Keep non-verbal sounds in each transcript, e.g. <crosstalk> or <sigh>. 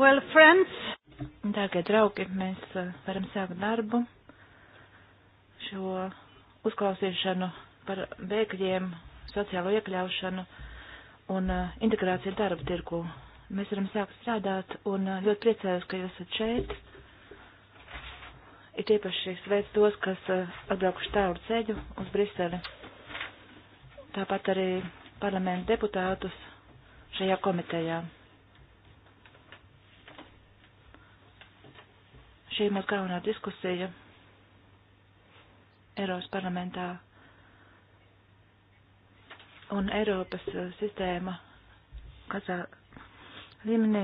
Well, friends. Dārgie draugi, mēs uh, varam sākt darbu šo uzklausīšanu par bēgļiem, sociālo iekļaušanu un uh, integrāciju darba tirgu. Mēs varam sākt strādāt un uh, ļoti priecājos, ka jūs esat šeit. Ir tiepaši sveic tos, kas atbraukuši tālu ceļu uz Briseli. Tāpat arī parlamentu deputātus šajā komitejā. Šī ir mūsu galvenā diskusija Eiropas parlamentā. Un Eiropas uh, sistēma, kādā līmenī,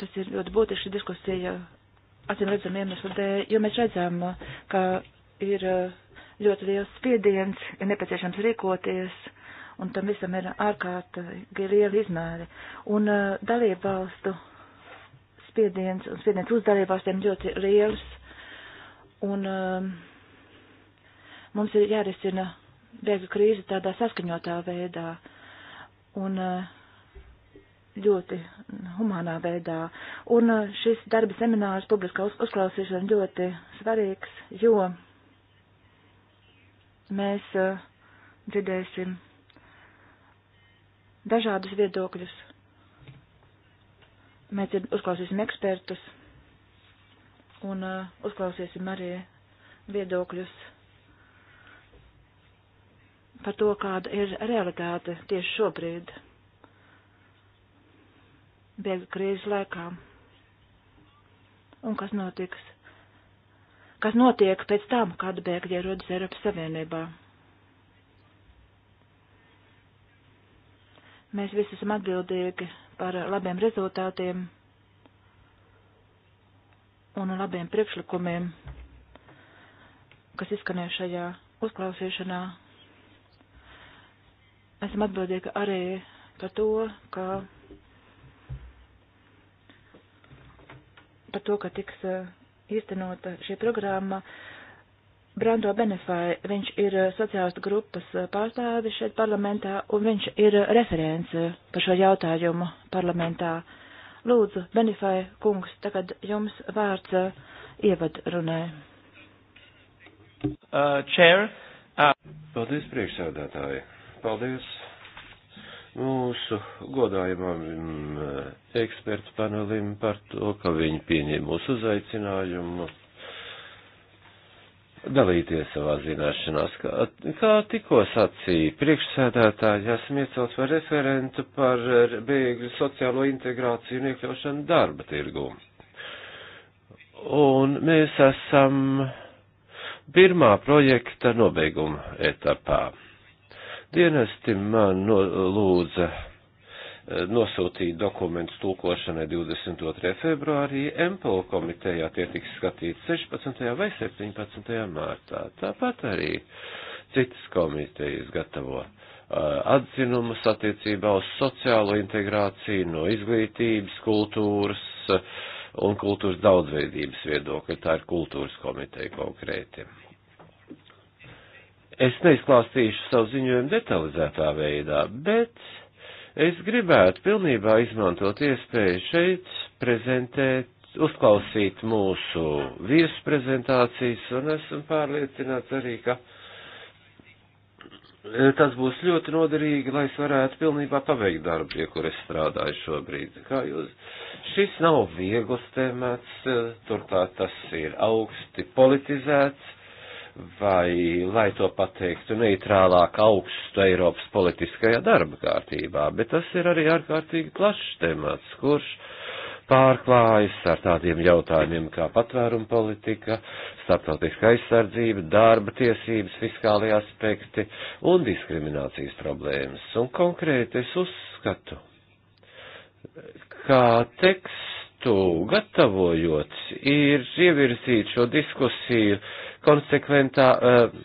tas ir ļoti būtiski diskusija, acīm redzam iemeslu dēļ, jo mēs redzam, uh, ka ir uh, ļoti liels spiediens, ir nepieciešams rīkoties, un tam visam ir ārkārtīgi lieli izmēri. Un dalību valstu spiediens un spiediens uzdevībāstiem ļoti liels. Un um, mums ir jārisina bēgļu krīze tādā saskaņotā veidā un uh, ļoti humānā veidā. Un uh, šis darba seminārs publiskā uz, uzklausīšana ļoti svarīgs, jo mēs uh, dzirdēsim dažādus viedokļus Mēs uzklausīsim ekspertus un uh, uzklausīsim arī viedokļus par to, kāda ir realitāte tieši šobrīd, bēgļu krīzes laikā, un kas notiks, kas notiek pēc tam, kad bēgļi ierodas Eiropas Savienībā. Mēs visi esam atbildīgi par labiem rezultātiem un labiem priekšlikumiem, kas izskanēja šajā uzklausīšanā. Esam atbildīgi arī par to, ka par to, ka tiks uh, īstenota šī programma. Uh, Brando Benefai, viņš ir eh, sociālistu grupas eh, pārstāvis šeit parlamentā, un viņš ir eh, referents par šo jautājumu parlamentā. Lūdzu, Benefai kungs, tagad jums vārds ievadrunē. Uh, chair, uh... Paldies, priekšsēdētāji. Paldies mūsu godājumam mm, ekspertu panelim par to, ka viņi pieņēma mūsu uzaicinājumu dalīties savā zināšanās. Kā, kā tikko sacīja priekšsēdētāji, esmu iecelts par referentu par bēgļu sociālo integrāciju un iekļaušanu darba tirgū. Un mēs esam pirmā projekta nobeiguma etapā. Dienesti man lūdza nosūtīt dokumentus tulkošanai 22. februārī, MPO komitejā tie tiks skatīti 16. vai 17. mārtā. Tāpat arī citas komitejas gatavo atzinumus attiecībā uz sociālo integrāciju no izglītības, kultūras un kultūras daudzveidības viedokļa. Tā ir kultūras komiteja konkrēti. Es neizklāstīšu savu ziņojumu detalizētā veidā, bet Es gribētu pilnībā izmantot iespēju šeit prezentēt, uzklausīt mūsu viesu prezentācijas, un esmu pārliecināts arī, ka e, tas būs ļoti noderīgi, lai es varētu pilnībā paveikt darbu, pie kur es strādāju šobrīd. Kā jūs, šis nav viegls temats, e, turklāt tas ir augsti politizēts, vai, lai to pateiktu, neitrālāk augstu Eiropas politiskajā darba kārtībā, bet tas ir arī ārkārtīgi plašs temats, kurš pārklājas ar tādiem jautājumiem kā patvēruma politika, starptautiska aizsardzība, darba tiesības, fiskālie aspekti un diskriminācijas problēmas. Un konkrēti es uzskatu, kā tekstu gatavojot, ir ievirzīt šo diskusiju konsekventā uh,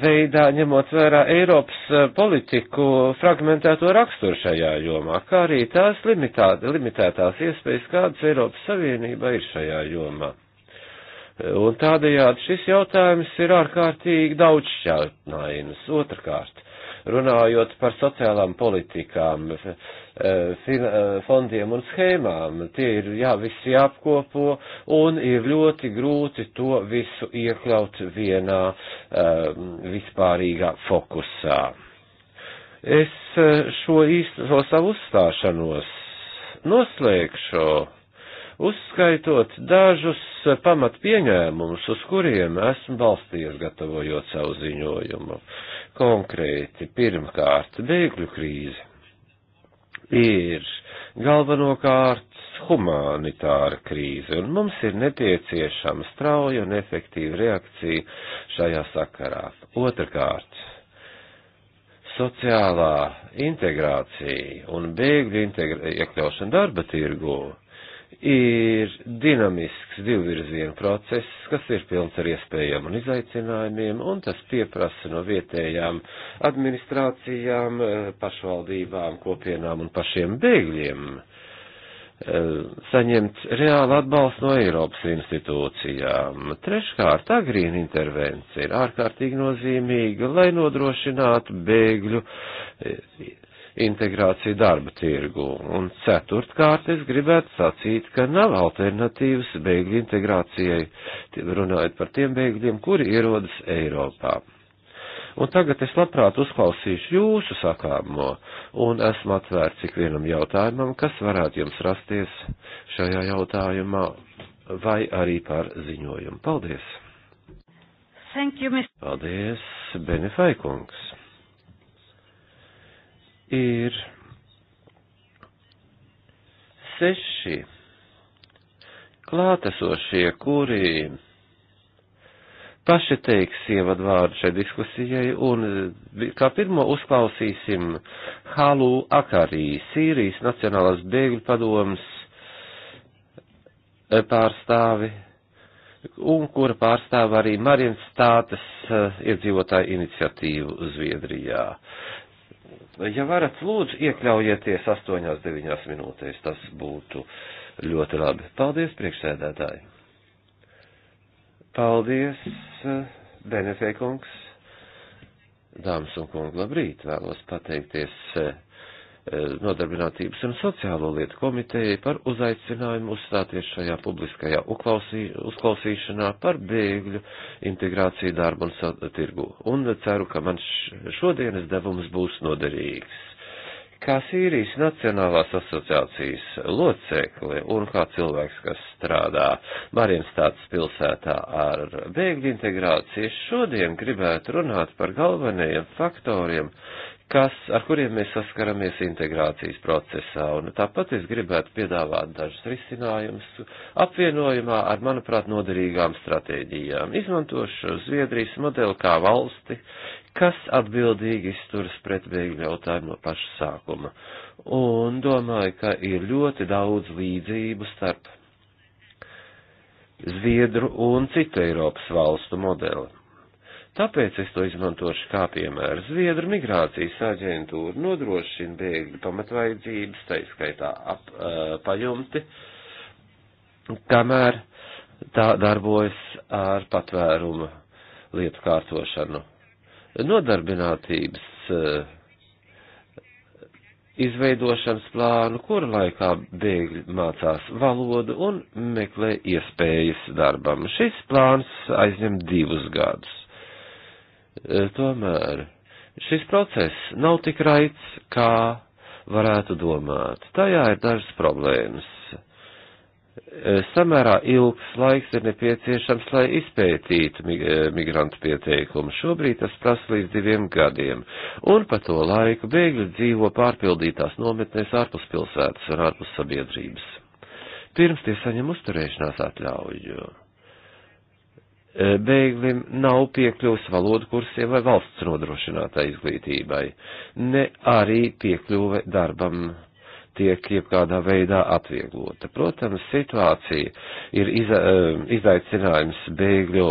veidā, ņemot vērā Eiropas eh, politiku fragmentēto raksturu šajā jomā, kā arī tās limitā, limitētās iespējas, kādas Eiropas Savienība ir šajā jomā. Un tādējādi šis jautājums ir ārkārtīgi daudz šķautnājums. Otrkārt, runājot par sociālām politikām, eh, eh, fondiem un schēmām. Tie ir jā, visi jāapkopo un ir ļoti grūti to visu iekļaut vienā eh, vispārīgā fokusā. Es šo īsto savu uzstāšanos noslēgšu uzskaitot dažus pamat pieņēmumus, uz kuriem esmu balstījies gatavojot savu ziņojumu. Konkrēti, pirmkārt, bēgļu krīze ir galvenokārt humanitāra krīze, un mums ir nepieciešama strauja un efektīva reakcija šajā sakarā. Otrakārt, sociālā integrācija un bēgļu integra iekļaušana darba tirgū ir dinamisks divvirzienu process, kas ir pilns ar iespējām un izaicinājumiem, un tas pieprasa no vietējām administrācijām, eh, pašvaldībām, kopienām un pašiem bēgļiem eh, saņemt reālu atbalstu no Eiropas institūcijām. Treškārt, agrīna intervence ir ārkārtīgi nozīmīga, lai nodrošinātu bēgļu eh, integrāciju darba tirgu. Un ceturtkārt es gribētu sacīt, ka nav alternatīvas bēgļu integrācijai, runājot par tiem bēgļiem, kuri ierodas Eiropā. Un tagad es labprāt uzklausīšu jūsu sakāmo un esmu atvērts ik vienam jautājumam, kas varētu jums rasties šajā jautājumā vai arī par ziņojumu. Paldies! Thank you, Mr. Paldies, Benefai kungs! ir seši klātesošie, kuri paši teiks ievadvārdu šai diskusijai, un eh, kā pirmo uzklausīsim Halu Akarī, Sīrijas Nacionālās bēgļu padomas eh, pārstāvi, un kura pārstāv arī Marijas stātes eh, iedzīvotāju iniciatīvu Zviedrijā. Ja varat, lūdzu, iekļaujieties astoņās, deviņās minūtēs, tas būtu ļoti labi. Paldies, priekšsēdētāji! Paldies, Benefē kungs! Dāmas un kungi, labrīt! Vēlos pateikties E, nodarbinātības un sociālo lietu komitejai par uzaicinājumu uzstāties šajā publiskajā uklausī, uzklausīšanā par bēgļu integrāciju darbu un tirgu. Un ceru, ka man šodienas devums būs noderīgs. Kā Sīrijas Nacionālās asociācijas locekli un kā cilvēks, kas strādā Marienstāts pilsētā ar bēgļu integrāciju, šodien gribētu runāt par galvenajiem faktoriem, kas, ar kuriem mēs saskaramies integrācijas procesā, un tāpat es gribētu piedāvāt dažus risinājumus apvienojumā ar, manuprāt, noderīgām stratēģijām. Izmantošu Zviedrijas modeli kā valsti, kas atbildīgi izturas pret bēgļu jautājumu no paša sākuma, un domāju, ka ir ļoti daudz līdzību starp Zviedru un citu Eiropas valstu modeli Tāpēc es to izmantošu kā piemēru. Zviedru migrācijas aģentūra nodrošina bēgļu pamatvaidzības, tā izskaitā ap, uh, pajumti, kamēr tā darbojas ar patvērumu lietu kārtošanu. Nodarbinātības uh, izveidošanas plānu, kura laikā bēgļi mācās valodu un meklē iespējas darbam. Šis plāns aizņem divus gadus. E, tomēr šis process nav tik raids, kā varētu domāt. Tajā ir dažas problēmas. E, samērā ilgs laiks ir nepieciešams, lai izpētītu e, migrantu pieteikumu. Šobrīd tas prasa līdz diviem gadiem, un pa to laiku bēgļi dzīvo pārpildītās nometnēs ārpus pilsētas un ārpus sabiedrības. Pirms tie saņem uzturēšanās atļauju E, bēglim nav piekļuvs valodu kursiem vai valsts nodrošinātā izglītībai, ne arī piekļuve darbam tiek jebkādā veidā atvieglota. Protams, situācija ir iza, e, izaicinājums bēgļu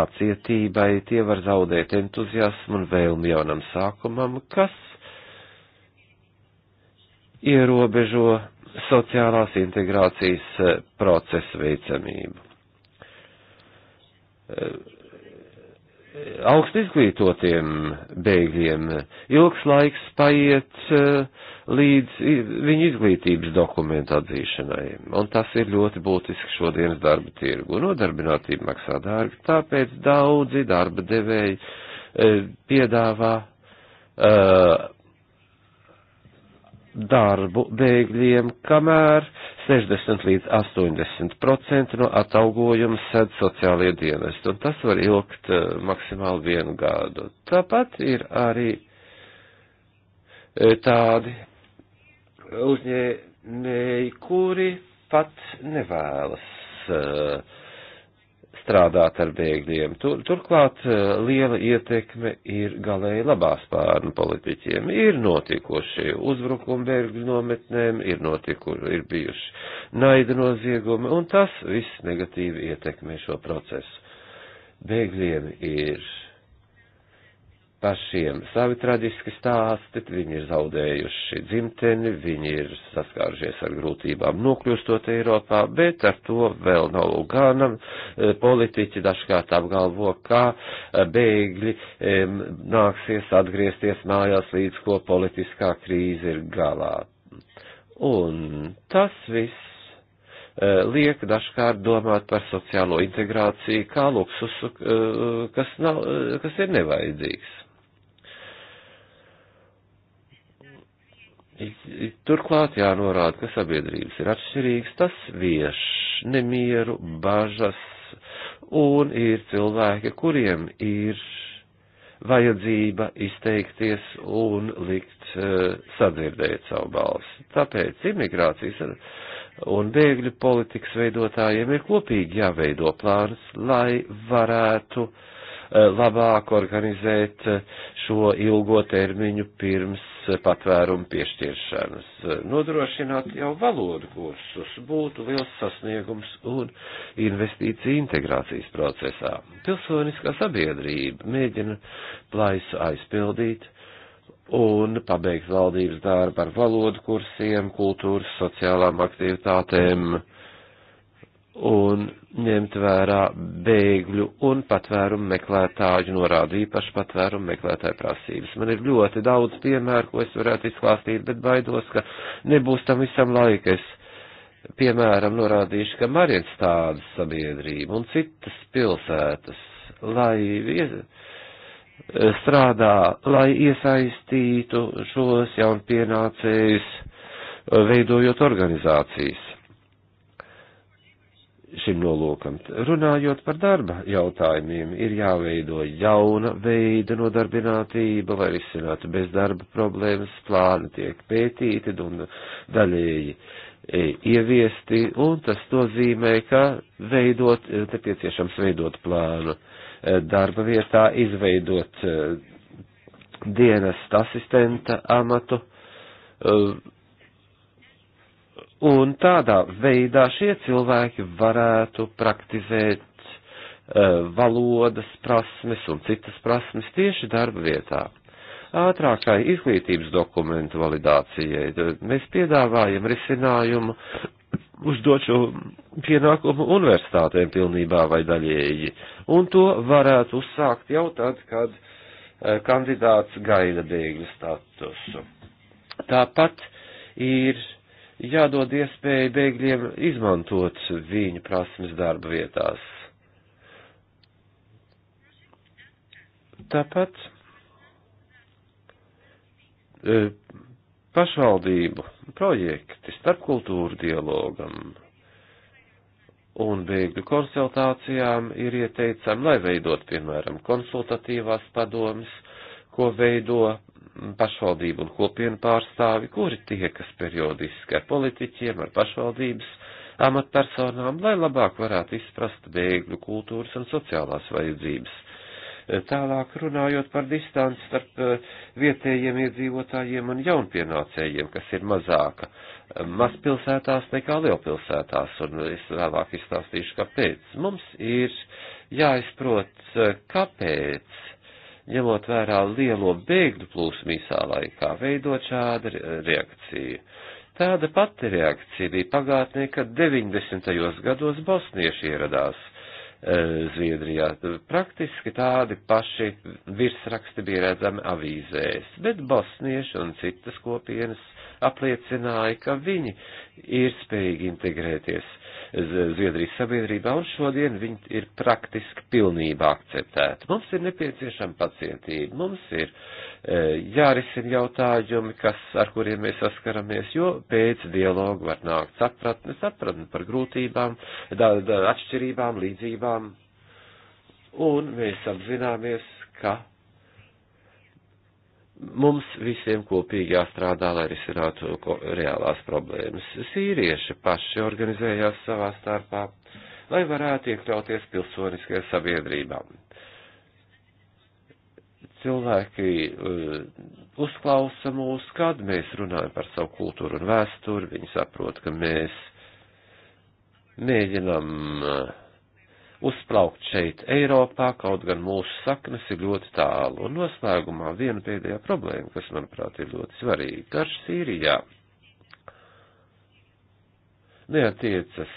pacietībai, tie var zaudēt entuziasmu un vēlmi jaunam sākumam, kas ierobežo sociālās integrācijas e, procesu veicamību augst izglītotiem bēgļiem ilgs laiks paiet eh, līdz viņu izglītības dokumentu atzīšanai, un tas ir ļoti būtiski šodienas darba tirgu. Nodarbinātība maksā dārgi, tāpēc daudzi darba devēji eh, piedāvā eh, darbu bēgļiem, kamēr 60 līdz 80% no atalgojuma sēd sociālajie dienesti, un tas var ilgt eh, maksimāli vienu gadu. Tāpat ir arī eh, tādi uzņēmēji, kuri pat nevēlas uh, strādāt ar bēgļiem. Tur, turklāt eh, liela ietekme ir galēji labā spārnu politiķiem. Ir notikuši uzbrukumi bēgļu nometnēm, ir notikuši, ir bijuši naida noziegumi, un tas viss negatīvi ietekmē šo procesu. Bēgļiem ir pašiem savi traģiski stāsti, viņi ir zaudējuši dzimteni, viņi ir saskārušies ar grūtībām nokļūstot Eiropā, bet ar to vēl nav gana. E, politiķi dažkārt apgalvo, ka e, bēgļi e, nāksies atgriezties mājās līdz ko politiskā krīze ir galā. Un tas viss liek dažkārt domāt par sociālo integrāciju kā luksusu, kas, nav, kas ir nevajadzīgs. Turklāt jānorāda, ka sabiedrības ir atšķirīgas, tas vieš nemieru, bažas, un ir cilvēki, kuriem ir vajadzība izteikties un likt uh, sadzirdēt savu balsi. Tāpēc imigrācijas un bēgļu politikas veidotājiem ir kopīgi jāveido plāns, lai varētu uh, Eh, labāk organizēt eh, šo ilgo termiņu pirms eh, patvērumu piešķiršanas. Nodrošināt jau valodu kursus būtu liels sasniegums un investīcija integrācijas procesā. Pilsoniskā sabiedrība mēģina plaisu aizpildīt un pabeigt valdības darbu ar valodu kursiem, kultūras, sociālām aktivitātēm. Mm un ņemt vērā bēgļu un patvērumu meklētāju norādu, īpaši patvērumu meklētāju prasības. Man ir ļoti daudz piemēru, ko es varētu izklāstīt, bet baidos, ka nebūs tam visam laika. Es, piemēram, norādīšu, ka Marienstādes sabiedrība un citas pilsētas, lai ies, strādā, lai iesaistītu šos jaunpienācējus, veidojot organizācijas šim nolūkam. Runājot par darba jautājumiem, ir jāveido jauna veida nodarbinātība, lai risinātu bezdarba problēmas, plāni tiek pētīti un daļēji e, ieviesti, un tas nozīmē, ka veidot, e, nepieciešams veidot plānu e, darba vietā, izveidot dienas asistenta amatu, Un tādā veidā šie cilvēki varētu praktizēt uh, valodas prasmes un citas prasmes tieši darba vietā. Ātrākai izglītības dokumentu validācijai mēs piedāvājam risinājumu uzdot šo pienākumu universitātēm pilnībā vai daļēji, un to varētu uzsākt jau tad, kad uh, kandidāts gaida bēgļu statusu. Tāpat ir jādod iespēja bēgļiem izmantot viņu prasmes darba vietās. Tāpat e, pašvaldību projekti starpkultūru dialogam un bēgļu konsultācijām ir ieteicami, lai veidot, piemēram, konsultatīvās padomas, ko veido pašvaldību un kopienu pārstāvi, kuri tiekas periodiski ar politiķiem, ar pašvaldības amatpersonām, lai labāk varētu izprast bēgļu kultūras un sociālās vajadzības. Tālāk runājot par distanci starp eh, vietējiem iedzīvotājiem un jaunpienācējiem, kas ir mazāka mazpilsētās nekā lielpilsētās, un es vēlāk izstāstīšu, kāpēc. Mums ir jāizprot, eh, kāpēc ņemot vērā lielo bēgļu plūsmu īsā laikā, veidot šādu reakciju. Tāda pati reakcija bija pagātnē, kad 90. gados bosnieši ieradās e, Zviedrijā. Praktiski tādi paši virsraksti bija redzami avīzēs, bet bosnieši un citas kopienas apliecināja, ka viņi ir spējīgi integrēties Zviedrijas sabiedrībā, un šodien viņi ir praktiski pilnībā akceptēti. Mums ir nepieciešama pacietība, mums ir e, jārisina jautājumi, kas, ar kuriem mēs saskaramies, jo pēc dialogu var nākt sapratne, sapratne par grūtībām, da, da, atšķirībām, līdzībām, un mēs apzināmies, ka mums visiem kopīgi jāstrādā, lai risinātu reālās problēmas. Sīrieši paši organizējās savā starpā, lai varētu iekļauties pilsoniskajā sabiedrībā. Cilvēki uh, uzklausa mūs, kad mēs runājam par savu kultūru un vēsturi, viņi saprot, ka mēs mēģinam uh, uzplaukt šeit Eiropā, kaut gan mūsu saknes ir ļoti tālu. Un noslēgumā viena pēdējā problēma, kas, manuprāt, ir ļoti svarīga. Karš Sīrijā neatiecas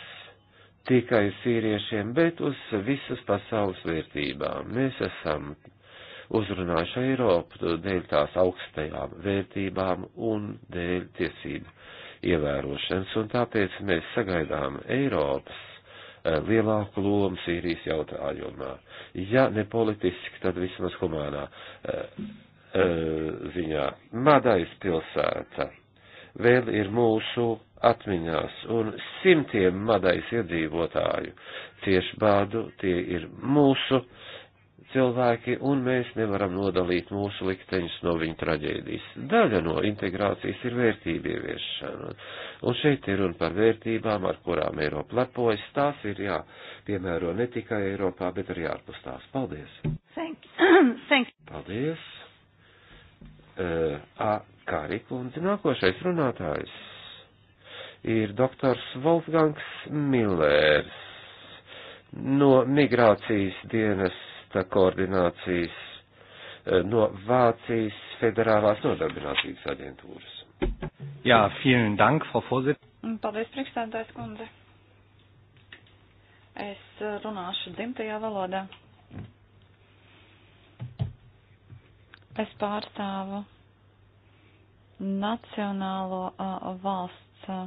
tikai sīriešiem, bet uz visas pasaules vērtībām. Mēs esam uzrunājuši Eiropu dēļ tās augstajām vērtībām un dēļ tiesību ievērošanas, un tāpēc mēs sagaidām Eiropas Eh, lielāku lomu Sīrijas jautājumā. Ja ne politiski, tad vismaz humānā eh, eh, ziņā. Madajas pilsēta vēl ir mūsu atmiņās, un simtiem Madajas iedzīvotāju cieši bādu, tie ir mūsu uh, cilvēki, un mēs nevaram nodalīt mūsu likteņus no viņu traģēdijas. Daļa no integrācijas ir vērtība ieviešana, un šeit ir runa par vērtībām, ar kurām Eiropa lepojas. Tās ir jāpiemēro ne tikai Eiropā, bet arī ārpus tās. Paldies! Thank you. <clears throat> Thank you. Paldies! Uh, a, Kāri kundze, nākošais runātājs ir doktors Wolfgangs Millers no migrācijas dienas budžeta koordinācijas eh, no Vācijas federālās nodarbinātības aģentūras. Jā, vielen dank, Frau Vosit. Mm, paldies, priekšstādājs kundze. Es eh, runāšu dzimtajā valodā. Es pārstāvu Nacionālo a, eh, valsts a,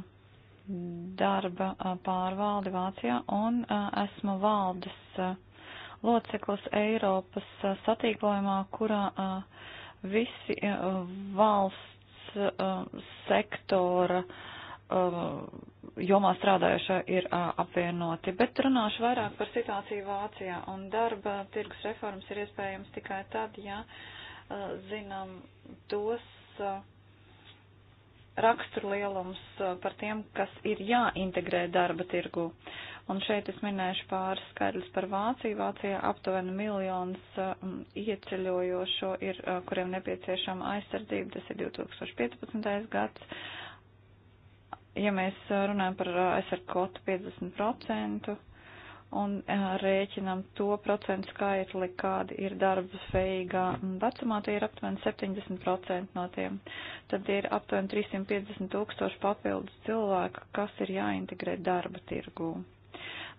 darba a, pārvaldi Vācijā un a, esmu valdes. A, loceklis Eiropas satīklojumā, kurā visi valsts sektora jomā strādājušie ir apvienoti. Bet runāšu vairāk par situāciju Vācijā. Un darba tirgus reformas ir iespējams tikai tad, ja zinām tos raksturlielums uh, par tiem, kas ir jāintegrē darba tirgu. Un šeit es minēšu pāris skaidrs par Vāciju. Vācijā aptuveni miljons uh, ieceļojošo ir, uh, kuriem nepieciešama aizsardzība, tas ir 2015. gads. Ja mēs runājam par aizsardzību kvotu 50%, un e, rēķinam to procentu skaitli, kādi ir darba spējīgā vecumā, tie ir aptuveni 70% no tiem. Tad ir aptuveni 350 tūkstoši papildus cilvēku, kas ir jāintegrē darba tirgū.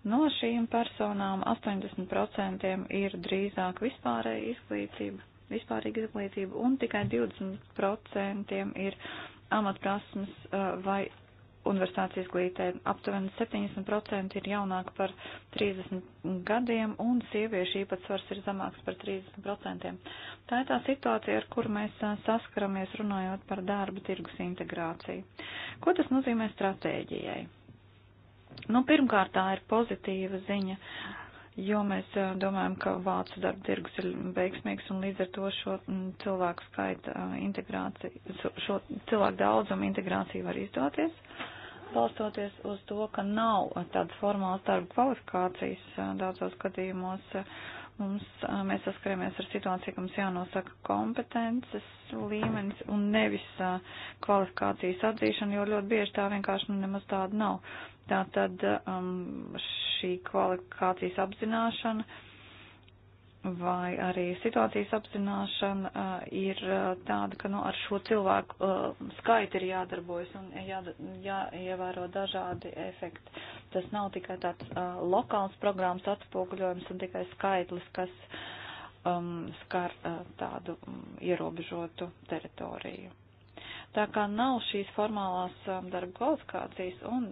No šīm personām 80% ir drīzāk vispārēja izglītība, vispārīga izglītība, un tikai 20% ir amatprasmes e, vai universitātes izglītē. Aptuveni 70% ir jaunāki par 30 gadiem, un sieviešu īpatsvars ir zemāks par 30%. Tā ir tā situācija, ar kuru mēs saskaramies runājot par darba tirgus integrāciju. Ko tas nozīmē stratēģijai? Nu, pirmkārt, tā ir pozitīva ziņa jo mēs domājam, ka vācu darba tirgus ir veiksmīgs un līdz ar to šo cilvēku skaita integrācija, šo cilvēku daudzumu integrācija var izdoties, balstoties uz to, ka nav tādas formālas darba kvalifikācijas daudzos gadījumos. Mums, mēs saskaramies ar situāciju, ka mums jānosaka kompetences līmenis un nevis kvalifikācijas atzīšana, jo ļoti bieži tā vienkārši nu, nemaz tāda nav Tātad um, šī kvalifikācijas apzināšana vai arī situācijas apzināšana uh, ir uh, tāda, ka nu, ar šo cilvēku uh, skaitu ir jādarbojas un jā, jāievēro dažādi efekti. Tas nav tikai tāds uh, lokāls programmas atspoguļojums un tikai skaitlis, kas um, skar uh, tādu um, ierobežotu teritoriju. Tā kā nav šīs formālās um, darba kvalifikācijas un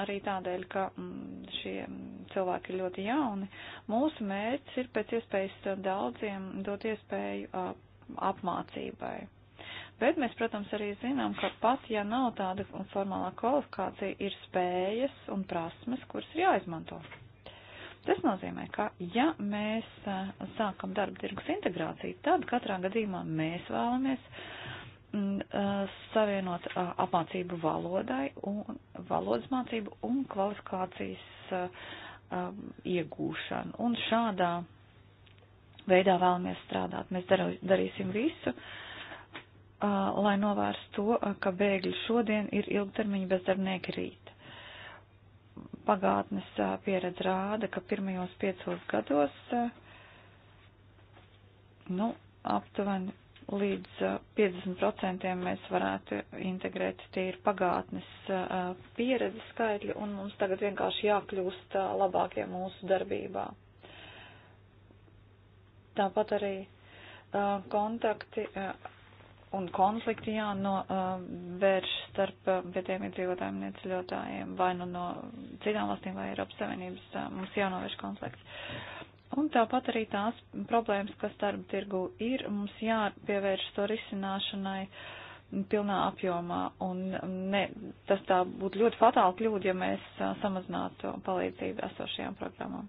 arī tādēļ, ka mm, šie cilvēki ir ļoti jauni. Mūsu mērķis ir pēc iespējas daudziem dot iespēju apmācībai. Bet mēs, protams, arī zinām, ka pat, ja nav tāda formālā kvalifikācija, ir spējas un prasmes, kuras ir jāizmanto. Tas nozīmē, ka, ja mēs sākam darba tirgus integrāciju, tad katrā gadījumā mēs vēlamies uh, Eh, savienot eh, apmācību valodai un valodas mācību un kvalifikācijas eh, iegūšanu. Un šādā veidā vēlamies strādāt. Mēs dar, darīsim visu, lai novērstu to, ka bēgļi šodien ir ilgtermiņa bezdarbnieki rīt. Pagātnes pieredze rāda, ka pirmajos piecos gados, nu, aptuveni līdz 50% mēs varētu integrēt tīri pagātnes pieredzi skaitļi, un mums tagad vienkārši jākļūst labākie mūsu darbībā. Tāpat arī kontakti un konflikti jānovērš starp vietējiem iedzīvotājiem un ieceļotājiem vai nu no citām valstīm vai Eiropas Savienības. Mums jānovērš konflikts. Un tāpat arī tās problēmas, kas darba tirgu ir, mums jāpievērš to risināšanai pilnā apjomā. Un um, ne, tas tā būtu ļoti fatāli kļūda, ja mēs uh, samazinātu palīdzību esošajām programmām.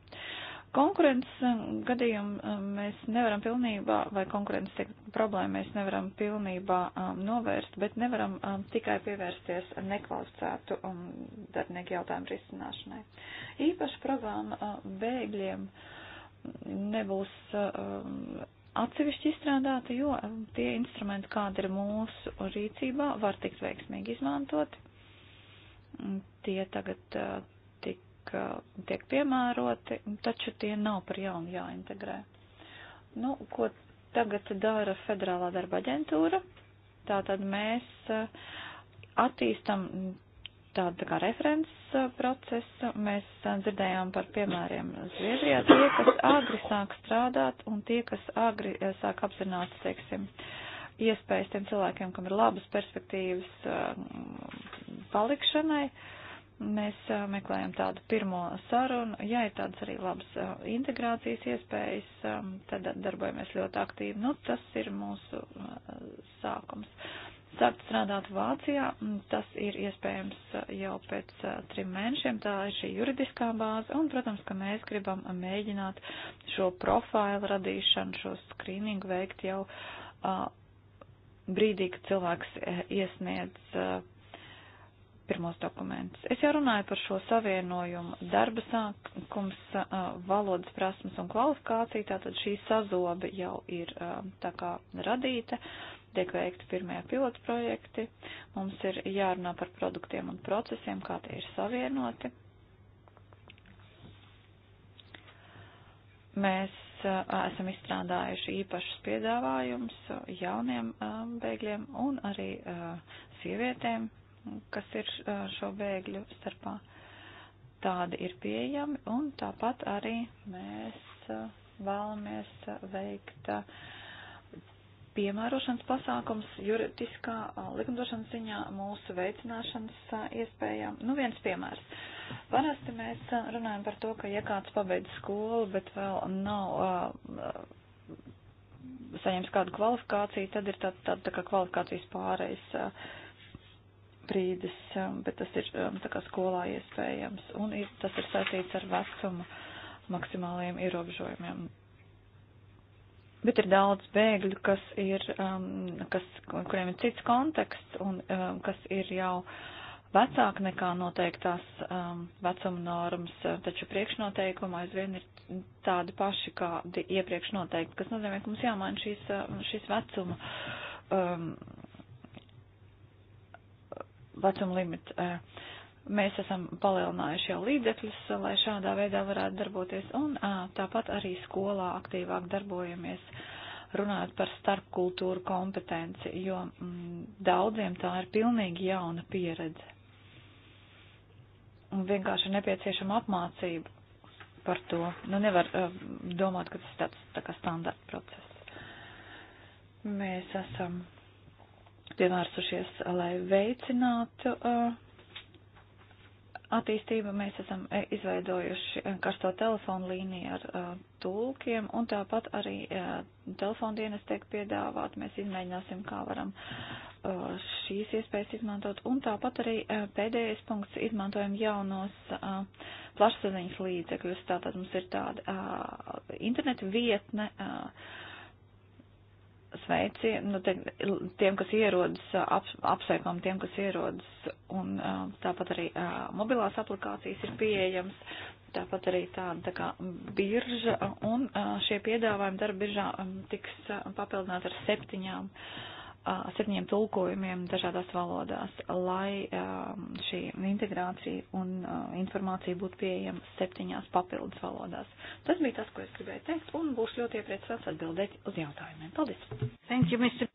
Konkurences um, gadījumu um, mēs nevaram pilnībā, vai konkurences problēmu mēs nevaram pilnībā um, novērst, bet nevaram um, tikai pievērsties nekvalificētu um, darbinieku jautājumu risināšanai. Īpaši programma um, bēgļiem. Uh, nebūs um, atsevišķi izstrādāti, jo um, tie instrumenti, kādi ir mūsu rīcībā, var tikt veiksmīgi izmantoti. Tie tagad uh, tik, uh, tiek piemēroti, taču tie nav par jaunu jāintegrē. Nu, ko tagad dara Federālā darba aģentūra? Tātad mēs uh, attīstam tādu tā kā referents uh, procesu. Mēs uh, dzirdējām par piemēriem Zviedrijā. Tie, kas agri sāk strādāt un tie, kas agri uh, sāk apzināt, teiksim, iespējas tiem cilvēkiem, kam ir labas perspektīvas palikšanai, mēs meklējam tādu pirmo sarunu. Ja ir tādas arī labas integrācijas iespējas, um, tad darbojamies ļoti aktīvi. Nu, tas ir mūsu sākums sākt strādāt Vācijā. Tas ir iespējams uh, jau pēc uh, trim mēnešiem. Tā ir šī juridiskā bāze. Un, protams, ka mēs gribam uh, mēģināt šo profilu radīšanu, šo skrīningu veikt jau brīdī, kad cilvēks iesniedz pirmos dokumentus. Es jau runāju par šo savienojumu darba sākums, valodas prasmes un kvalifikācija, tātad šī sazobe jau ir tā kā radīta. Uh, tiek veikti pirmie pilotu projekti, mums ir jārunā par produktiem un procesiem, kā tie ir savienoti. Mēs esam izstrādājuši īpašus piedāvājumus jauniem bēgļiem un arī sievietēm, kas ir šo bēgļu starpā. Tādi ir pieejami un tāpat arī mēs vēlamies veikt uh, piemērošanas pasākums juridiskā likumdošanas ziņā mūsu veicināšanas iespējām. Nu, viens piemērs. Parasti mēs runājam par to, ka ja kāds pabeidz skolu, bet vēl nav uh, saņems kādu kvalifikāciju, tad ir tāda tā, tā kā kvalifikācijas pārējais uh, brīdis, um, bet tas ir um, tā kā skolā iespējams. Un ir, tas ir saistīts ar vecumu maksimāliem ierobežojumiem bet ir daudz bēgļu, kas ir, um, kas, kuriem ir cits konteksts un um, kas ir jau vecāki nekā noteiktās um, vecuma normas, taču priekšnoteikuma aizvien ir tādi paši, kādi iepriekš noteikti, kas nozīmē, ka mums jāmaina šīs, um, šīs vecuma, um, vecuma limita. Uh, Mēs esam palielinājuši jau līdzekļus, lai šādā veidā varētu darboties, un tāpat arī skolā aktīvāk darbojamies runājot par starpkultūru kompetenci, jo m, mm, daudziem tā ir pilnīgi jauna pieredze. Un vienkārši nepieciešama apmācība par to. Nu, nevar uh, domāt, ka tas ir tāds tā kā standarta process. Mēs esam pievērsušies, lai veicinātu uh, attīstība. Mēs esam e, izveidojuši e, karsto telefonu līniju ar uh, tulkiem, un tāpat arī uh, telefondienas tiek piedāvāt. Mēs izmēģināsim, kā varam uh, šīs iespējas izmantot. Un tāpat arī uh, pēdējais punkts - izmantojam jaunos uh, plašsaziņas līdzekļus. Tātad mums ir tāda uh, interneta vietne. Uh, sveici, nu, te, tiem, kas ierodas, ap, apsveikam tiem, kas ierodas, un tāpat arī mobilās aplikācijas ir pieejams, tāpat arī tāda tā kā birža, un šie piedāvājumi darba biržā tiks papildināti ar septiņām. Uh, septiņiem tulkojumiem dažādās valodās, lai šī integrācija un informācija būtu pieejama septiņās papildus valodās. Tas bija tas, ko es gribēju teikt, un būs ļoti iepriecināts atbildēt uz jautājumiem. Paldies! Thank you, Mr.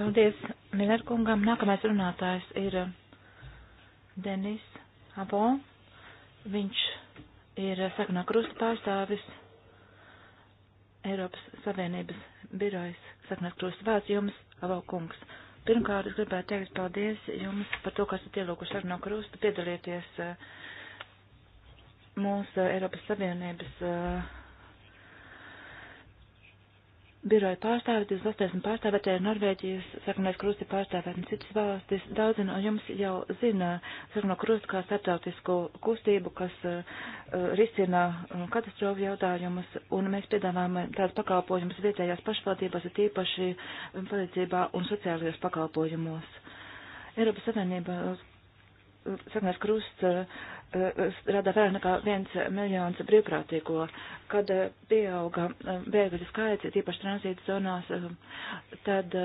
Paldies, Miller kungam. Nākamais runātājs ir Denis Abon. Viņš ir sarkanā krusta pārstāvis Eiropas Savienības birojas sarkanā krusta vārds jums Avokungs. Pirmkārt, es gribētu teikt paldies jums par to, ka esat ielūguši Arno Krustu piedalieties eh, mūsu Eiropas Savienības eh, biroja pārstāvi, 28 pārstāvētāji Norvēģijas, sarkanais krusti pārstāvētāji citas valstis. Daudzi no jums jau zina sarkano krustu kā starptautisko kustību, kas uh, risina eh, katastrofu jautājumus, un mēs piedāvājam eh, tādus pakalpojumus vietējās pašvaldībās, ir tīpaši palīdzībā un sociālajos pakalpojumos. Eiropas Savienība sarkanais krusts uh, strādā vairāk nekā viens miljons brīvprātīgo, kad eh, pieauga eh, bēgļu skaits, tīpaši tranzīta zonās, eh, tad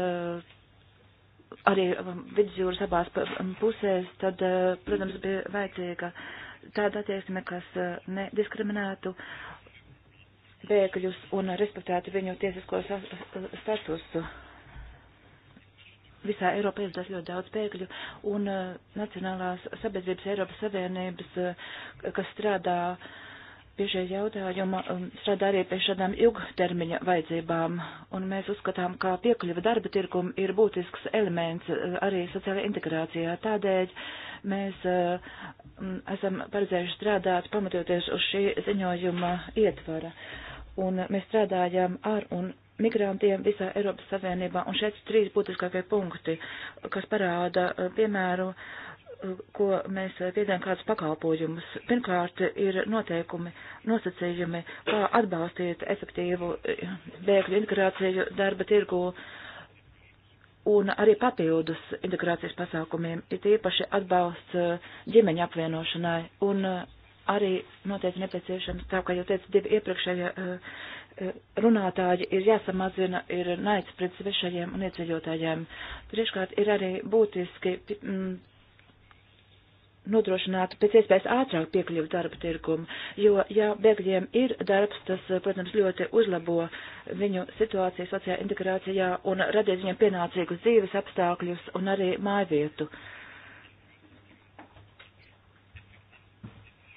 arī um, vidusjūras abās um, pusēs, tad, protams, bija vajadzīga tāda attieksme, kas nediskriminētu bēgļus un respektētu viņu tiesisko statusu visā Eiropā ieradās ļoti daudz bēgļu, un uh, Nacionālās sabiedrības Eiropas Savienības, uh, kas strādā pie šie jautājuma, um, strādā arī pie šādām ilgtermiņa vajadzībām, un mēs uzskatām, ka piekļuva darba tirkum ir būtisks elements uh, arī sociālajā integrācijā. Tādēļ mēs uh, esam paredzējuši strādāt pamatoties uz šī ziņojuma ietvara, un mēs strādājam ar un migrantiem visā Eiropas Savienībā. Un šeit trīs būtiskākie punkti, kas parāda, eh, piemēru, eh, ko mēs eh, piedām kādus pakalpojumus. Pirmkārt, ir noteikumi, nosacījumi, kā atbalstīt efektīvu bēgļu integrāciju darba tirgu un arī papildus integrācijas pasākumiem, ir tīpaši atbalsts ģimeņa apvienošanai un arī noteikti nepieciešams, tā kā jau teicu, divi iepriekšējie uh, runātāji ir jāsamazina, ir naids pret svešajiem un ieceļotājiem. Treškārt ir arī būtiski mm, nodrošināt pēc iespējas ātrāk piekļuvu darba tirgumu, jo, ja bēgļiem ir darbs, tas, protams, ļoti uzlabo viņu situāciju sociālajā integrācijā un radīs viņiem pienācīgus dzīves apstākļus un arī mājvietu.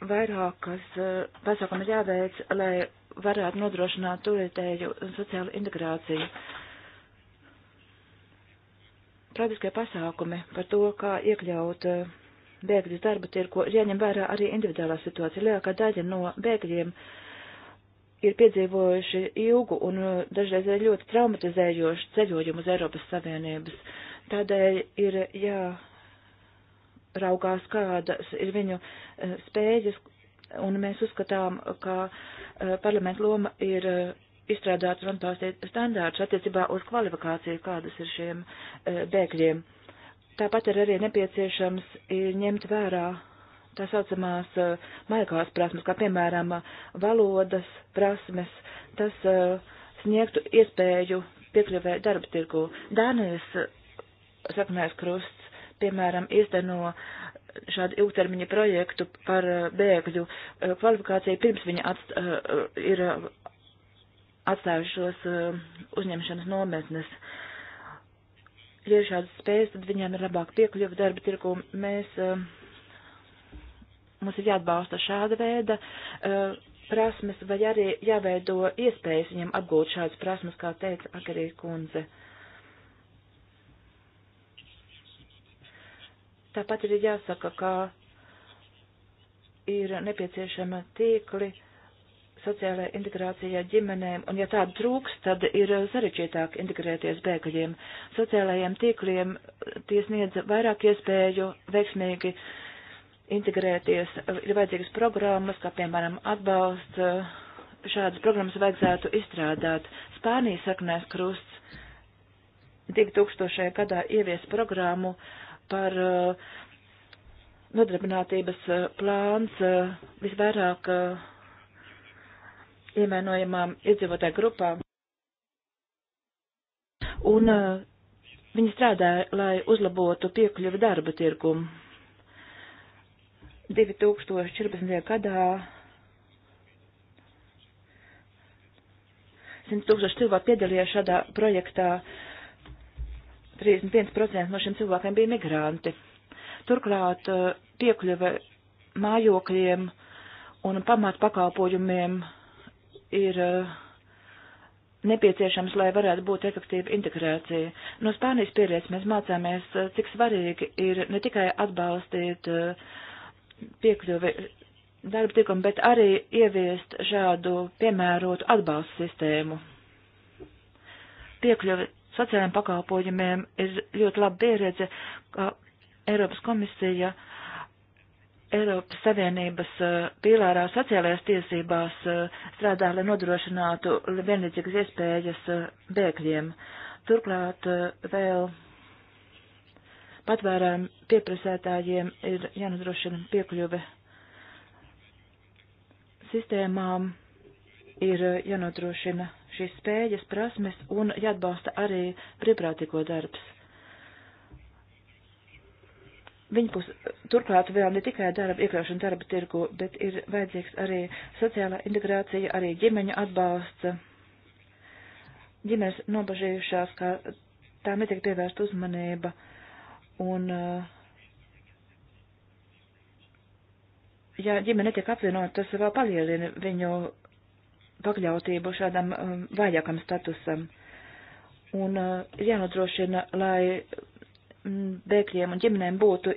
Vairākas eh, pasākumi jāveic, lai varētu nodrošināt tūlītēju sociālu integrāciju. Praktiskie pasākumi par to, kā iekļaut eh, bēgļus darba tirko, ir jāņem vērā arī individuālā situācija. Lielākā daļa no bēgļiem ir piedzīvojuši ilgu un eh, dažreiz arī ļoti traumatizējošu ceļojumu uz Eiropas Savienības. Tādēļ ir jā raugās, kādas ir viņu eh, spējas, un mēs uzskatām, ka eh, parlamenta loma ir eh, izstrādāt un atbalstīt standārts attiecībā uz kvalifikāciju, kādas ir šiem eh, bēgļiem. Tāpat ir arī nepieciešams ņemt vērā tā saucamās maigās prasmes, kā piemēram valodas prasmes, tas sniegtu iespēju piekļuvē darba tirgu. Dānijas saknēs krusts, piemēram, izdeno šādu ilgtermiņa projektu par eh, bēgļu eh, kvalifikāciju pirms viņi atst, eh, ir atstājušos uzņemšanas nometnes. Ja ir šādas spējas, tad viņiem ir labāk piekļuva darba tirku. Mēs, mums ir jāatbalsta šāda veida prasmes, vai arī jāveido iespējas viņiem apgūt šādas prasmes, kā teica Agarī kundze. Uh, Tāpat ir jāsaka, ka ir nepieciešama tīkli sociālajai integrācijai ģimenēm, un ja tāda trūks, tad ir sarežģītāk integrēties bēgļiem. Sociālajiem tīkliem tie sniedz vairāk iespēju veiksmīgi integrēties. Ir vajadzīgas programmas, kā piemēram atbalsts. Šādas programmas vajadzētu izstrādāt. Spānijas saknēs krusts 2000. gadā ievies programmu uh, par eh, nodarbinātības eh, plāns eh, visvairāk iemēnojamām iedzīvotāju grupām. Un viņi strādāja, lai uzlabotu piekļuvi darba tirgumu. 2014. gadā 100 tūkstoši cilvēku piedalījās šādā projektā 31% no šiem cilvēkiem bija migranti. Turklāt eh, piekļuve mājokļiem un pamatu pakalpojumiem ir eh, nepieciešams, lai varētu būt efektīva integrācija. No Spānijas pieredzes mēs mācāmies, eh, cik svarīgi ir ne tikai atbalstīt piekļuvi darba tikumu, bet arī ieviest šādu piemērotu atbalstu sistēmu. Piekļuvi sociālajiem pakalpojumiem ir ļoti laba pieredze, ka Eiropas komisija Eiropas Savienības uh, pīlārā sociālajās tiesībās uh, strādā, lai nodrošinātu vienlīdzīgas iespējas uh, bēgļiem. Turklāt vēl patvērumu pieprasētājiem ir jānodrošina piekļuve sistēmām, ir jānodrošina šīs spējas, prasmes un jāatbalsta arī brīvprātīgo darbs. Viņa pus turklāt vēl ne tikai darba iekļaušana darba tirgu, bet ir vajadzīgs arī sociālā integrācija, arī ģimeņa atbalsts. Ģimenes nobažījušās, ka tām netiek pievērsta uzmanība un uh, ja ģimene netiek apvienot, tas vēl palielina viņu pakļautību šādam um, vājākam statusam. Un ir uh, jānodrošina, lai mm, bēgļiem un ģimenēm būtu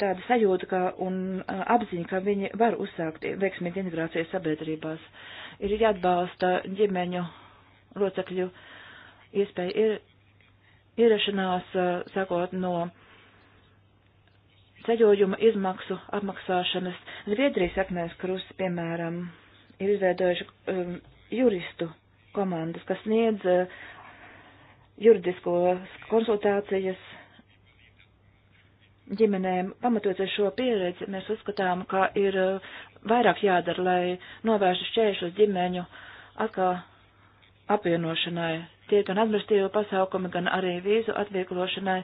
tāda sajūta ka, un uh, apziņa, ka viņi var uzsākt veiksmīgu integrāciju sabiedrībās. Ir jāatbalsta ģimeņu locekļu iespēja ir, ierašanās, uh, sakot no ceļojuma izmaksu apmaksāšanas. Zviedrijas apmērs krus, piemēram, ir izveidojuši um, juristu komandas, kas sniedz uh, juridisko konsultācijas ģimenēm. Pamatoties šo pieredzi, mēs uzskatām, ka ir uh, vairāk jādara, lai novērstu šķēršus ģimeņu atkal apvienošanai. Tie gan administratīvo pasākumi, gan arī vīzu atvieglošanai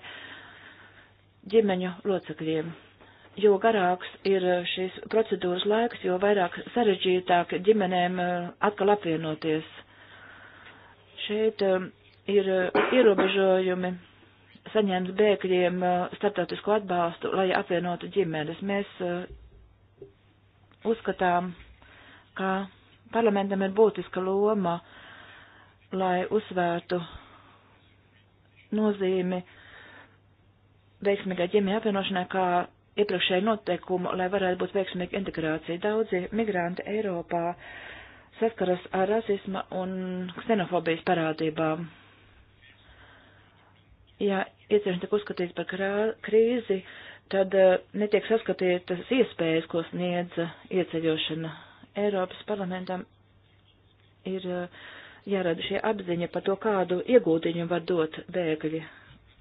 ģimeņu locekļiem jo garāks ir eh, šīs procedūras laiks, jo vairāk sarežģītāk ģimenēm eh, atkal apvienoties. Šeit eh, ir ierobežojumi saņemt bēgļiem starptautisko atbalstu, lai apvienotu ģimenes. Mēs uzskatām, ka parlamentam ir būtiska loma, lai uzsvērtu nozīmi veiksmīgai ģimeņa apvienošanai kā iepriekšēju noteikumu, lai varētu būt veiksmīga integrācija. Daudzi migranti Eiropā saskaras ar rasisma un ksenofobijas parādībām. Ja ieceļš tiek uzskatīts par krā, krīzi, tad uh, netiek saskatītas iespējas, ko sniedz ieceļošana. Eiropas parlamentam ir uh, jārada šie apziņa par to, kādu iegūdiņu var dot bēgļi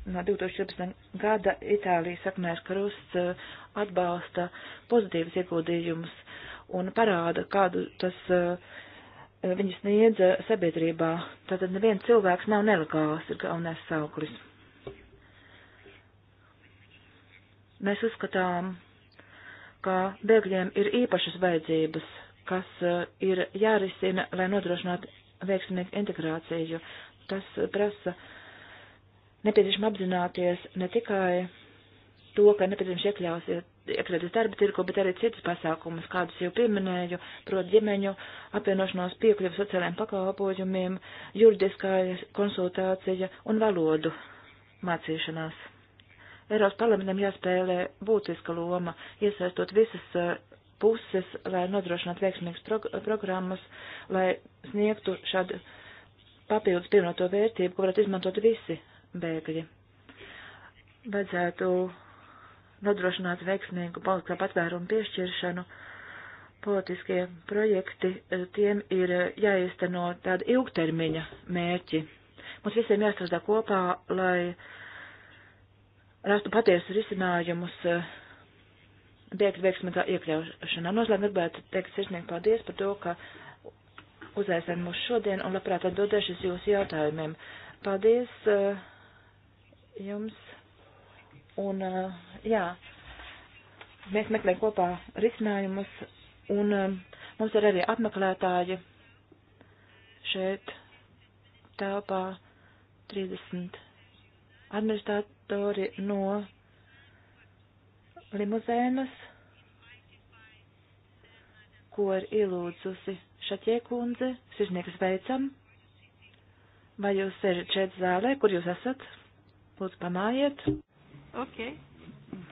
no 2014. gada Itālijas sakmērs krusts eh, atbalsta pozitīvas ieguldījumus un parāda, kādu tas eh, viņas sniedza sabiedrībā. Tātad neviens cilvēks nav nelegāls, ir galvenais sauklis. Mēs uzskatām, ka bēgļiem ir īpašas vajadzības, kas eh, ir jārisina, lai nodrošinātu veiksmīgu integrāciju. Tas prasa uh, nepieciešams apzināties ne tikai to, ka nepieciešams iekļausies iekļauties darba tirku, bet arī citus pasākumus, kādus jau pieminēju, proti ģimeņu apvienošanos piekļuvu sociālajiem pakalpojumiem, juridiskā konsultācija un valodu mācīšanās. Eiropas parlamentam jāspēlē būtiska loma, iesaistot visas uh, puses, lai nodrošinātu veiksmīgas prog programmas, lai sniegtu šādu papildus pievienoto vērtību, ko varētu izmantot visi bēgļi. Vajadzētu nodrošināt veiksmīgu politiskā patvērumu piešķiršanu. Politiskie projekti, eh, tiem ir eh, jāizteno tāda ilgtermiņa mērķi. Mums visiem jāstrādā kopā, lai rastu patiesu risinājumus eh, bēgļu veiksmīgā iekļaušanā. Noslēgumā gribētu teikt sirsnīgi paldies par to, ka uzaicinājumu mūs šodien un labprāt atbildēšu uz jūsu jautājumiem. Paldies! Uh, jums. Un, jā, mēs meklējam kopā risinājumus, un mums ir arī apmeklētāji šeit telpā 30 administratori no limuzēnas, ko ir ielūdzusi Šaķie kundze, sirsnieks veicam. Vai jūs sēžat šeit zālē, kur jūs esat? Lūdzu, pamājiet. Ok.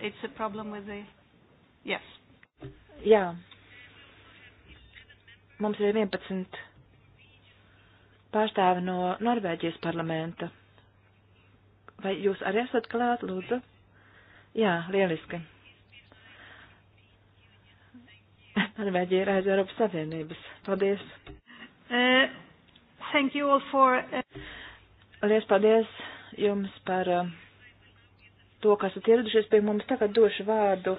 It's a problem with the... Yes. Jā. Mums ir 11 pārstāvi no Norvēģijas parlamenta. Vai jūs arī esat klāt, lūdzu? Jā, lieliski. Norvēģija ir aiz Eiropas Savienības. Paldies. Uh, thank you all for... Uh... Lies paldies jums par eh, to, kas esat ieradušies pie mums. Tagad došu vārdu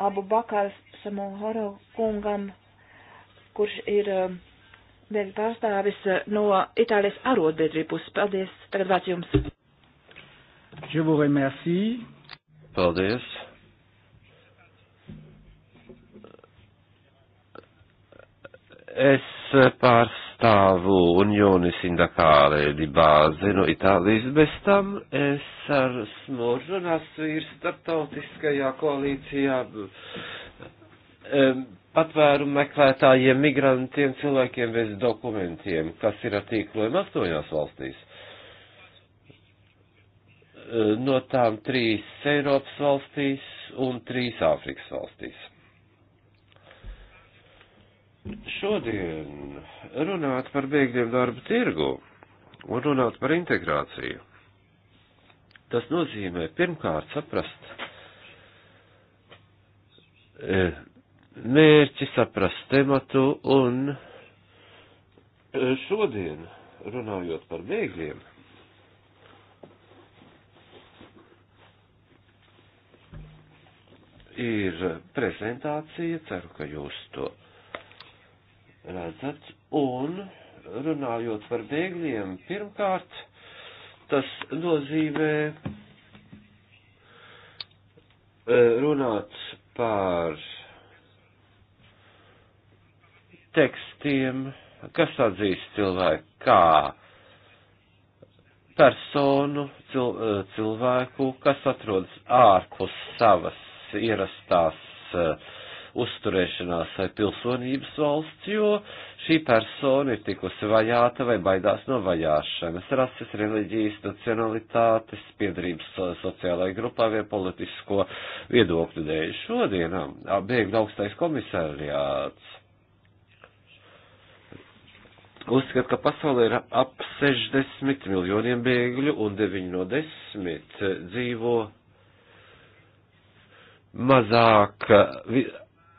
Abu Bakars Samuhoro kungam, kurš ir eh, dēļ pārstāvis eh, no Itālijas arotbiedrību puses. Paldies. Tagad vārds jums. Je vous remercie. Paldies. Es pārs pārstāvu Unionis Indakāle di Bāzi no nu, Itālijas, bez tam es ar smurrunas vīru starptautiskajā koalīcijā patvērumu meklētājiem, migrantiem, cilvēkiem bez dokumentiem, kas ir ar tīklojumu astoņās valstīs no tām trīs Eiropas valstīs un trīs Āfrikas valstīs. Šodien runāt par bēgļiem darba tirgu un runāt par integrāciju. Tas nozīmē pirmkārt saprast e, mērķi, saprast tematu un e, šodien runājot par bēgļiem. Ir prezentācija, ceru, ka jūs to redzat. Un runājot par bēgļiem, pirmkārt, tas nozīmē e, runāt par tekstiem, kas atzīst cilvēku kā personu, cil, e, cilvēku, kas atrodas ārpus savas ierastās uh, uzturēšanās vai pilsonības valsts, jo šī persona ir tikusi vajāta vai baidās no vajāšanas, rases, reliģijas, nacionalitātes, piedarības sociālajai grupā vai politisko viedokļu dēļ. Šodienam um, bēgļu augstais komisariāts uzskata, ka pasaulē ir ap 60 miljoniem bēgļu un 9 no 10 dzīvo mazāk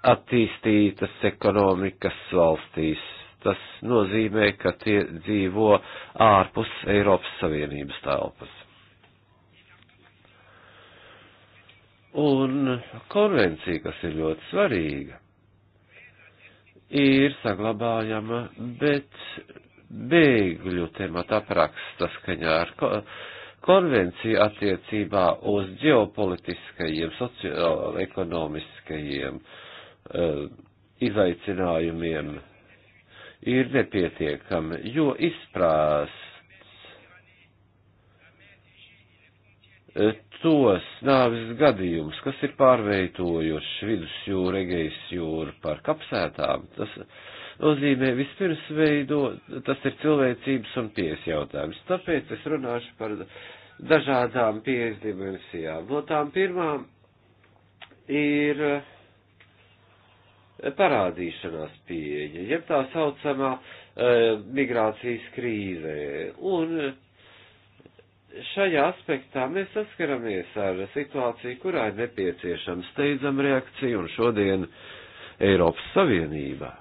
attīstītas ekonomikas valstīs. Tas nozīmē, ka tie dzīvo ārpus Eiropas Savienības telpas. Un konvencija, kas ir ļoti svarīga, ir saglabājama, bet bēgļu temata apraksta skaņā ar ko, konvenciju attiecībā uz ģeopolitiskajiem, sociālo-ekonomiskajiem uh, Eh, izaicinājumiem ir nepietiekami, jo izprāst eh, tos nāvis gadījumus, kas ir pārveidojuši vidusjūru, egejas jūru par kapsētām, tas nozīmē vispirms veido, tas ir cilvēcības un pieejas jautājums. Tāpēc es runāšu par dažādām pieejas dimensijām. No tām pirmām ir parādīšanās pieeja, jeb tā saucamā uh, migrācijas krīze. Un šajā aspektā mēs saskaramies ar situāciju, kurā ir nepieciešama steidzama reakcija, un šodien Eiropas Savienība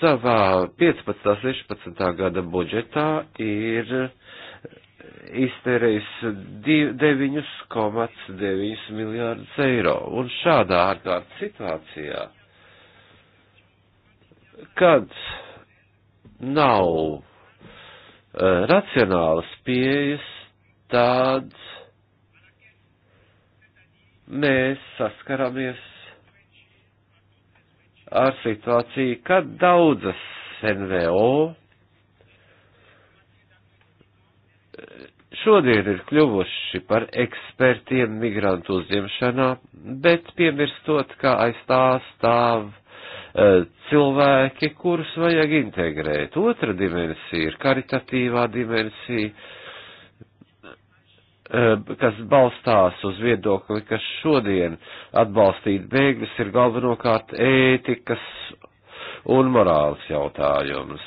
savā 15. 16. gada budžetā ir uh, iztērējis 9,9 miljārdus eiro. Un šādā ārkārtas situācijā, kad nav uh, racionālas pieejas, tad mēs saskaramies ar situāciju, kad daudzas NVO šodien ir kļuvuši par ekspertiem migrantu uzņemšanā, bet piemirstot, kā aiz tā stāv e, cilvēki, kurus vajag integrēt. Otra dimensija ir karitatīvā dimensija, e, kas balstās uz viedokli, ka šodien atbalstīt bēgļus ir galvenokārt ētikas un morāls jautājums.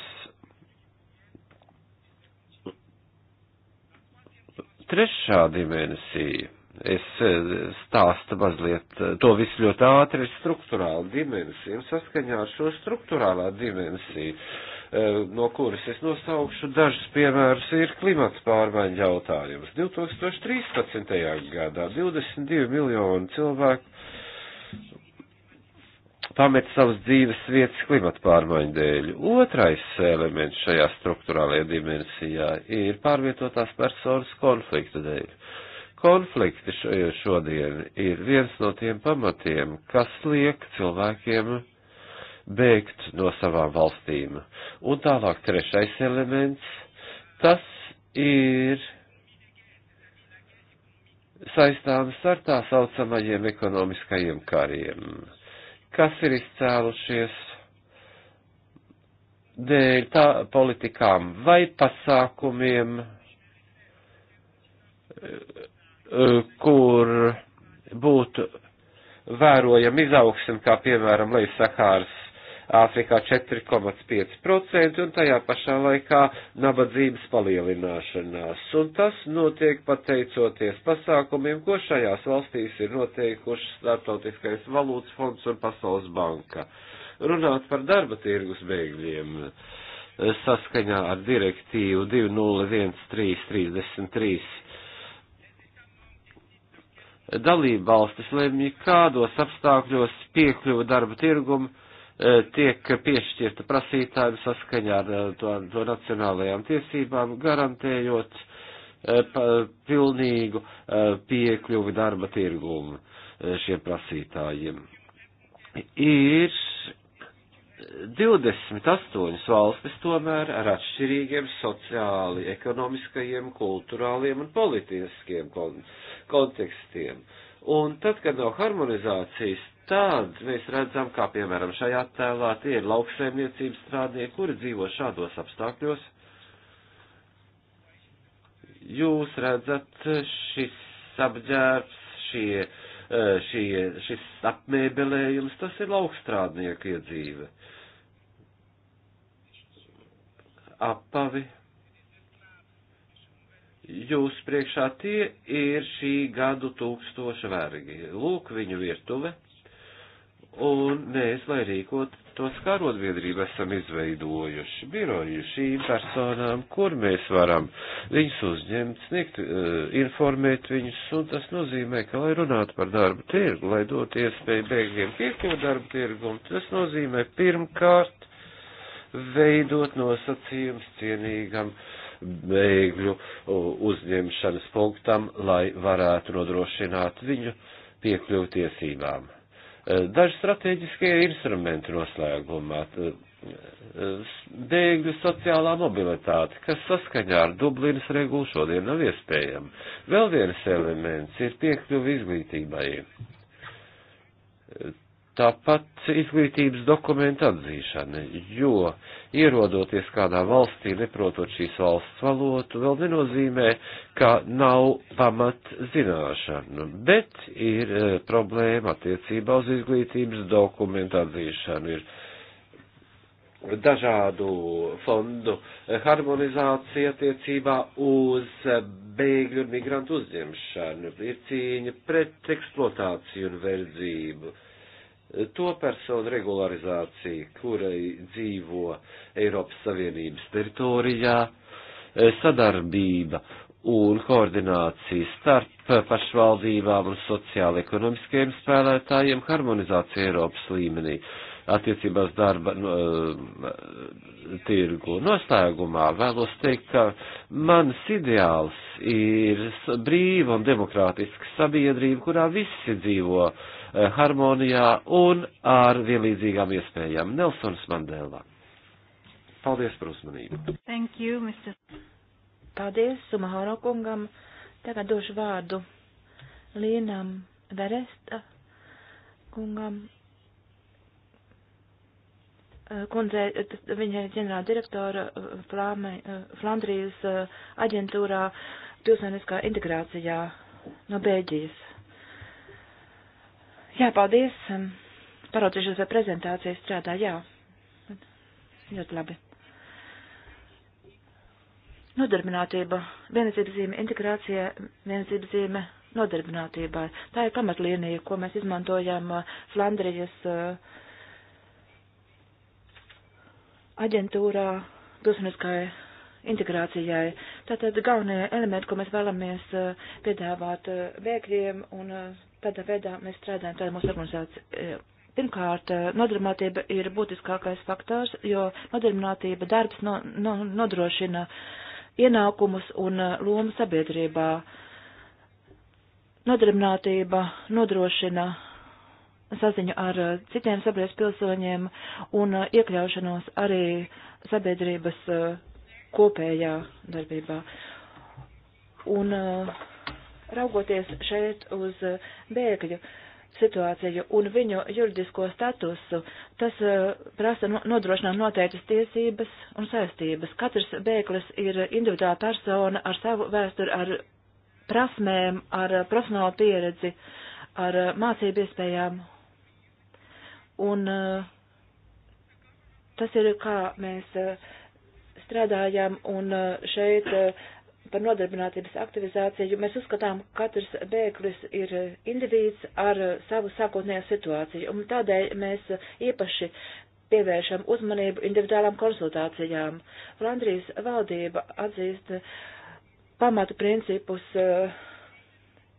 Trešā dimensija. Es eh, stāstu mazliet, eh, to viss ļoti ātri ir struktūrāla dimensija, un saskaņā ar šo struktūrālā dimensiju, eh, no kuras es nosaukšu dažus piemērus, ir klimats pārmaiņu jautājums. 2013. gadā 22 miljoni cilvēku pamet savas dzīves vietas klimata pārmaiņu dēļ. Otrais elements šajā struktūrālajā dimensijā ir pārvietotās personas konflikta dēļ. Konflikti šodien ir viens no tiem pamatiem, kas liek cilvēkiem bēgt no savām valstīm. Un tālāk trešais elements, tas ir saistāms ar tā saucamajiem ekonomiskajiem kariem kas ir izcēlušies dēļ tā politikām vai pasākumiem, kur būtu vērojama izaugsme, kā piemēram Leisahāras Āfrikā 4,5% un tajā pašā laikā nabadzības palielināšanās. Un tas notiek pateicoties pasākumiem, ko šajās valstīs ir noteikuši Startautiskais valūtas fonds un Pasaules banka. Runāt par darba tirgus bēgļiem. Saskaņā ar direktīvu 201333 dalība valstis lemj, kādos apstākļos piekļuva darba tirgumu tiek piešķirta prasītājiem saskaņā ar eh, to, to nacionālajām tiesībām, garantējot eh, pa, pilnīgu eh, piekļuvi darba tirgumu šiem prasītājiem. Ir 28 valstis tomēr ar atšķirīgiem sociāli, ekonomiskajiem, kulturāliem un politiskiem kon kontekstiem. Un tad, kad nav harmonizācijas tad mēs redzam, kā piemēram šajā attēlā tie ir lauksaimniecības strādnieki, kuri dzīvo šādos apstākļos. Jūs redzat šis apģērbs, šie, e, šie, šis apmēbelējums, tas ir laukstrādnieku iedzīve. Apavi jūs priekšā tie ir šī gadu tūkstoša vergi. Lūk viņu virtuve un mēs, lai rīkot tos karodbiedrību, esam izveidojuši biroju šīm personām, kur mēs varam viņus uzņemt, sniegt, eh, informēt viņus, un tas nozīmē, ka, lai runātu par darbu tirgu, lai dot iespēju bēgļiem piekļūt darbu tirgu, un tas nozīmē pirmkārt veidot nosacījums cienīgam bēgļu uzņemšanas punktam, lai varētu nodrošināt viņu piekļuvu tiesībām Eh, daži strateģiskie instrumenti noslēgumā eh, bēgļu sociālā mobilitāte, kas saskaņā ar Dublinas regulu šodien nav iespējama. Vēl viens elements ir piekļuvi izglītībai. Eh, Tāpat izglītības dokumenta atzīšana, jo ierodoties kādā valstī, neprotot šīs valsts valodu, vēl nenozīmē, ka nav pamat zināšanu, bet ir e, problēma attiecībā uz izglītības dokumentu atzīšanu. Ir dažādu fondu harmonizācija attiecībā uz bēgļu un migrantu uzņemšanu, ir cīņa pret eksploatāciju un verdzību to personu regularizāciju, kurai dzīvo Eiropas Savienības teritorijā, eh, sadarbība un koordinācija starp pašvaldībām un sociāli-ekonomiskajiem spēlētājiem, harmonizācija Eiropas līmenī attiecībās darba no, eh, tirgu. Nostājumā vēlos teikt, ka mans ideāls ir brīva un demokrātiska sabiedrība, kurā visi dzīvo uh, Eh, harmonijā un ar vienlīdzīgām iespējām. Nelsons Mandēlā. Paldies par uzmanību. Thank you, Mr. Paldies Sumahoro kungam. Tagad došu vārdu Līnam Veresta kungam. Eh, kundze, eh, viņa ir ģenerāla direktora Flāme, Flandrijas aģentūrā pilsoniskā integrācijā no Bēļģijas. Jā, paldies. Paraucīšos ar prezentāciju strādā, jā. Ļoti labi. Nodarbinātība, vienotības zīme, integrācija, vienotības zīme nodarbinātībai. Tā ir pamatlīnija, ko mēs izmantojam eh, Flandrijas eh, aģentūrā pilsoniskai integrācijai. Tātad galvenie elementi, ko mēs vēlamies eh, piedāvāt bēgļiem un Tādā veidā mēs strādājam, tāda mūsu organizācija. E, pirmkārt, e, nodarbinātība ir būtiskākais faktors, jo nodarbinātība darbs no, no, nodrošina ienākumus un e, lomu sabiedrībā. Nodarbinātība nodrošina saziņu ar citiem sabiedrības pilsoņiem un iekļaušanos arī sabiedrības kopējā darbībā. Un uh, Raugoties šeit uz bēgļu situāciju un viņu juridisko statusu, tas eh, prasa nodrošināt noteiktas tiesības un saistības. Katrs bēglis ir individuāla persona ar savu vēsturi, ar prasmēm, ar eh, profesionālu pieredzi, ar eh, mācību iespējām. Un tas ir kā mēs strādājam, un šeit par nodarbinātības aktivizāciju, jo mēs uzskatām, ka katrs bēglis ir individs ar savu sākotnējo situāciju, un tādēļ mēs īpaši pievēršam uzmanību individuālām konsultācijām. Flandrijas valdība atzīst pamatu principus eh,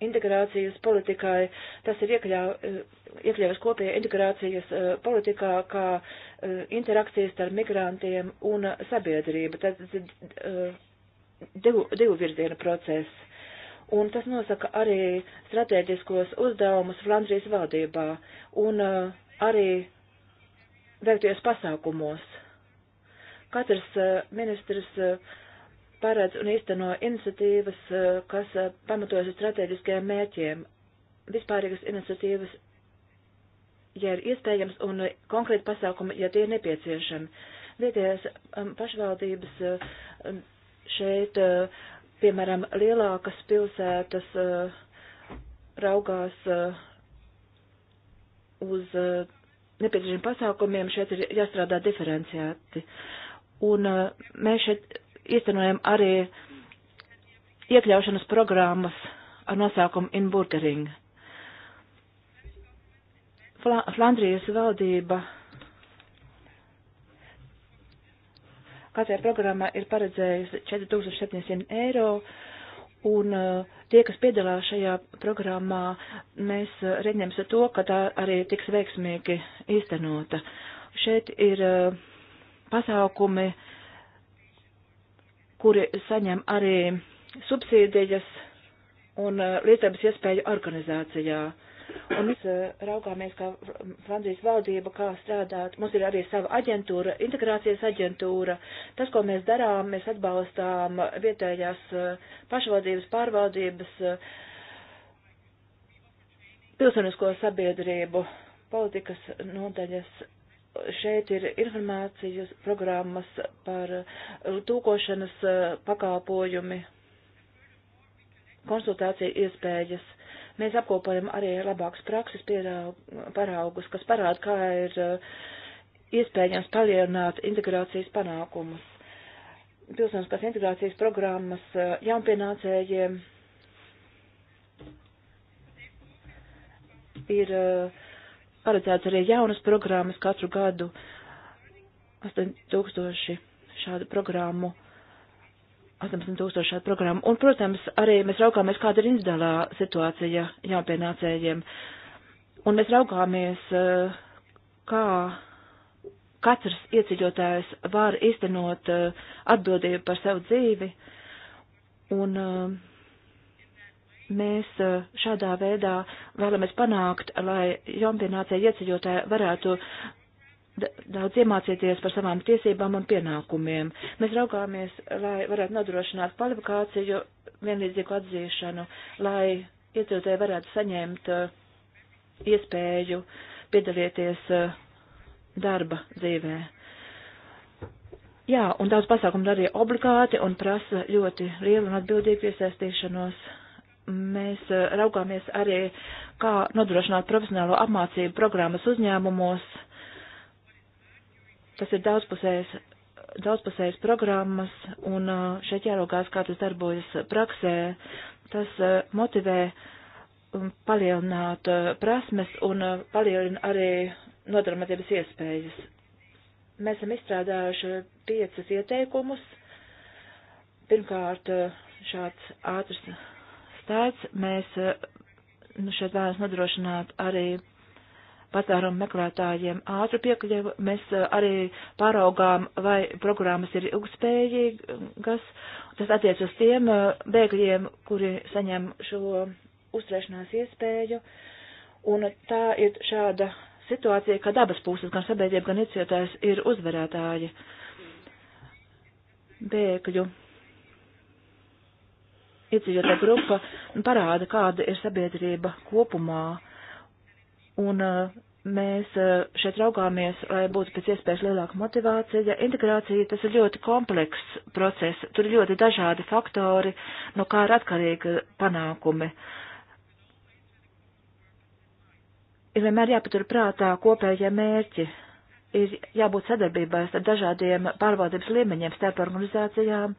integrācijas politikai, tas ir iekļauts eh, kopējā integrācijas eh, politikā, kā interakcijas ar migrantiem un sabiedrību. Tad divu, divu virzienu process. Un tas nosaka arī strateģiskos uzdevumus Flandrijas valdībā un uh, arī veikties pasākumos. Katrs uh, ministrs uh, paredz un īsteno iniciatīvas, uh, kas uh, pamatojas uz strateģiskajiem mērķiem. Vispārīgas iniciatīvas, ja ir iespējams, un uh, konkrēti pasākumi, ja tie ir nepieciešami. Vietējās um, pašvaldības šeit, eh, piemēram, lielākas pilsētas eh, raugās eh, uz nepieciešamiem pasākumiem, šeit ir jāstrādā diferenciēti. Un mēs šeit īstenojam arī iekļaušanas programmas ar nosaukumu Inburgering. Flandrijas valdība Katrai programmai ir paredzējusi 4700 eiro. Un eh, tie, kas piedalās šajā programmā, mēs eh, reģinām ar to, ka tā arī tiks veiksmīgi īstenota. Šeit ir eh, pasaukumi, kuri saņem arī subsīdijas un lietības iespēju organizācijā. Uh, Un mēs eh, raugāmies, kā Francijas valdība, kā strādāt. Mums ir arī sava aģentūra, integrācijas aģentūra. Tas, ko mēs darām, mēs atbalstām vietējās eh, pašvaldības, pārvaldības, eh, pilsonisko sabiedrību, politikas nodaļas šeit ir informācijas programmas par tūkošanas pakalpojumi, konsultācija iespējas. Mēs apkopojam arī labākus prakses paraugus, kas parāda, kā ir uh, iespējams palielināt integrācijas panākumus. Pilsoniskās integrācijas programmas uh, jaunpienācējiem ir uh, paredzēts arī jaunas programmas katru gadu 8000 šādu programmu 18 tūkstoši šādu programmu. Un, protams, arī mēs raugāmies, kāda ir individuālā situācija jāpienācējiem. Un mēs raugāmies, eh, kā katrs ieceļotājs var iztenot eh, atbildību par savu dzīvi. Un eh, mēs šādā veidā vēlamies panākt, lai jaunpienācēji ieceļotāji varētu daudz iemācīties par savām tiesībām un pienākumiem. Mēs raugāmies, lai varētu nodrošināt kvalifikāciju, vienlīdzīgu atzīšanu, lai iedzīvotāji varētu saņemt uh, iespēju piedalīties uh, darba dzīvē. Jā, un daudz pasākumu darīja obligāti un prasa ļoti lielu un atbildīgu iesaistīšanos. Mēs uh, raugāmies arī, kā nodrošināt profesionālo apmācību programmas uzņēmumos, uh, Tas ir daudzpusējs, daudzpusējs programmas, un uh, šeit jāraugās, kā tas darbojas praksē. Tas uh, motivē um, palielināt uh, prasmes un palielina arī nodarbinātības iespējas. Mēs esam izstrādājuši piecas ieteikumus. Pirmkārt, šāds ātrs stāsts. Mēs nu, šeit vēlas nodrošināt arī patvērumu meklētājiem ātru piekļuvu. Mēs eh, arī pāraugām, vai programmas ir ilgspējīgas. Tas attiec uz tiem eh, bēgļiem, kuri saņem šo uzturēšanās iespēju. Un tā ir šāda situācija, ka dabas puses, gan sabiedrība, gan iecietājs ir uzvarētāji bēgļu iedzīvotāja grupa parāda, kāda ir sabiedrība kopumā. Un uh, mēs uh, šeit raugāmies, lai būtu pēc iespējas lielāka motivācija. Integrācija tas ir ļoti komplekss process, tur ir ļoti dažādi faktori, no kā ir atkarīga panākumi. Ir vienmēr jāpatur prātā kopējie mērķi. Ir jābūt sadarbībai starp dažādiem pārvaldības līmeņiem, starp organizācijām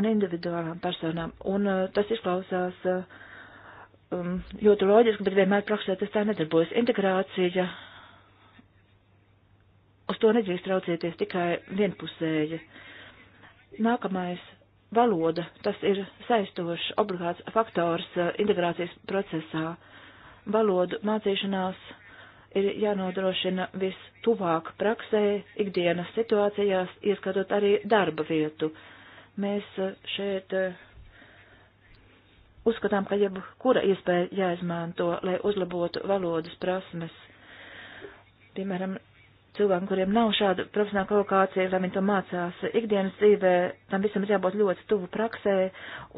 un individuālām personām. Un uh, tas izklausās uh, um, ļoti loģiski, bet vienmēr praksē tas tā nedarbojas. Integrācija uz to nedrīkst traucēties tikai vienpusēji. Nākamais - valoda. Tas ir saistošs obligāts faktors uh, integrācijas procesā. Valodu mācīšanās ir jānodrošina vistuvāk praksē, ikdienas situācijās, ieskatot arī darba vietu. Mēs uh, šeit uh, Uzskatām, ka jebkura iespēja jāizmanto, lai uzlabotu valodas prasmes. Piemēram, cilvēkiem, kuriem nav šāda profesionāla kvalifikācija, lai viņi to mācās ikdienas dzīvē, tam visam ir jābūt ļoti tuvu praksē,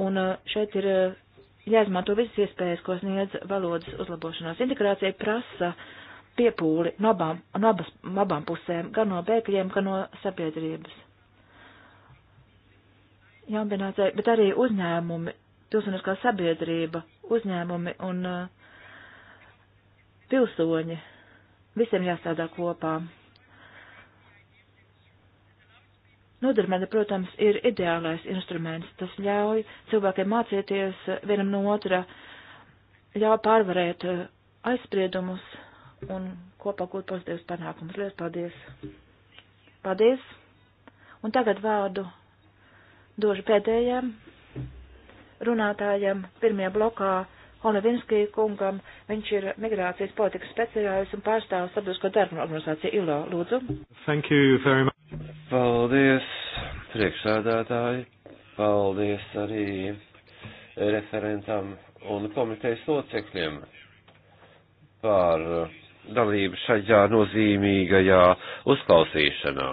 un uh, šeit ir uh, jāizmanto visas iespējas, ko sniedz valodas uzlabošanās. Integrācija prasa piepūli no abām, no abas, no abām pusēm, gan no bēgļiem, gan no sabiedrības. Jāmbinācija, bet arī uzņēmumi pilsoniskā sabiedrība, uzņēmumi un eh, pilsoņi. Visiem jāstrādā kopā. Nodarbība, protams, ir ideālais instruments. Tas ļauj cilvēkiem mācīties vienam no otra, ļauj pārvarēt eh, aizspriedumus un kopā gūt pozitīvus panākumus. Lielas paldies! Paldies! Un tagad vārdu došu pēdējiem runātājiem pirmajā blokā Holevinskī kungam. Viņš ir migrācijas politikas speciālis un pārstāv sabiedrisko darbu organizāciju ILO. Lūdzu. Thank you very much. Paldies, priekšsādātāji. Paldies arī referentam un komitejas locekļiem par dalību šajā nozīmīgajā uzklausīšanā.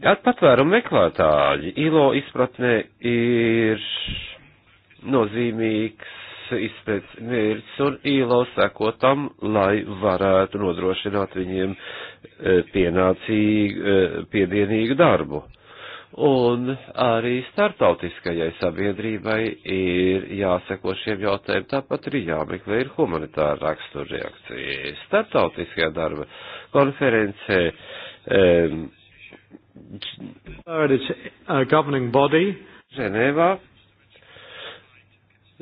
Patvērumu meklētāji ILO izpratnē ir nozīmīgs izpēc mērķis un ILO sekotam, lai varētu nodrošināt viņiem e, pienācīgu, e, piedienīgu darbu. Un arī startautiskajai sabiedrībai ir jāseko šiem jautājumiem, tāpat arī jāmeklē ir humanitāra rakstura reakcija. Startautiskajā darba konferencē um, Ženēvā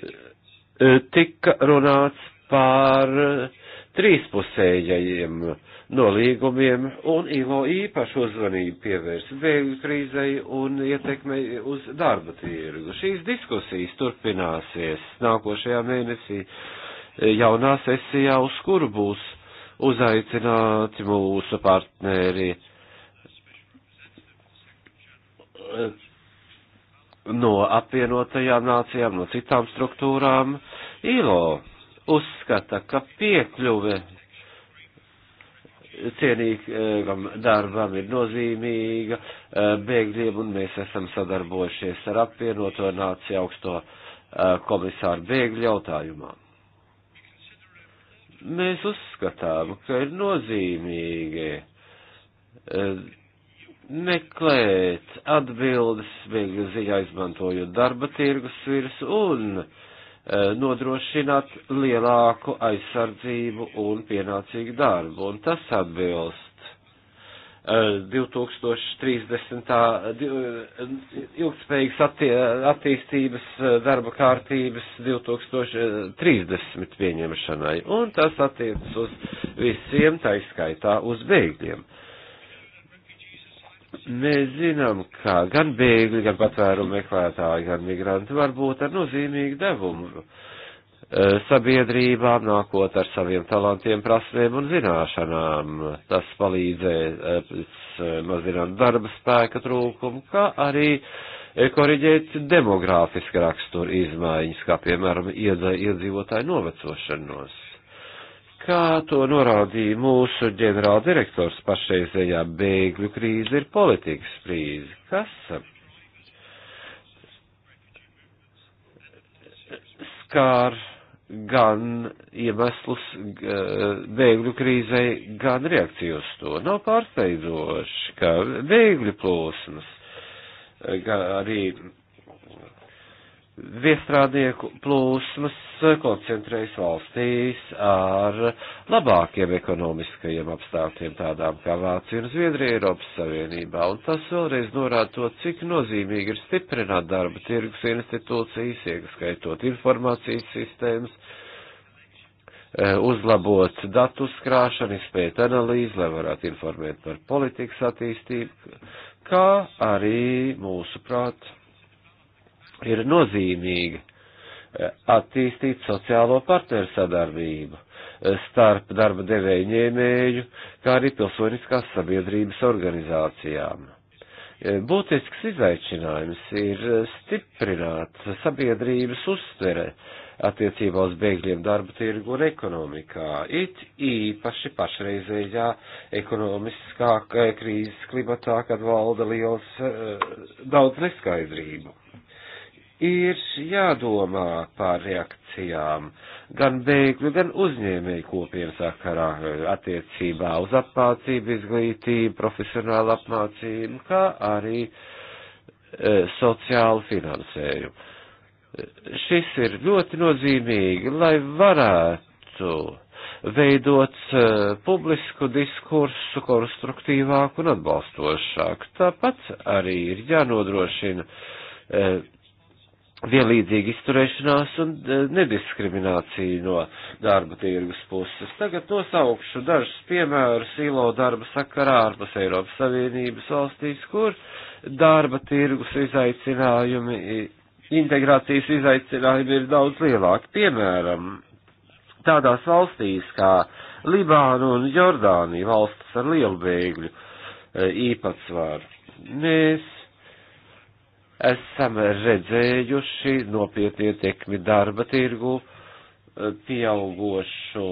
e, tika runāts par trīspusējajiem nolīgumiem un ILO īpašu uzmanību pievērs bēgļu krīzei un ietekmei uz darba tirgu. Šīs diskusijas turpināsies nākošajā mēnesī e, jaunā sesijā, uz kuru būs uzaicināti mūsu partneri Eh, no apvienotajām nācijām, no citām struktūrām. ILO uzskata, ka piekļuve cienīgam darbam ir nozīmīga eh, bēgļiem, un mēs esam sadarbojušies ar apvienoto nāciju augsto eh, komisāru bēgļu jautājumā. Mēs uzskatām, ka ir nozīmīgi meklēt atbildes bēgļu ziņā izmantojot darba tirgus virs un e, nodrošināt lielāku aizsardzību un pienācīgu darbu. Un tas atbilst e, 2030. E, ilgspējīgas attie, attīstības e, darba kārtības 2030 pieņemšanai. Un tas attiecas uz visiem, taiskaitā uz bēgļiem. Mēs zinām, ka gan bēgļi, gan patvērumu meklētāji, gan migranti var būt ar nozīmīgu devumu eh, sabiedrībām, nākot ar saviem talantiem, prasmēm un zināšanām. Tas palīdzēs eh, mazināt darba spēka trūkumu, kā arī koriģēt demogrāfiska rakstura izmaiņas, kā piemēram iedzīvotāju novecošanos kā to norādīja mūsu ģenerāldirektors pašreizējā bēgļu krīze ir politikas krīze. Kas skār gan iemeslus bēgļu krīzei, gan reakciju uz to? Nav pārsteidzoši, ka bēgļu plūsmas, arī viestrādnieku plūsmas koncentrējas valstīs ar labākiem ekonomiskajiem apstākļiem, tādām kā Vācija un Zviedrija Eiropas Savienībā, un tas vēlreiz norāda to, cik nozīmīgi ir stiprināt darba tirgus institūcijas, ieskaitot informācijas sistēmas, e, uzlabot datu skrāšanu, izpēt analīzi, lai varētu informēt par politikas attīstību, kā arī mūsu prātu ir nozīmīgi eh, attīstīt sociālo partneru sadarbību eh, starp darba devēju ņēmēju, kā arī pilsoniskās sabiedrības organizācijām. Eh, Būtisks izaicinājums ir stiprināt sabiedrības uztvere attiecībā uz bēgļiem darba tirgu un ekonomikā, it īpaši pašreizējā ekonomiskā krīzes klimatā, kad valda liels daudz neskaidrību ir jādomā par reakcijām gan bēgļu, gan uzņēmēju kopienu sakarā attiecībā uz apmācību, izglītību, profesionālu apmācību, kā arī e, sociālu finansējumu. Šis ir ļoti nozīmīgi, lai varētu veidot e, publisku diskursu konstruktīvāku un atbalstošāku. Tāpat arī ir jānodrošina e, vienlīdzīga izturēšanās un e, nediskriminācija no darba tirgus puses. Tagad nosaukšu dažus piemērus ILO darba sakarā ārpus Eiropas Savienības valstīs, kur darba tirgus izaicinājumi, integrācijas izaicinājumi ir daudz lielāki. Piemēram, tādās valstīs kā Libāna un Jordānija valstis ar lielu bēgļu e, īpatsvaru. Mēs esam redzējuši nopietni ietekmi darba tirgu, pieaugošu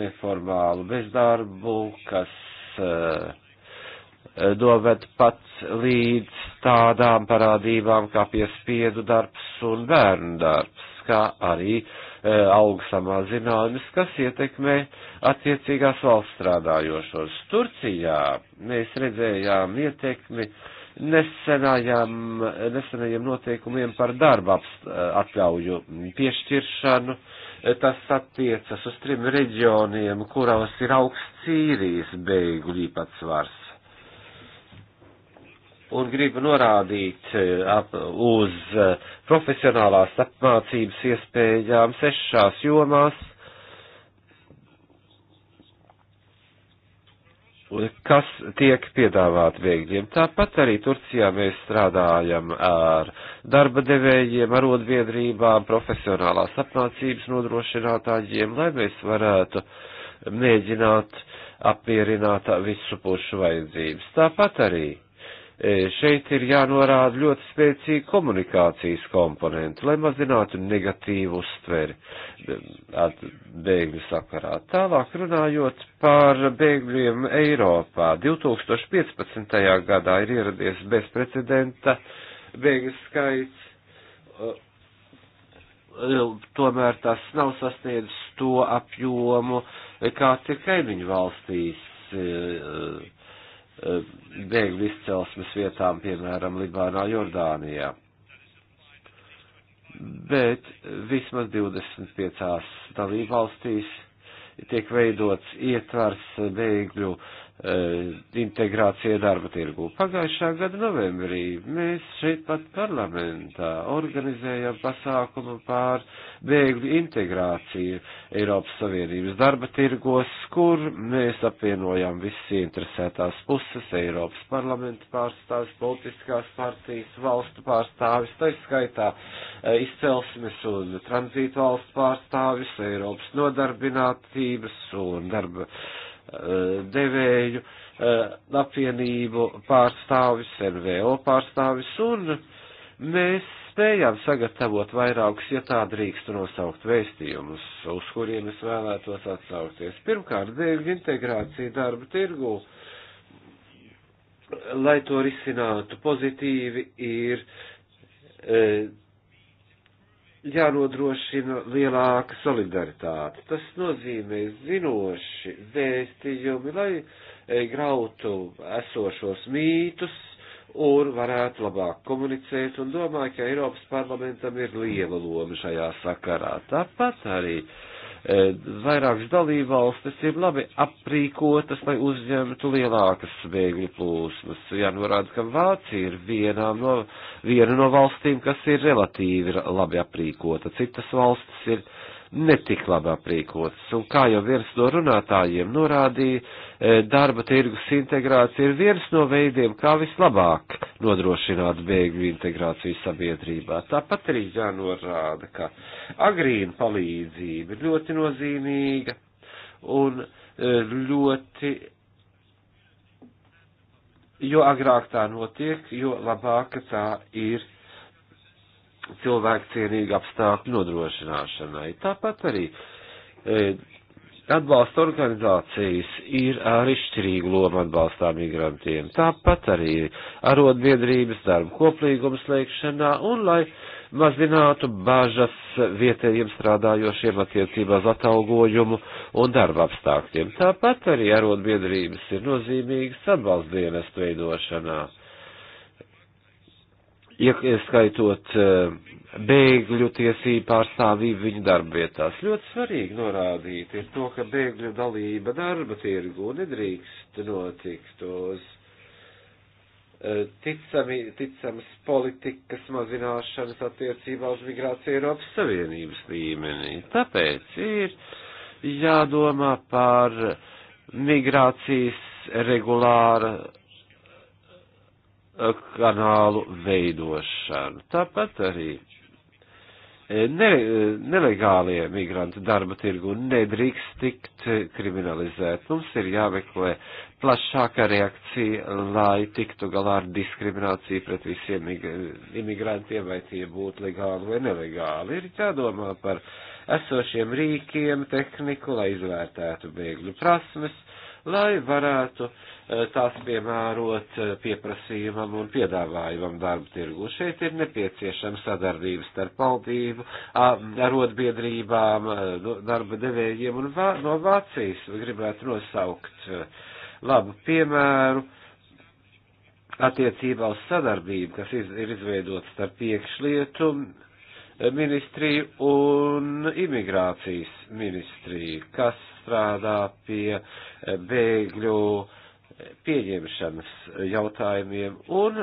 neformālu bezdarbu, kas eh, noved pat līdz tādām parādībām kā piespiedu darbs un bērnu darbs, kā arī eh, auga samazinājums, kas ietekmē attiecīgās valsts strādājošos. Turcijā mēs redzējām ietekmi uh, nesenajām, nesenajiem noteikumiem par darba atļauju piešķiršanu. Tas attiecas uz trim reģioniem, kuros ir augsts Sīrijas beigu īpatsvars. Un gribu norādīt e, ap, uz e, profesionālās apmācības iespējām sešās jomās kas tiek piedāvāt viegļiem. Tāpat arī Turcijā mēs strādājam ar darba devējiem, arotbiedrībām, profesionālās apmācības nodrošinātājiem, lai mēs varētu mēģināt apmierināt visu pušu vajadzības. Tāpat arī E, šeit ir jānorāda ļoti spēcīga komunikācijas komponenta, lai mazinātu negatīvu uztveri e, bēgļu sakarā. Tālāk runājot par bēgļiem Eiropā, 2015. gadā ir ieradies bezprecedenta bēgļu skaits e, tomēr tas nav sasniedzis to apjomu, kāds ir kaimiņu valstīs. Eh, bēgļu izcelsmes vietām, piemēram, Libānā, Jordānijā. Bet vismaz 25 dalībvalstīs tiek veidots ietvars bēgļu uh, Eh, integrācija darba tirgū. Pagājušā gada novembrī mēs šeit pat parlamentā organizējām pasākumu pār bēgļu integrāciju Eiropas Savienības darba tirgos, kur mēs apvienojām visas interesētās puses, Eiropas parlamenta pārstāvis, politiskās partijas, valstu pārstāvis, tā skaitā eh, izcelsmes un tranzītu valstu pārstāvis, Eiropas nodarbinātības un darba devēju eh, apvienību pārstāvis, NVO pārstāvis, un mēs spējām sagatavot vairākus, ja tā drīkstu nosaukt vēstījumus, uz kuriem es vēlētos atsaukties. Pirmkārt, dēļ integrācija darba tirgū, lai to risinātu pozitīvi, ir eh, jānodrošina lielāka solidaritāte. Tas nozīmē zinoši vēstījumi, lai e, grautu esošos mītus un varētu labāk komunicēt, un domāju, ka Eiropas parlamentam ir liela loma šajā sakarā. Tāpat arī uh, E, vairākas dalībvalstis ir labi aprīkotas, lai uzņemtu lielākas bēgļu plūsmas. Jānorāda, nu, ka Vācija ir viena no, viena no valstīm, kas ir relatīvi labi aprīkota. Citas valstis ir netik labi aprīkots. Un kā jau viens no runātājiem norādīja, e, darba tirgus integrācija ir viens no veidiem, kā vislabāk nodrošināt bēgļu integrāciju sabiedrībā. Tāpat arī jānorāda, ka agrīna palīdzība ir ļoti nozīmīga un e, ļoti. Jo agrāk tā notiek, jo labāka tā ir cilvēkcienīgu apstākļu nodrošināšanai. Tāpat arī e, atbalsta organizācijas ir ar izšķirīgu lomu atbalstā migrantiem. Tāpat arī arotbiedrības darba koplīgums slēgšanā un lai mazinātu bažas vietējiem strādājošiem attiecībā uz atalgojumu un darba apstākļiem. Tāpat arī arotbiedrības ir nozīmīgas atbalsta dienestu veidošanā ieskaitot eh, bēgļu tiesību pārstāvību viņu darbvietās. Ļoti svarīgi norādīt ir to, ka bēgļu dalība darba tirgu nedrīkst notikt uz eh, ticami, ticamas politikas mazināšanas attiecībā uz migrāciju Eiropas Savienības līmenī. Tāpēc ir jādomā par migrācijas regulāra kanālu veidošanu. Tāpat arī ne, nelegālie migrantu darba tirgu nedrīkst tikt kriminalizēt. Mums ir jāmeklē plašāka reakcija, lai tiktu galā ar diskrimināciju pret visiem imigrantiem, vai tie būtu legāli vai nelegāli. Ir jādomā par esošiem rīkiem, tehniku, lai izvērtētu bēgļu prasmes lai varētu eh, tās piemērot eh, pieprasījumam un piedāvājumam darba tirgu. Šeit ir nepieciešama sadarbība starp valdību, arotbiedrībām, eh, darba devējiem un vā, no Vācijas gribētu nosaukt labu piemēru attiecībā uz sadarbību, kas iz, ir izveidota starp iekšlietu ministriju un imigrācijas ministriju, kas jāstrādā pie eh, bēgļu eh, pieņemšanas jautājumiem un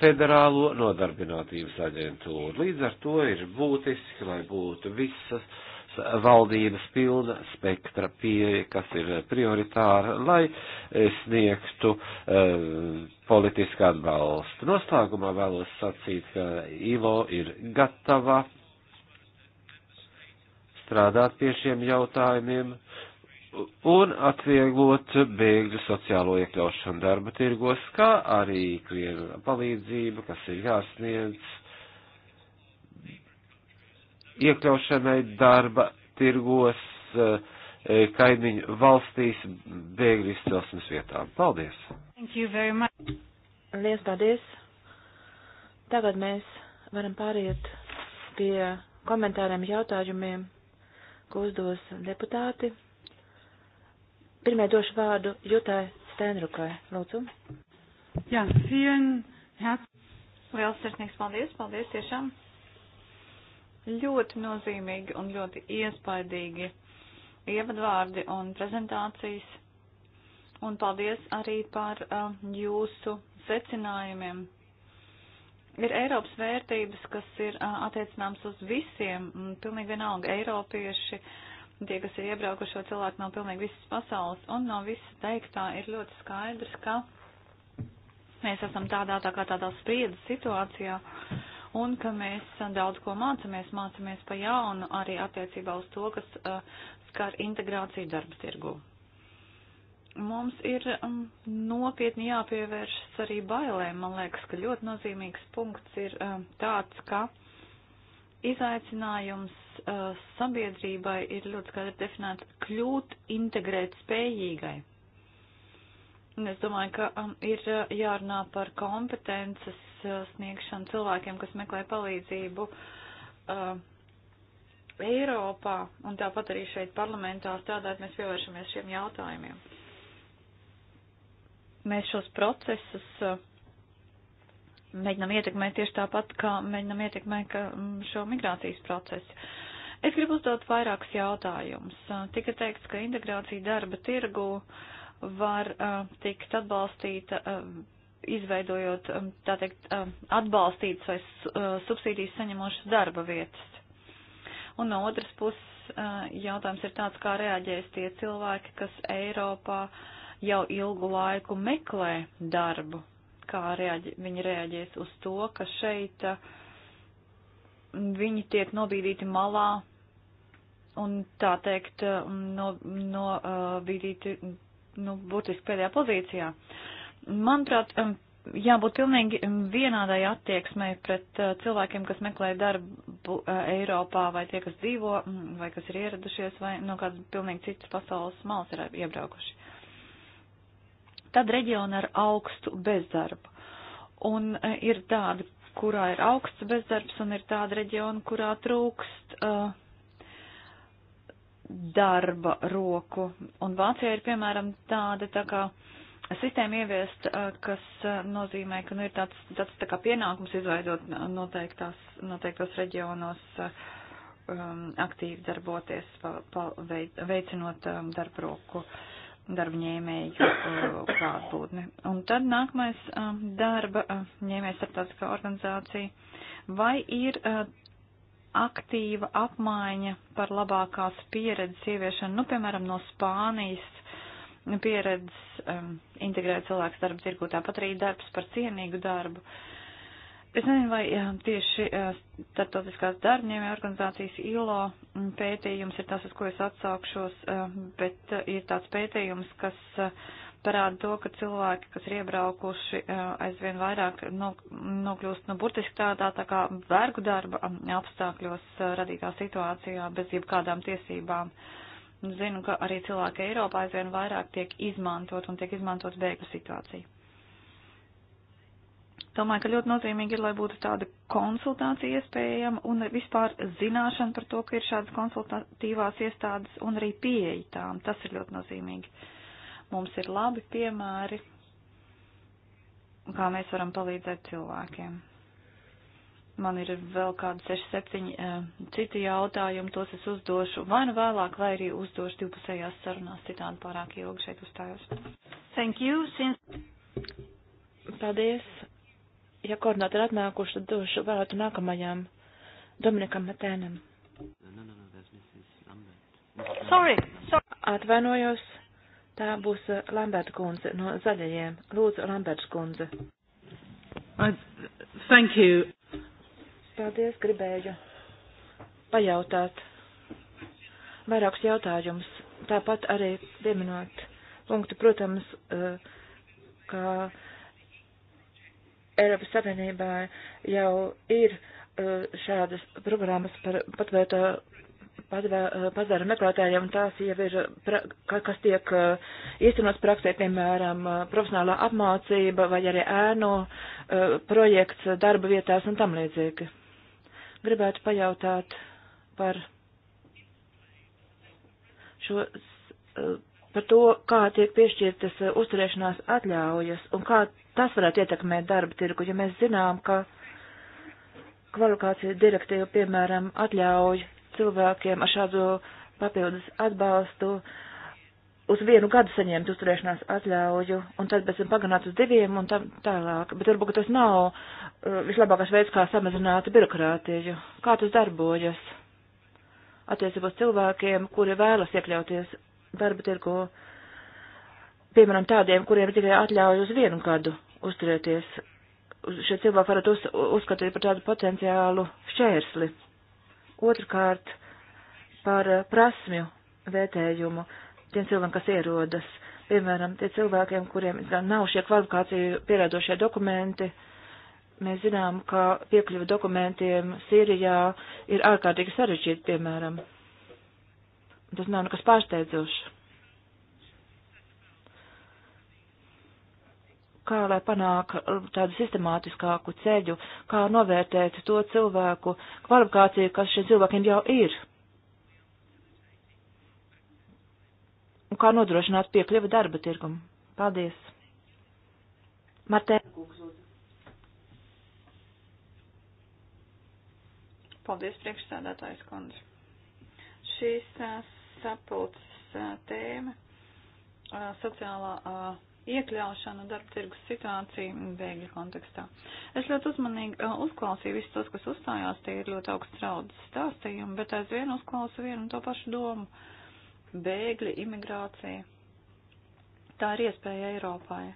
federālo nodarbinātības aģentūru. Līdz ar to ir būtiski, lai būtu visas valdības pilna spektra pieeja, kas ir prioritāra, lai sniegtu um, politisku atbalstu. Noslēgumā vēlos sacīt, ka ILO ir gatava strādāt pie šiem jautājumiem un atvieglot bēgļu sociālo iekļaušanu darba tirgos, kā arī ikviena palīdzība, kas ir jāsniedz iekļaušanai darba tirgos eh, kaimiņu valstīs bēgļu izcelsmes vietām. Paldies! Lies paldies! Tagad mēs varam pāriet pie komentāriem jautājumiem ko uzdos deputāti. Pirmie došu vārdu Jutai Steinrukai. Lūdzu. Jā, vielen herz. Liels sirsnīgs paldies, paldies tiešām. Ļoti nozīmīgi un ļoti iespaidīgi ievadvārdi un prezentācijas. Un paldies arī par uh, jūsu secinājumiem ir Eiropas vērtības, kas ir attiecināmas uz visiem, pilnīgi vienalga eiropieši, tie, kas ir iebraukušo cilvēku no pilnīgi visas pasaules, un no visas teiktā ir ļoti skaidrs, ka mēs esam tādā tā kā tādā spriedzes situācijā, un ka mēs daudz ko mācamies, mācamies pa jaunu arī attiecībā uz to, kas uh, skar integrāciju darba tirgu mums ir um, nopietni jāpievēršas arī bailēm. Man liekas, ka ļoti nozīmīgs punkts ir um, tāds, ka izaicinājums uh, sabiedrībai ir ļoti skaidri definēts kļūt integrēt spējīgai. Un es domāju, ka um, ir uh, jārunā par kompetences uh, sniegšanu cilvēkiem, kas meklē palīdzību uh, Eiropā, un tāpat arī šeit parlamentā strādāt, mēs pievēršamies šiem jautājumiem mēs šos procesus eh, mēģinam ietekmēt tieši tāpat, kā mēģinam ietekmēt mm, šo migrācijas procesu. Es gribu uzdot vairākus jautājumus. Eh, tika teikts, ka integrācija darba tirgu var eh, tikt atbalstīta izveidojot, tā teikt, atbalstītas vai subsīdijas saņemošas darba vietas. Un no otras puses jautājums ir tāds, kā reaģēs tie cilvēki, kas Eiropā uh, jau ilgu laiku meklē darbu, kā reaģi, viņi reaģēs uz to, ka šeit uh, viņi tiek nobīdīti malā un tā teikt nobīdīti, uh, no, uh, nu, būtiski pēdējā pozīcijā. Manuprāt, um, jābūt pilnīgi um, vienādai attieksmei pret uh, cilvēkiem, kas meklē darbu uh, Eiropā, vai tie, kas dzīvo, mm, vai kas ir ieradušies, vai no nu, kādas pilnīgi citas pasaules malas ir iebraukuši tad reģiona ar augstu bezdarbu. Un e, ir tāda, kurā ir augsts bezdarbs, un ir tāda reģiona, kurā trūkst uh, darba roku. Un Vācijā ir, piemēram, tāda tā kā sistēma ieviest, uh, kas uh, nozīmē, ka nu, ir tāds, tāds tā kā pienākums izveidot noteiktos reģionos. Uh, um, aktīvi darboties, pa, pa, veicinot um, darba roku darba ņēmēju uh, klātbūtni. Un tad nākamais uh, darba uh, ņēmēja starptautiskā organizācija. Vai ir aktīva apmaiņa par labākās pieredzes ieviešanu, nu, piemēram, no Spānijas pieredzes um, integrēt cilvēku darba tirgu, tāpat arī darbs par cienīgu darbu? Uh, Es nezinu, vai tieši starptautiskās darbņēmē organizācijas ILO mm, pētījums ir tas, uz ko es atsaukšos, bet ir tāds pētījums, kas parāda to, ka cilvēki, kas ir iebraukuši, aizvien vairāk nokļūst nu, burtiski tādā tā kā vergu darba apstākļos radītā situācijā bez jebkādām tiesībām. Zinu, ka arī cilvēki Eiropā aizvien vairāk tiek izmantot un tiek izmantot bēgu situāciju. Domāju, ka ļoti nozīmīgi ir, lai būtu tāda konsultācija iespējama un vispār zināšana par to, ka ir šādas konsultatīvās iestādes un arī pieeja tām. Tas ir ļoti nozīmīgi. Mums ir labi piemēri, kā mēs varam palīdzēt cilvēkiem. Man ir vēl kādi 6-7 uh, eh, citi jautājumi, tos es uzdošu vai nu vēlāk, vai arī uzdošu divpusējās sarunās, citādi pārāk ilgi šeit uzstājos. Thank you. Since... Paldies. Ja koordināti ir atnākuši, tad došu vārdu nākamajam Dominikam Matēnam. No, no, no, Sorry. Sorry. Atvainojos. Tā būs uh, Lamberta kundze no zaļajiem. Lūdzu, Lamberta kundze. I, thank you. Paldies, gribēju pajautāt vairākus jautājumus. Tāpat arī pieminot punktu, protams, uh, ka. Uh, Eiropas Savienībā jau ir uh, šādas programmas par uh, patvērto pazara meklētājiem, un tās jau ir, uh, kas tiek īstenots praksē, piemēram, profesionālā apmācība vai arī ēnu projekts darba vietās un tam līdzīgi. Gribētu pajautāt par šo par to, kā tiek piešķirtas eh, uzturēšanās atļaujas un kā tas varētu ietekmēt darba tirgu, ja mēs zinām, ka kvalifikācija direktīva, piemēram, atļauj cilvēkiem ar šādu papildus atbalstu uz vienu gadu saņemt uzturēšanās atļauju, un tad pēc tam pagarināt uz diviem un tā, tālāk. Bet varbūt tas nav uh, vislabākais veids, kā samazināt birokrātiju. Kā tas darbojas? Attiecībā uz cilvēkiem, kuri vēlas iekļauties darba tirgu, piemēram, tādiem, kuriem ir tikai atļauj uz vienu gadu uzturēties. Šie cilvēki varat uz, uzskatīt par tādu potenciālu šķērsli. Otrkārt, par prasmju vērtējumu tiem cilvēkiem, kas ierodas. Piemēram, tie cilvēkiem, kuriem nav šie kvalifikāciju pierādošie dokumenti, mēs zinām, ka piekļuva dokumentiem Sīrijā ir ārkārtīgi sarežģīta, piemēram. Tas nav nekas pārsteidzošs. Kā lai panāk tādu sistemātiskāku ceļu, kā novērtēt to cilvēku kvalifikāciju, kas šiem cilvēkiem jau ir? Un kā nodrošināt piekļuvi darba tirgumu? Paldies! Martē. Paldies, priekšstādātājs kundze. Šīs sapulces tēma - sociālā iekļaušana darba tirgus situācija bēgļu kontekstā. Es ļoti uzmanīgi uzklausīju visus tos, kas uzstājās, tie ir ļoti augsts traudas stāstījumi, bet aizvien uzklausu vienu un to pašu domu - bēgļi, imigrācija. Tā ir iespēja Eiropai.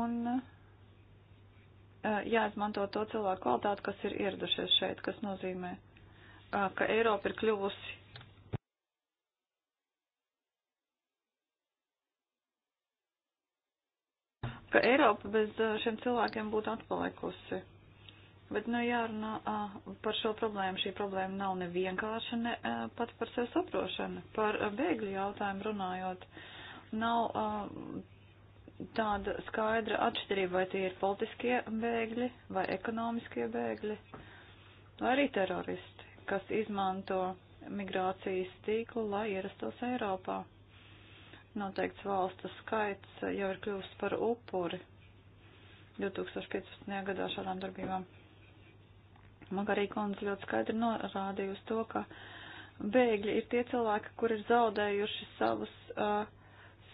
Un jāizmanto to cilvēku kvalitāti, kas ir ieradušies šeit, kas nozīmē, ka Eiropa ir kļuvusi ka Eiropa bez šiem cilvēkiem būtu atpalikusi. Bet, nu, jārunā par šo problēmu. Šī problēma nav nevienkārša, ne pat par sevi saprošana. Par bēgļu jautājumu runājot, nav tāda skaidra atšķirība, vai tie ir politiskie bēgļi, vai ekonomiskie bēgļi, vai arī teroristi, kas izmanto migrācijas tīklu, lai ierastos Eiropā noteikts valstu skaits jau ir kļuvis par upuri 2015. gadā šādām darbībām. Magarī kundze ļoti skaidri norādīja uz to, ka bēgļi ir tie cilvēki, kur ir zaudējuši savus, uh,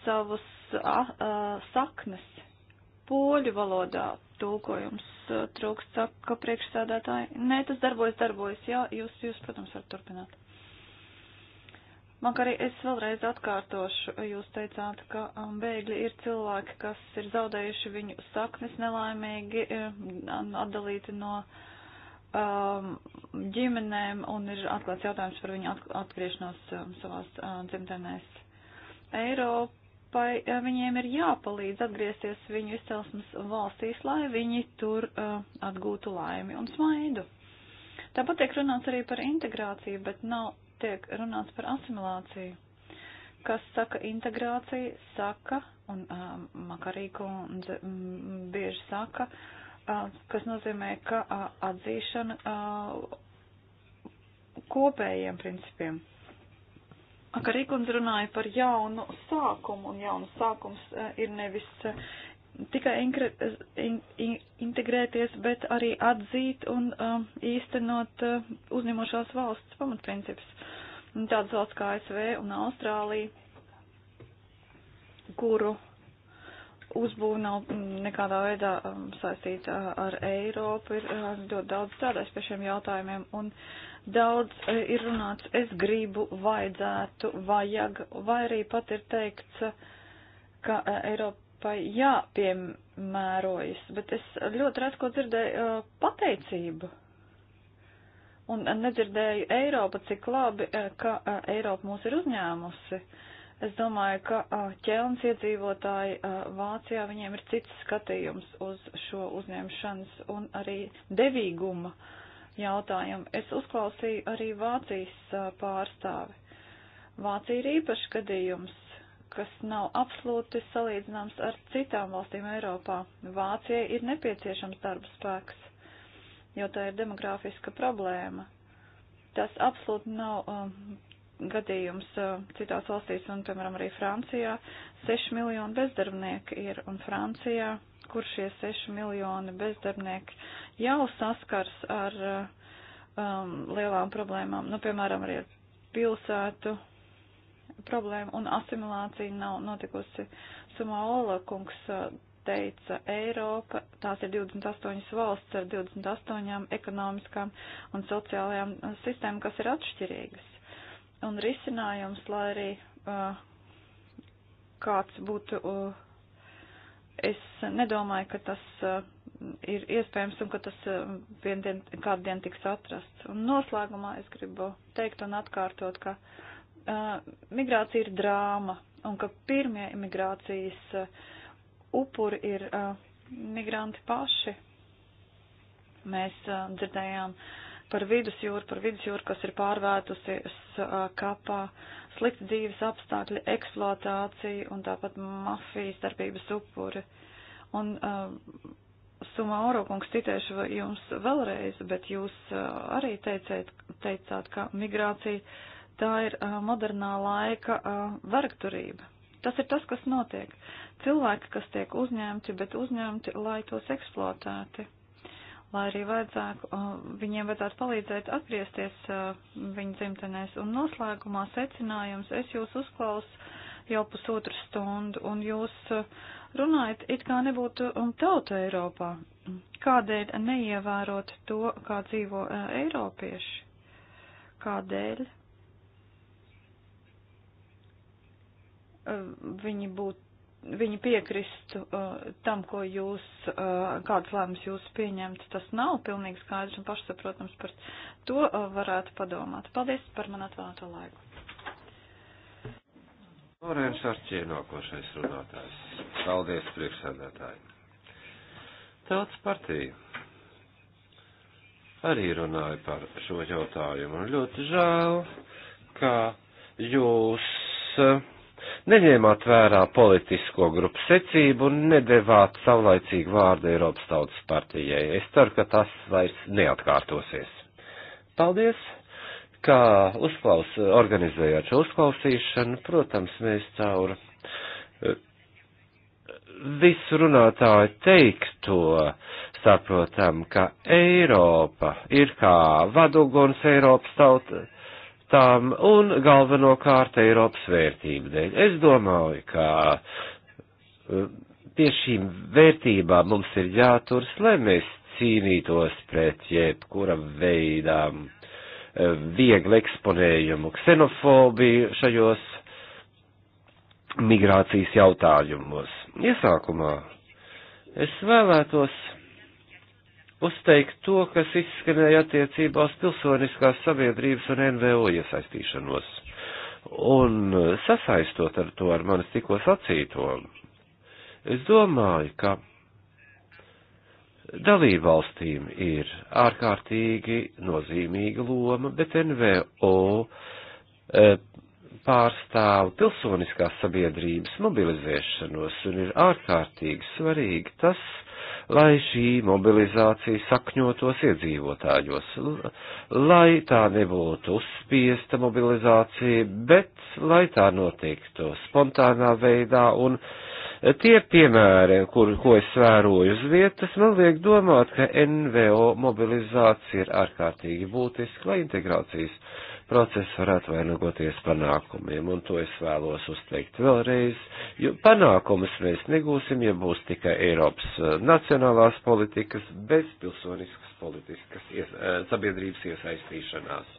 savus uh, uh, saknes. Poļu valodā tulkojums uh, trūkst, saka priekšsēdētāji. Nē, tas darbojas, darbojas, jā, jūs, jūs, protams, varat turpināt. Vakar arī es vēlreiz atkārtošu, jūs teicāt, ka um, bēgļi ir cilvēki, kas ir zaudējuši viņu saknes nelaimīgi, um, atdalīti no um, ģimenēm un ir atklāts jautājums par viņu atgriešanos um, savās uh, dzimtenēs. Eiropai uh, viņiem ir jāpalīdz atgriezties viņu izcelsmes valstīs, lai viņi tur uh, atgūtu laimi un smaidu. Tāpat tiek runāts arī par integrāciju, bet nav tiek runāts par asimilāciju. Kas saka integrācija, saka, un uh, Makarīko un mm, bieži saka, uh, kas nozīmē, ka uh, atzīšana uh, kopējiem principiem. Makarīkums runāja par jaunu sākumu, un jaunu sākums uh, ir nevis uh, tikai inkre, in, in, integrēties, bet arī atzīt un uh, īstenot uh, uzņemošās valsts pamatprincips. Tādas valsts kā ASV un Austrālija, kuru uzbūve nav nekādā veidā um, saistīta ar Eiropu, ir um, ļoti daudz strādājis pie šiem jautājumiem un daudz e, ir runāts, es gribu, vajadzētu, vajag, vai arī pat ir teikts, ka e, Eiropai jāpiemērojas, bet es ļoti redz, ko dzirdēju e, pateicību un nedzirdēju Eiropu, cik labi, eh, ka eh, Eiropa mūs ir uzņēmusi. Es domāju, ka eh, ķelns iedzīvotāji Vācijā viņiem ir cits skatījums uz šo uzņemšanas un arī devīguma jautājumu. Es uzklausīju arī Vācijas pārstāvi. Vācija ir īpašs gadījums, kas nav absolūti salīdzināms ar citām valstīm Eiropā. Vācijai ir nepieciešams darba spēks jo tā ir demografiska problēma. Tas absolūti nav um, gadījums uh, citās valstīs, un, piemēram, arī Francijā 6 miljoni bezdarbnieki ir, un Francijā, kur šie 6 miljoni bezdarbnieki jau saskars ar uh, um, lielām problēmām, nu, piemēram, arī ar pilsētu problēmu, un asimilācija nav notikusi. Sumaola kungs uh, teica Eiropa, tās ir 28 valsts ar 28 ekonomiskām un sociālajām uh, sistēmām, kas ir atšķirīgas. Un risinājums, lai arī uh, kāds būtu, uh, es nedomāju, ka tas uh, ir iespējams un ka tas uh, vien dien, kādu dienu tiks atrasts. Un noslēgumā es gribu teikt un atkārtot, ka uh, migrācija ir drāma un ka pirmie imigrācijas uh, upuri ir uh, migranti paši. Mēs uh, dzirdējām par vidusjūru, par vidusjūru, kas ir pārvērtusies uh, kapā, slikti dzīves apstākļi, eksploatācija un tāpat mafijas darbības upuri. Un uh, Sumauro kungs citēšu jums vēlreiz, bet jūs uh, arī teicēt, teicāt, ka migrācija tā ir uh, modernā laika uh, vergturība. Tas ir tas, kas notiek cilvēki, kas tiek uzņemti, bet uzņemti, lai tos eksploatēti. Lai arī vajadzētu, uh, viņiem vajadzētu palīdzēt atgriezties uh, viņu dzimtenēs. Un noslēgumā secinājums, es jūs uzklausu jau pusotru stundu, un jūs uh, runājat, it kā nebūtu um, tauta Eiropā. Kādēļ neievērot to, kā dzīvo Eiropieši? Kādēļ? viņi būtu viņi piekristu uh, tam, ko jūs, uh, kādas lēmumus jūs pieņemt, tas nav pilnīgi skaidrs un pašsaprotams par to uh, varētu padomāt. Paldies par man atvēlēto laiku. Lorēns Arčie nākošais runātājs. Paldies, priekšsēdētāji. Tautas partija arī runāja par šo jautājumu un ļoti žēl, ka jūs uh, neņēmāt vērā politisko grupu secību un nedevāt savlaicīgu vārdu Eiropas tautas partijai. Es ceru, ka tas vairs neatkārtosies. Paldies, kā uzklaus, organizējāt šo uzklausīšanu. Protams, mēs caur eh, visu runātāju teikto saprotam, ka Eiropa ir kā vaduguns Eiropas tautas lietām un galvenokārt Eiropas vērtību dēļ. Es domāju, ka eh, pie šīm vērtībām mums ir jāturas, lai mēs cīnītos pret jebkura veidām eh, viegli eksponējumu ksenofobiju šajos migrācijas jautājumos. Iesākumā es vēlētos uzteikt to, kas izskanēja attiecībā uz pilsoniskās sabiedrības un NVO iesaistīšanos. Un eh, sasaistot ar to ar manis tikko sacīto, es domāju, ka dalībvalstīm ir ārkārtīgi nozīmīga loma, bet NVO e, eh, pārstāv pilsoniskās sabiedrības mobilizēšanos un ir ārkārtīgi svarīgi tas, lai šī mobilizācija sakņotos iedzīvotājos, lai tā nebūtu uzspiesta mobilizācija, bet lai tā notiktu spontānā veidā un tie piemēri, kur, ko es vēroju uz vietas, man liek domāt, ka NVO mobilizācija ir ārkārtīgi būtiska, lai integrācijas process varētu vainagoties panākumiem, un to es vēlos uzteikt vēlreiz, jo panākumus mēs negūsim, ja būs tikai Eiropas eh, nacionālās politikas bez pilsoniskas politiskas ies, eh, sabiedrības iesaistīšanās.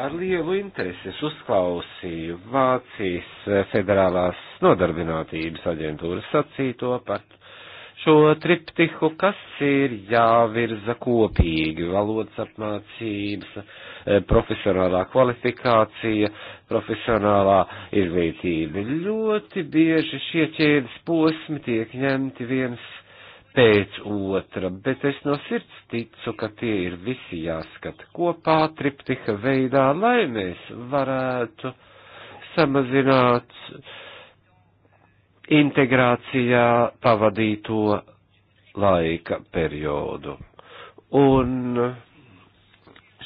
Ar lielu interesi es uzklausīju Vācijas eh, federālās nodarbinātības aģentūras sacīto par šo triptiku, kas ir jāvirza kopīgi valodas apmācības Eh, profesionālā kvalifikācija, profesionālā izglītība. Ļoti bieži šie ķēdes posmi tiek ņemti viens pēc otra, bet es no sirds ticu, ka tie ir visi jāskata kopā triptika veidā, lai mēs varētu samazināt integrācijā pavadīto laika periodu. Un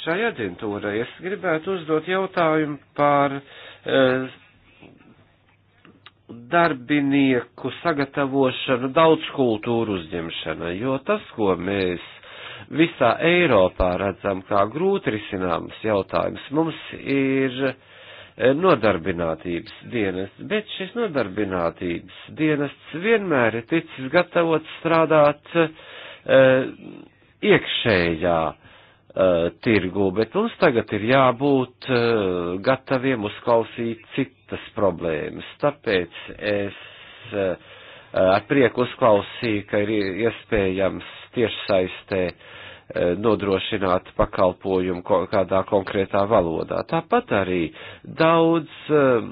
šai aģentūrai. Es gribētu uzdot jautājumu par eh, darbinieku sagatavošanu daudz kultūru uzņemšanai, jo tas, ko mēs visā Eiropā redzam kā grūti risināms jautājums, mums ir eh, nodarbinātības dienests, bet šis nodarbinātības dienests vienmēr ir ticis gatavots strādāt e, iekšējā Eh, tirgu, bet mums tagad ir jābūt uh, gataviem uzklausīt citas problēmas. Tāpēc es uh, ar prieku uzklausīju, ka ir iespējams tiešsaistē uh, nodrošināt pakalpojumu ko, kādā konkrētā valodā. Tāpat arī daudz uh,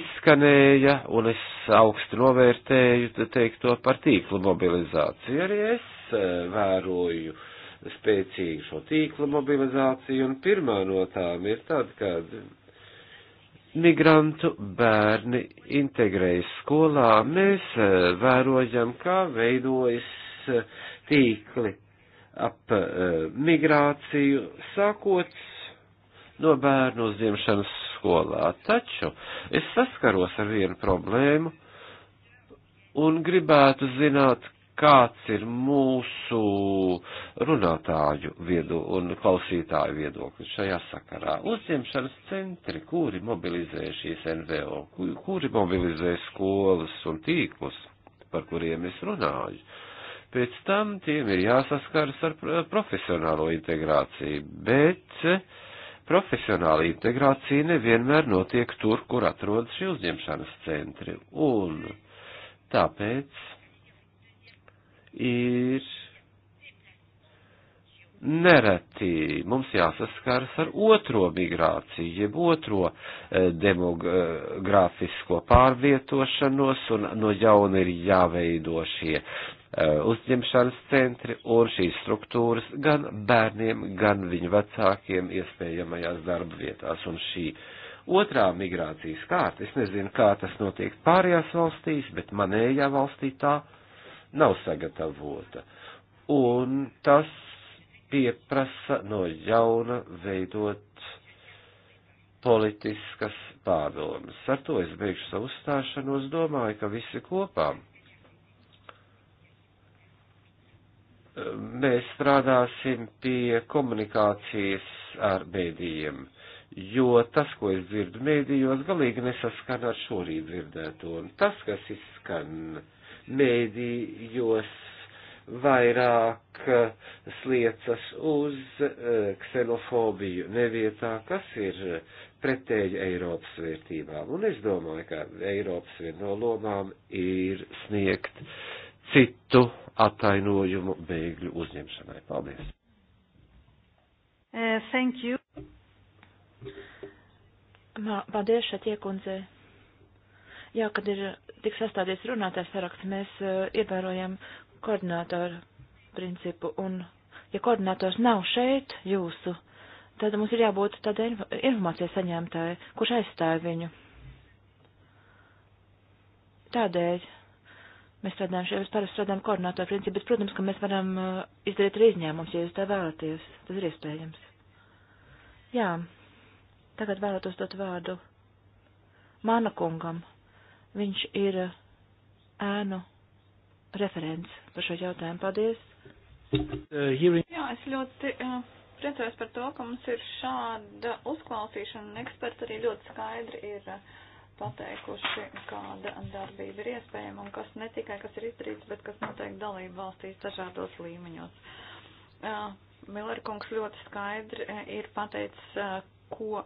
izskanēja, un es augstu novērtēju teikto par tīklu mobilizāciju. Arī es uh, vēroju uh, spēcīgu šo tīklu mobilizāciju, un pirmā no tām ir tad, kad migrantu bērni integrējas skolā, mēs eh, vērojam, kā veidojas eh, tīkli ap eh, migrāciju, sākot no bērnu uzņemšanas skolā. Taču es saskaros ar vienu problēmu un gribētu zināt, kāds ir mūsu runātāju viedu un klausītāju viedoklis šajā sakarā. Uzņemšanas centri, kuri mobilizē šīs NVO, kuri mobilizē skolas un tīklus, par kuriem es runāju. Pēc tam tiem ir jāsaskaras ar profesionālo integrāciju, bet profesionāla integrācija nevienmēr notiek tur, kur atrodas šie uzņemšanas centri. Un tāpēc ir nereti mums jāsaskaras ar otro migrāciju, jeb otro e, demogrāfisko pārvietošanos, un no jauna ir jāveido šie e, uzņemšanas centri un šīs struktūras gan bērniem, gan viņu vecākiem iespējamajās darba vietās. Un šī otrā migrācijas kārta, es nezinu, kā tas notiek pārējās valstīs, bet manējā valstī tā ir nav sagatavota. Un tas pieprasa no jauna veidot politiskas pārdomas. Ar to es beigšu savu stāšanos, domāju, ka visi kopā mēs strādāsim pie komunikācijas ar mēdījiem, jo tas, ko es dzirdu mēdījos, galīgi nesaskan ar šorīt dzirdēto, un tas, kas izskan uh, mēdījos vairāk eh, sliecas uz eh, ksenofobiju nevietā, kas ir pretēji Eiropas vērtībām. Un es domāju, ka Eiropas viena no lomām ir sniegt citu attainojumu bēgļu uzņemšanai. Paldies! Uh, thank you. Paldies, Šatiekundze. Jā, kad ir tik sastādīts runātājs saraksts, mēs eh, ievērojam koordinātoru principu, un ja koordinātors nav šeit jūsu, tad mums ir jābūt tādai informācijas saņēmtāji, kurš aizstāja viņu. Tādēļ mēs strādājam šeit, mēs parasti strādājam koordinātoru principu, bet, protams, ka mēs varam eh, izdarīt arī izņēmums, ja jūs tā vēlaties. Tas ir iespējams. Jā, tagad vēlētos dot vārdu Māna kungam. Viņš ir eh, ēnu referents par šo jautājumu. Paldies! Uh, Jā, es ļoti eh, priecājos par to, ka mums ir šāda uzklausīšana, un eksperti arī ļoti skaidri ir eh, pateikuši, kāda darbība ir iespējama un kas ne tikai kas ir izdarīts, bet kas notiek dalību valstīs dažādos līmeņos. Miller kungs ļoti skaidri ir pateicis, ko,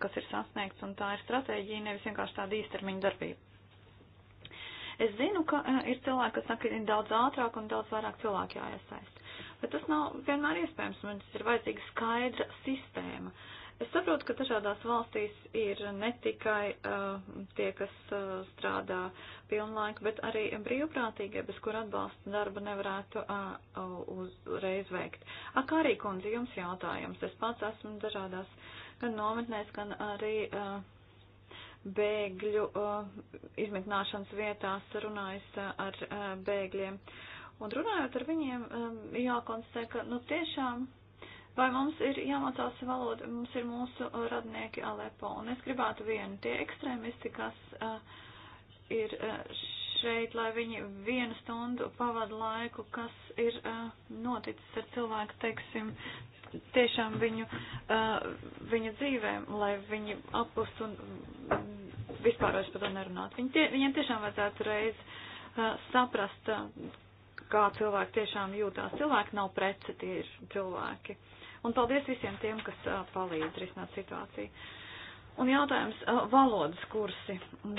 kas ir sasniegts, un tā ir stratēģija, nevis vienkārši tāda īstermiņa darbība. Es zinu, ka ir cilvēki, kas saka, ka ir daudz ātrāk un daudz vairāk cilvēku jāiesaist. Bet tas nav vienmēr iespējams, mums ir vajadzīga skaidra sistēma. Es saprotu, ka dažādās valstīs ir ne tikai uh, tie, kas uh, strādā pilnlaika, bet arī brīvprātīgie, bez kur atbalsta darba nevarētu uh, uzreiz veikt. Akārī kundze, jums jautājums. Es pats esmu dažādās uh, gan nometnēs, gan arī bēgļu izmitināšanas vietās runājas ar bēgļiem. Un runājot ar viņiem, jākonstatē, ka nu, tiešām vai mums ir jāmācās valoda, mums ir mūsu radnieki Alepo. Un es gribētu vienu tie ekstrēmisti, kas ir šeit, lai viņi vienu stundu pavada laiku, kas ir noticis ar cilvēku, teiksim, tiešām viņu, uh, viņu dzīvēm, lai viņi atpūst un vispār vairs par to nerunāt. Viņi tie, viņiem tiešām vajadzētu reiz uh, saprast, uh, kā cilvēki tiešām jūtās. Cilvēki nav preci, tie ir cilvēki. Un paldies visiem tiem, kas uh, palīdz risināt situāciju. Uh, Un jautājums - valodas kursi.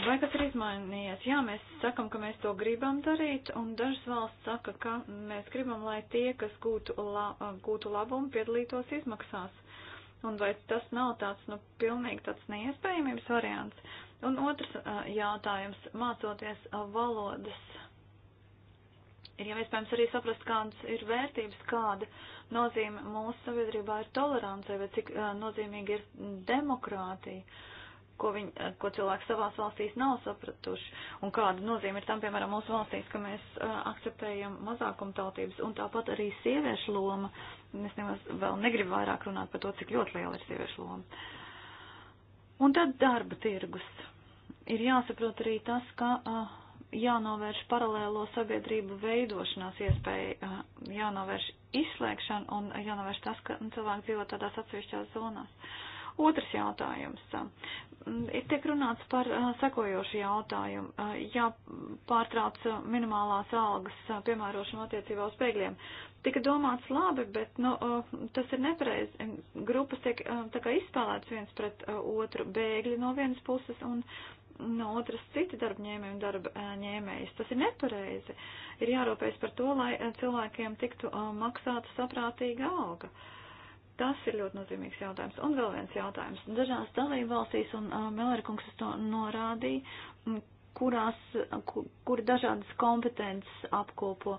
Vai kas ir izmainījies? Jā, mēs sakam, ka mēs to gribam darīt, un dažas valsts saka, ka mēs gribam, lai tie, kas gūtu, la, gūtu labumu, piedalītos izmaksās. Un vai tas nav tāds, nu, pilnīgi tāds neiespējamības variants? Un otrs jautājums - mācoties valodas. Ir jau iespējams arī saprast, kādas ir vērtības, kāda. Uh, nozīme mūsu sabiedrībā ir tolerance, vai cik eh, nozīmīgi ir demokrātija, ko, viņ, eh, ko cilvēki savās valstīs nav sapratuši, un kāda nozīme ir tam, piemēram, mūsu valstīs, ka mēs eh, akceptējam mazākumtautības, un tāpat arī sieviešu loma. Es nemaz vēl negribu vairāk runāt par to, cik ļoti liela ir sieviešu loma. Un tad darba tirgus. Ir jāsaprot arī tas, ka. Uh, jānovērš paralēlo sabiedrību veidošanās iespēja, jānovērš izslēgšana un jānovērš tas, ka nu, cilvēki dzīvo tādās atsevišķās zonās. Otrs jautājums. Ir tiek runāts par sekojošu jautājumu. Jā, pārtrauc minimālās algas piemērošanu attiecībā uz bēgļiem. Tika domāts labi, bet nu, tas ir nepareizi. Grupas tiek tā kā izspēlētas viens pret otru. Bēgļi no vienas puses un no otras citi darbņēmēji un darba eh, ņēmējs. Tas ir nepareizi. Ir jārūpējas par to, lai eh, cilvēkiem tiktu eh, maksāta saprātīga alga. Tas ir ļoti nozīmīgs jautājums. Un vēl viens jautājums. Dažās dalību valstīs, un Melerikungs to norādīja, kurās, kur, kur dažādas kompetences apkopo.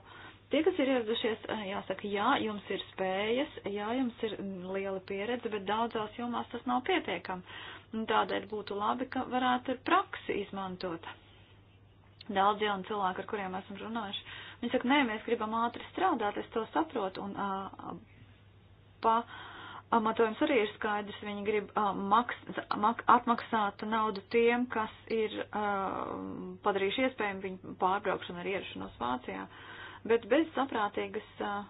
Tie, kas ir ieradušies, jāsaka, jā, jums ir spējas, jā, jums ir liela pieredze, bet daudzās jomās tas nav pietiekami. Un tādēļ būtu labi, ka varētu ar praksi izmantot. Daudz jaunu cilvēku, ar kuriem esam runājuši, viņi saka, nē, mēs gribam ātri strādāt, es to saprotu. Un, uh, pa, Amatojums arī ir skaidrs, viņi grib uh, maks, mak, atmaksāt naudu tiem, kas ir uh, padarījuši iespējami viņu pārbraukšanu ar ierašanos Vācijā, bet bez saprātīgas uh,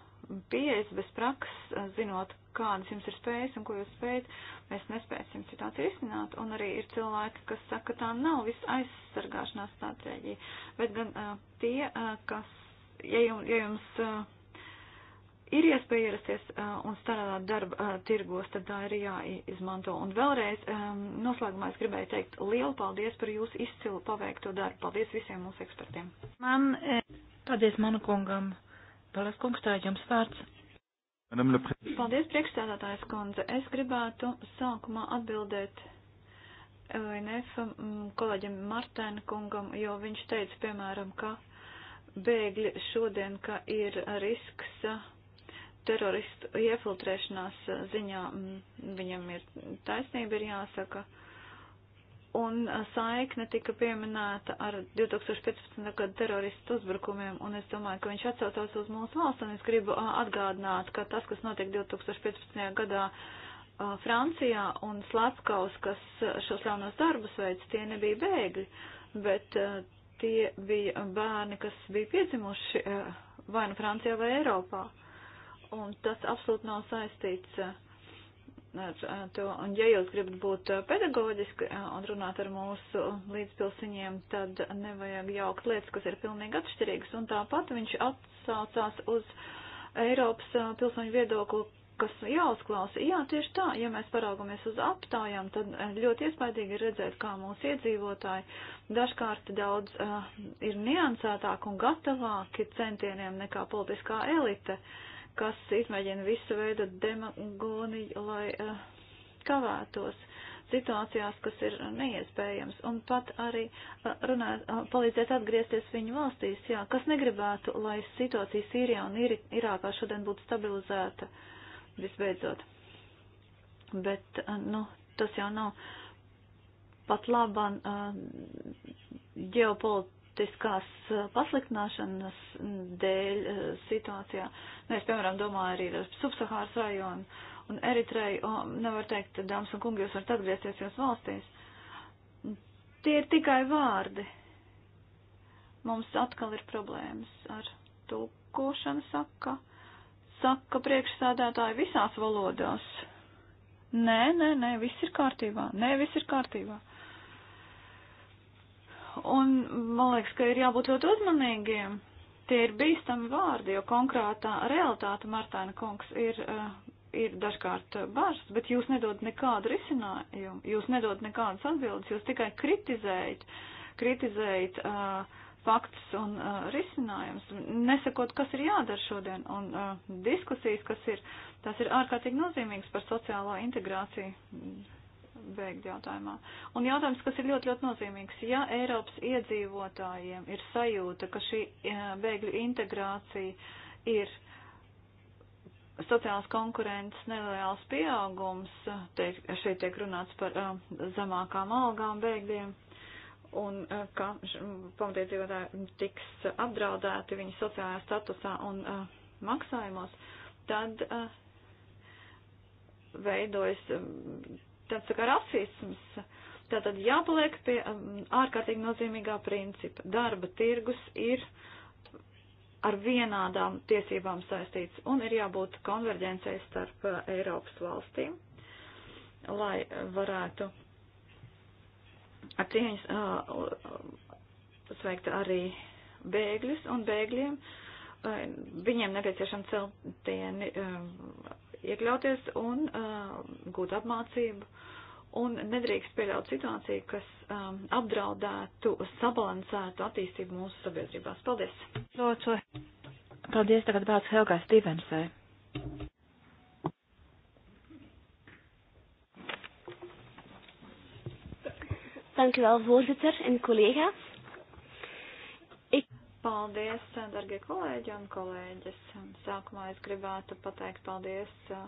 pieejas, bez prakses, eh, zinot, kādas jums ir spējas un ko jūs spējat, mēs nespēsim situāciju risināt. Un arī ir cilvēki, kas saka, ka tā nav viss aizsargāšanās stratēģija, bet gan uh, tie, uh, kas, ja jums, ja jums uh, ir iespēja ierasties uh, un strādāt darba uh, tirgos, tad tā ir jāizmanto. Un vēlreiz um, noslēgumā es gribēju teikt lielu paldies par jūsu izcilu paveikto darbu. Paldies visiem mūsu ekspertiem. Man, paldies manu kungam. Palas kungs, tā jums vārds. Paldies, priekšstādātājs kundze. Es gribētu sākumā atbildēt LNF e mm, kolēģim Martēna kungam, jo viņš teica, piemēram, ka bēgļi šodien, ka ir risks teroristu iefiltrēšanās ziņā, mm, viņam ir taisnība, ir jāsaka. Uh, Un uh, saikne tika pieminēta ar 2015. gadu teroristu uzbrukumiem, un es domāju, ka viņš atsaucās uz mūsu valsts, un es gribu uh, atgādināt, ka tas, kas notiek 2015. gadā uh, Francijā un Slepkaus, kas šos ļaunos darbus veids, tie nebija bēgļi, bet tie bija bērni, kas bija piedzimuši vai nu Francijā vai Eiropā. Un tas absolūti nav saistīts to. Un ja jūs gribat būt pedagoģiski un runāt ar mūsu līdzpilsiņiem, tad nevajag jaukt lietas, kas ir pilnīgi atšķirīgas. Un tāpat viņš atsaucās uz Eiropas pilsoņu viedokli, kas jāuzklausa. Jā, tieši tā, ja mēs paraugamies uz aptājām, tad ļoti iespaidīgi ir redzēt, kā mūsu iedzīvotāji dažkārt daudz uh, ir niansētāk un gatavāki centieniem nekā politiskā elite. Uh, kas izmēģina visu veidu demagoniju, lai uh, kavētos situācijās, kas ir neiespējams, un pat arī uh, eh, runāt, uh, eh, palīdzēt atgriezties viņu valstīs, jā, kas negribētu, lai situācija Sīrijā un ir, Irākā šodien būtu stabilizēta visbeidzot. Bet, uh, nu, tas jau nav pat labam uh, ģeopolitika politiskās eh, pasliktināšanas mm, dēļ eh, situācijā. Mēs, piemēram, domājam arī ar subsahāras rajonu un Eritreju. Nevar teikt, dāmas un kungi, jūs varat atgriezties jūs valstīs. Tie ir tikai vārdi. Mums atkal ir problēmas ar tulkošanu saka. Saka priekšsādētāji visās valodās. Nē, nē, nē, viss ir kārtībā. Nē, viss ir kārtībā. Un man liekas, ka ir jābūt ļoti uzmanīgiem. Tie ir bīstami vārdi, jo konkrētā realitāte, Martāna kungs, ir, eh, ir dažkārt bažas, bet jūs nedod nekādu risinājumu, jūs nedod nekādas atbildes, jūs tikai kritizējat, kritizējat uh, faktus un uh, risinājumus, nesakot, kas ir jādara šodien, un uh, diskusijas, kas ir, tas ir ārkārtīgi nozīmīgs par sociālo integrāciju bēgļu jautājumā. Un jautājums, kas ir ļoti, ļoti nozīmīgs. Ja Eiropas iedzīvotājiem ir sajūta, ka šī eh, bēgļu integrācija ir sociāls konkurences nelojāls pieaugums, tiek, šeit tiek runāts par uh, zemākām algām bēgļiem, un uh, ka pamatiedzīvotāji tiks apdraudēti viņa sociālajā statusā un uh, maksājumos, tad uh, veidojas. Uh, tāds tā kā rasisms. Tātad jāpaliek pie um, ārkārtīgi nozīmīgā principa. Darba tirgus ir ar vienādām tiesībām saistīts un ir jābūt konverģencei starp uh, Eiropas valstīm, lai varētu ar cieņas uh, sveikt arī bēgļus un bēgļiem. Uh, viņiem nepieciešami celtieni uh, iekļauties un uh, gūt apmācību. Un nedrīkst pieļaut situāciju, kas um, apdraudētu sabalansētu attīstību mūsu sabiedrībās. Paldies! Lūdzu. Paldies, tagad vārds Helgai Stevensai. Dankjewel, voorzitter en collega's. Paldies, darbie kolēģi un kolēģis. Sākumā es gribētu pateikt paldies uh,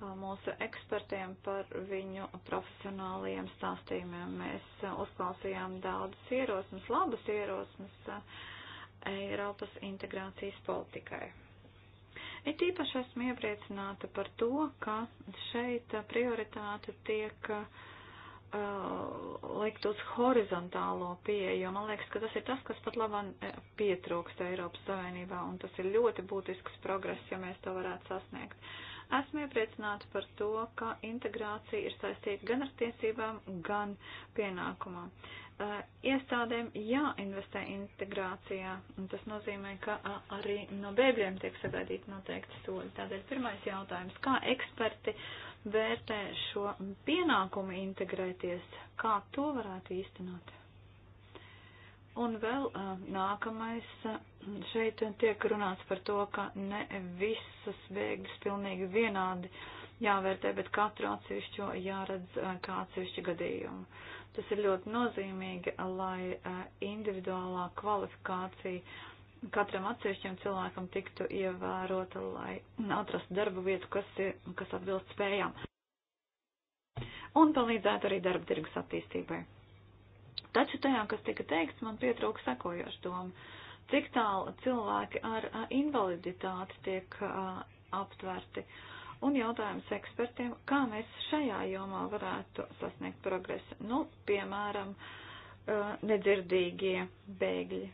uh, mūsu ekspertiem par viņu profesionālajiem stāstījumiem. Mēs uh, uzklausījām daudzas ierosmes, labas ierosmes Eiropas integrācijas politikai. It īpaši esmu iepriecināta par to, ka šeit prioritāte tiek uh, Uh, likt uz horizontālo pieeju, jo man liekas, ka tas ir tas, kas pat labam eh, pietrūkst Eiropas Savienībā, un tas ir ļoti būtisks progress, ja mēs to varētu sasniegt. Esmu iepriecināta par to, ka integrācija ir saistīta gan ar tiesībām, gan pienākumam. Uh, iestādēm jāinvestē integrācijā, un tas nozīmē, ka uh, arī no bēgļiem tiek sagaidīti noteikti soļi. Tādēļ pirmais jautājums, kā eksperti uh, vērtē šo pienākumu integrēties, kā to varētu īstenot. Un vēl nākamais, šeit tiek runāts par to, ka ne visas bēgļas pilnīgi vienādi jāvērtē, bet katru atsevišķo jāredz kā atsevišķu gadījumu. Tas ir ļoti nozīmīgi, lai individuālā kvalifikācija katram atsevišķam cilvēkam tiktu ievērota, lai atrastu darbu vietu, kas, ir, kas atbilst spējām. Un palīdzētu arī darba tirgus attīstībai. Taču tajā, kas tika teikts, man pietrūka sekojoša doma. Cik tālu cilvēki ar invaliditāti tiek aptverti? Un jautājums ekspertiem, kā mēs šajā jomā varētu sasniegt progresu? Nu, piemēram, nedzirdīgie bēgļi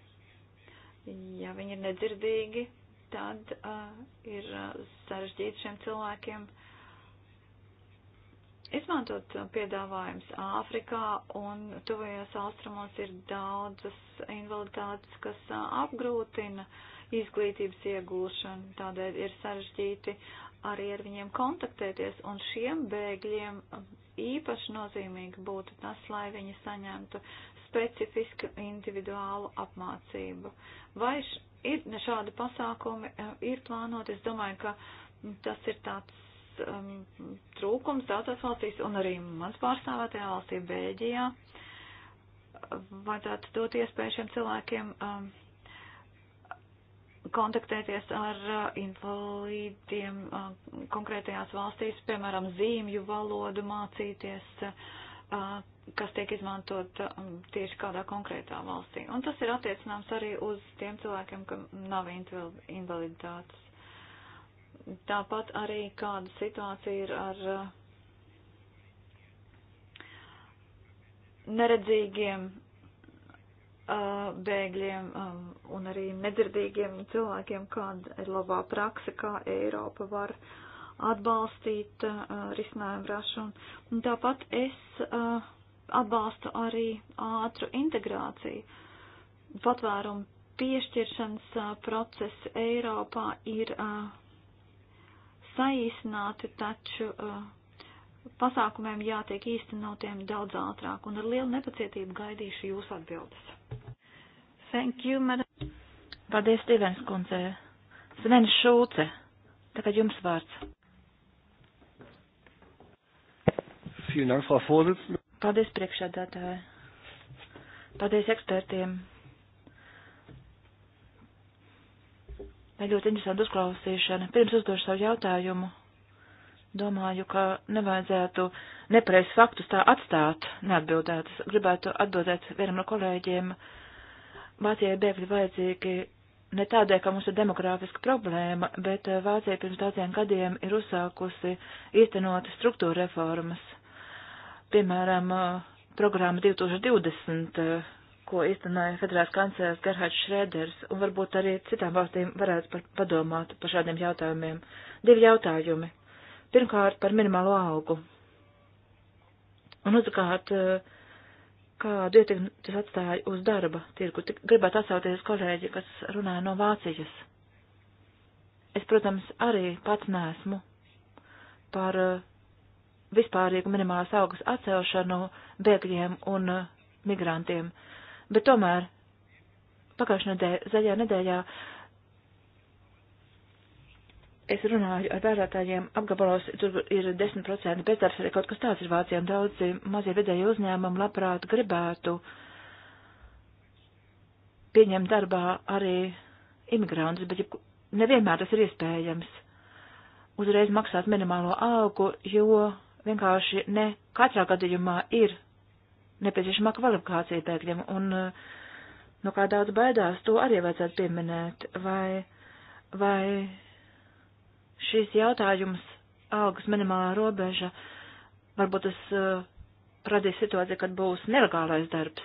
Ja viņi ir nedzirdīgi, tad uh, ir uh, sarežģīti šiem cilvēkiem izmantot uh, piedāvājums Āfrikā un tuvajos austrumos ir daudzas invaliditātes, kas uh, apgrūtina izglītības iegūšanu, tādēļ ir sarežģīti arī ar viņiem kontaktēties un šiem bēgļiem um, īpaši nozīmīgi būtu tas, lai viņi saņemtu specifisku individuālu apmācību. Vai ir šādi pasākumi, eh, ir plānoti, es domāju, ka tas ir tāds um, trūkums daudzās valstīs un arī mans pārstāvētajā valstī Bēģijā. Vajadzētu dot iespēju šiem cilvēkiem um, kontaktēties ar uh, invalīdiem uh, konkrētajās valstīs, piemēram, zīmju valodu mācīties. Uh, kas tiek izmantot um, tieši kādā konkrētā valstī. Un tas ir attiecināms arī uz tiem cilvēkiem, kam nav invaliditātes. Tāpat arī kāda situācija ir ar neredzīgiem bēgļiem um, un arī nedzirdīgiem cilvēkiem, kāda ir labā praksa, kā Eiropa var uh, atbalstīt uh, risinājumu rašanu. Un tāpat es uh, atbalstu arī ātru integrāciju. Patvērumu piešķiršanas uh, procesi Eiropā ir uh, saīsināti, taču uh, pasākumiem jātiek īstenotiem daudz ātrāk, un ar lielu nepacietību gaidīšu jūsu atbildes. Thank you, madam. Paldies, Stevens kundze. Sven Šulce, tagad jums vārds. Dank, Frau Vorsitzende. Paldies priekšādātāji. Paldies ekspertiem. Tā ļoti interesanta uzklausīšana. Pirms uzdošu savu jautājumu. Domāju, ka nevajadzētu nepareiz faktus tā atstāt neatbildētas. Gribētu atbildēt vienam no kolēģiem. Vācijai bēgļi vajadzīgi ne tādēļ, ka mums ir demografiska problēma, bet eh, Vācija pirms daudziem gadiem ir uzsākusi īstenot struktūra reformas. Piemēram, eh, programma 2020, eh, ko īstenoja federāls kanclers Gerhards Šrēders, un varbūt arī citām valstīm varētu par, padomāt par šādiem jautājumiem. Divi jautājumi. Pirmkārt, par minimālo algu. Un otrkārt, eh, kādu ietekmi tas atstāja uz darba tirgu. Tik gribētu atsauties kolēģi, kas runāja no Vācijas. Es, protams, arī pats nesmu par vispārīgu minimālās algas atcelšanu bēgļiem un uh, migrantiem. Bet tomēr pagājušajā nedēļ, zaļajā nedēļā es runāju ar vērētājiem apgabalos, tur ir 10% bezdarbs, arī kaut kas tāds ir Vācijām. Daudzi mazie vidēji uzņēmumi labprāt gribētu pieņemt darbā arī imigrantus, bet nevienmēr tas ir iespējams. Uzreiz maksāt minimālo algu, jo vienkārši ne katrā gadījumā ir nepieciešamā kvalifikācija bēgļiem, un eh, no nu, kā daudz baidās, to arī vajadzētu pieminēt, vai, vai šīs jautājums algas minimālā robeža, varbūt tas uh, radīs situāciju, kad būs nelegālais darbs,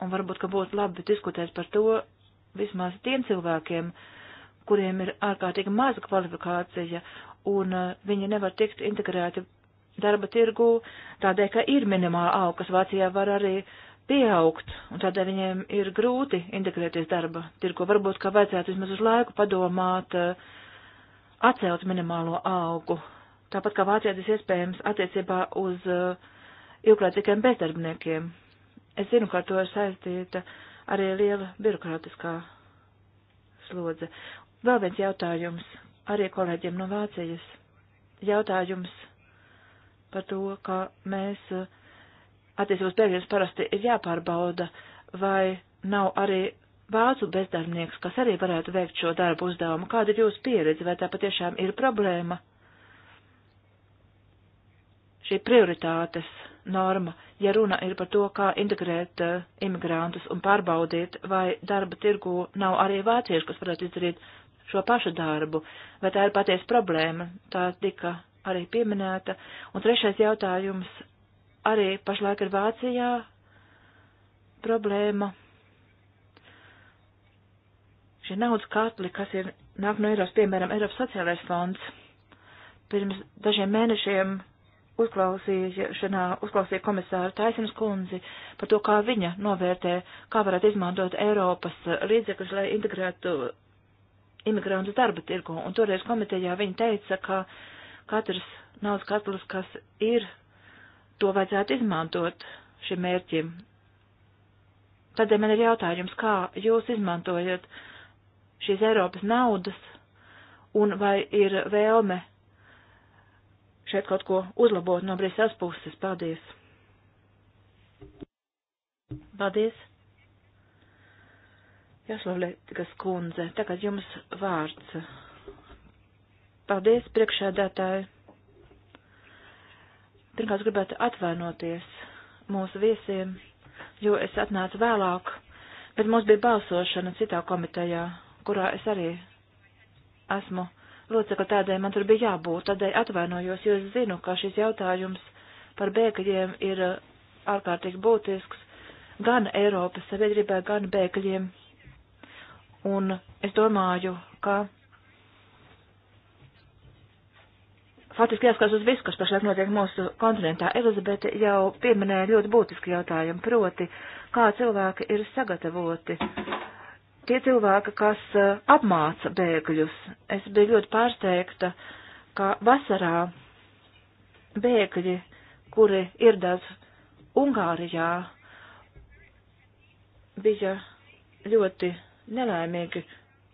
un varbūt, ka būtu labi diskutēt par to vismaz tiem cilvēkiem, kuriem ir ārkārtīgi maza kvalifikācija, un uh, viņi nevar tikt integrēti darba tirgu, tādēļ, ka ir minimāla auga, kas Vācijā var arī pieaugt, un tādēļ viņiem ir grūti integrēties darba tirgu. Varbūt, ka vajadzētu vismaz uz laiku padomāt, eh, atcelt minimālo augu, tāpat kā Vācijā tas iespējams attiecībā uz eh, ilglaicīgiem bezdarbniekiem. Es zinu, ka ar to ir saistīta arī liela birokrātiskā slodze. Vēl viens jautājums arī kolēģiem no Vācijas. Jautājums par to, ka mēs eh, attiecībos bēgļus parasti ir jāpārbauda, vai nav arī vācu bezdarbnieks, kas arī varētu veikt šo darbu uzdevumu. Kāda ir jūsu pieredze, vai tā patiešām ir problēma? Šī prioritātes norma, ja runa ir par to, kā integrēt uh, imigrantus un pārbaudīt, vai darba tirgu nav arī vācieši, kas varētu izdarīt šo pašu darbu, vai tā ir patiesa problēma, tā tika arī pieminēta. Un trešais jautājums arī pašlaik ir Vācijā problēma. Šie naudas katli, kas ir nāk no Eiropas, piemēram, Eiropas sociālais fonds, pirms dažiem mēnešiem uzklausīšanā uzklausīja komisāru Taisinas kundzi par to, kā viņa novērtē, kā varētu izmantot Eiropas līdzekļus, lai integrētu imigrantus darba tirgu. Un toreiz komitejā viņa teica, ka katrs naudas katls, kas ir, to vajadzētu izmantot šim mērķim. Tādēļ man ir jautājums, kā jūs izmantojat šīs Eiropas naudas un vai ir vēlme šeit kaut ko uzlabot no Briseles puses. Paldies! Paldies! Jāslavlē, kas kundze, tagad jums vārds. Paldies, priekšēdētāji. Pirmkārt, gribētu atvainoties mūsu viesiem, jo es atnācu vēlāk, bet mums bija balsošana citā komitejā, kurā es arī esmu locekli, tādēļ man tur bija jābūt, tādēļ atvainojos, jo es zinu, ka šis jautājums par bēgļiem ir uh, ārkārtīgi būtisks gan Eiropas sabiedrībai, gan bēgļiem. Un es domāju, ka faktiski jāskatās uz visu, kas pašlaik notiek mūsu kontinentā. Elizabete jau pieminēja ļoti būtiski jautājumu, proti, kā cilvēki ir sagatavoti. Tie cilvēki, kas eh, apmāca bēgļus, es biju ļoti pārsteigta, ka vasarā bēgļi, kuri ieradās Ungārijā, bija ļoti nelēmīgi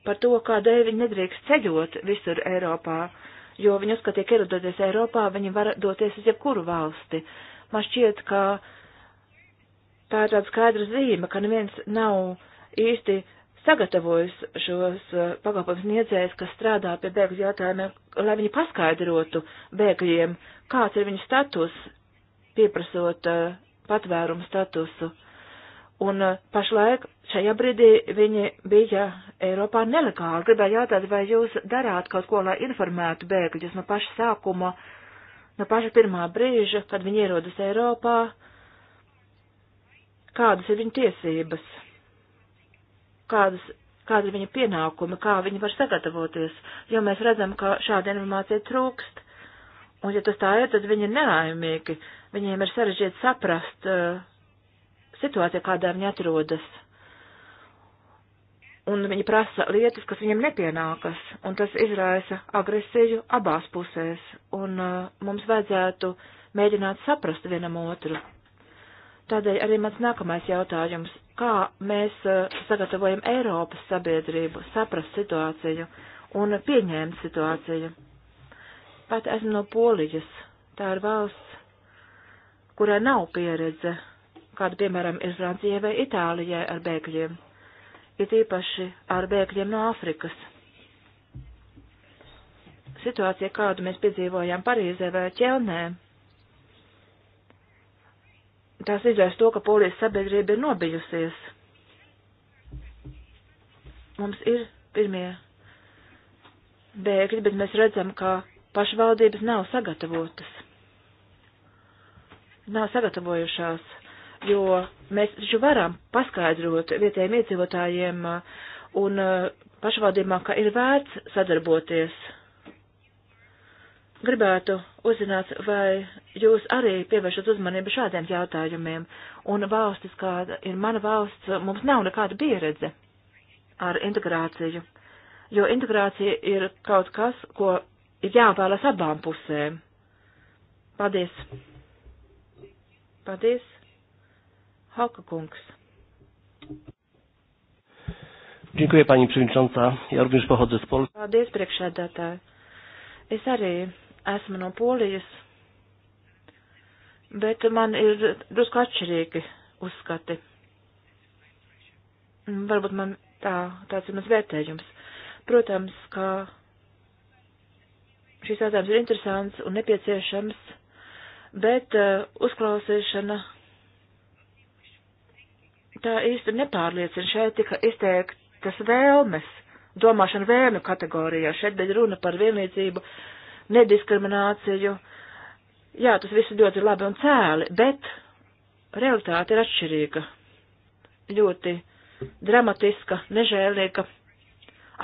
par to, kādēļ viņi nedrīkst ceļot visur Eiropā. Uh, jo viņi uzskatīja, ka ierodoties Eiropā, viņi var doties uz jebkuru valsti. Man šķiet, ka tā ir tāda skaidra zīme, ka neviens nav īsti sagatavojis šos uh, pakalpojumu sniedzējus, kas strādā pie bēgļu jautājumiem, lai viņi paskaidrotu bēgļiem, kāds ir viņu status, pieprasot uh, patvērumu statusu. Un eh, pašlaik šajā brīdī viņi bija Eiropā nelegāli. Gribēju jautāt, vai jūs darāt kaut ko, lai informētu bēgļus no paša sākuma, no paša pirmā brīža, kad viņi ierodas Eiropā, kādas ir viņu tiesības, kādas, kāda ir viņa pienākumi, kā viņi var sagatavoties, jo mēs redzam, ka šāda informācija trūkst. Un ja tas tā ir, tad viņi ir nelaimīgi, viņiem ir sarežģīti saprast, uh, situācijā, kādā viņi atrodas. Un viņi prasa lietas, kas viņam nepienākas, un tas izraisa agresiju abās pusēs, un uh, mums vajadzētu mēģināt saprast vienam otru. Tādēļ arī mans nākamais jautājums - kā mēs uh, sagatavojam Eiropas sabiedrību saprast situāciju un pieņēmt situāciju? Pat esmu no Polijas, tā ir valsts, kurai nav pieredze kāda, piemēram, ir Francijai vai Itālijai ar bēgļiem, it īpaši ar bēgļiem no Āfrikas. Situācija, kādu mēs piedzīvojām Parīzē vai Ķelnē, tās izvērst to, ka polijas sabiedrība ir nobijusies. Mums ir pirmie bēgļi, bet mēs redzam, ka pašvaldības nav sagatavotas, nav sagatavojušās jo mēs taču varam paskaidrot vietējiem iedzīvotājiem uh, un uh, pašvaldībām, ka ir vērts sadarboties. Gribētu uzzināt, vai jūs arī pievēršat uzmanību šādiem jautājumiem, un valstis, kāda ir mana valsts, mums nav nekāda pieredze ar integrāciju, jo integrācija ir kaut kas, ko ir jāvēlas abām pusēm. Paldies! Paldies! Hauka kungs. Dziękuję pani przewodnicząca. Ja również pochodzę z Polski. Paldies priekšēdētāji. Es arī esmu no Polijas, bet man ir drusku atšķirīgi uzskati. Varbūt man tā, tāds ir mans vērtējums. Protams, ka šīs jautājums ir interesants un nepieciešams, bet uh, uzklausīšana tā īsti nepārliecina. Šeit tika izteiktas vēlmes, domāšana vēlmju kategorijā. Šeit bija runa par vienlīdzību, nediskrimināciju. Jā, tas viss ļoti labi un cēli, bet realitāte ir atšķirīga. Ļoti dramatiska, nežēlīga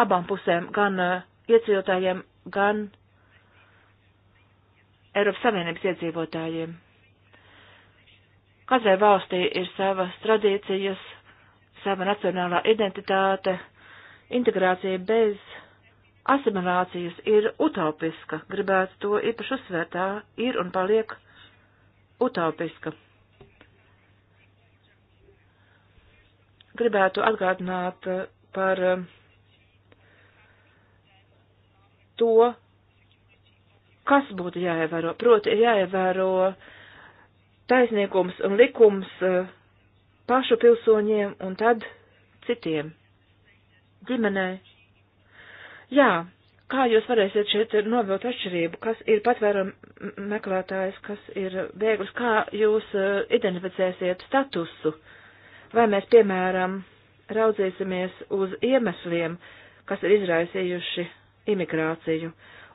abām pusēm, gan uh, iedzīvotājiem, gan Eiropas Savienības iedzīvotājiem. Kazai valstī ir savas tradīcijas, sava nacionālā identitāte, integrācija bez asimilācijas ir utopiska, gribētu to īpaši uzsvērt, tā ir un paliek utopiska. Gribētu atgādināt eh, par eh, to, kas būtu jāievēro. Proti, jāievēro uh, taisnīgums un likums eh, pašu pilsoņiem un tad citiem ģimenei. Jā, kā jūs varēsiet šeit novilkt atšķirību, kas ir patvērumu meklētājs, kas ir bēglis, kā jūs uh, identificēsiet statusu, vai mēs, piemēram, raudzīsimies uz iemesliem, kas ir izraisījuši imigrāciju.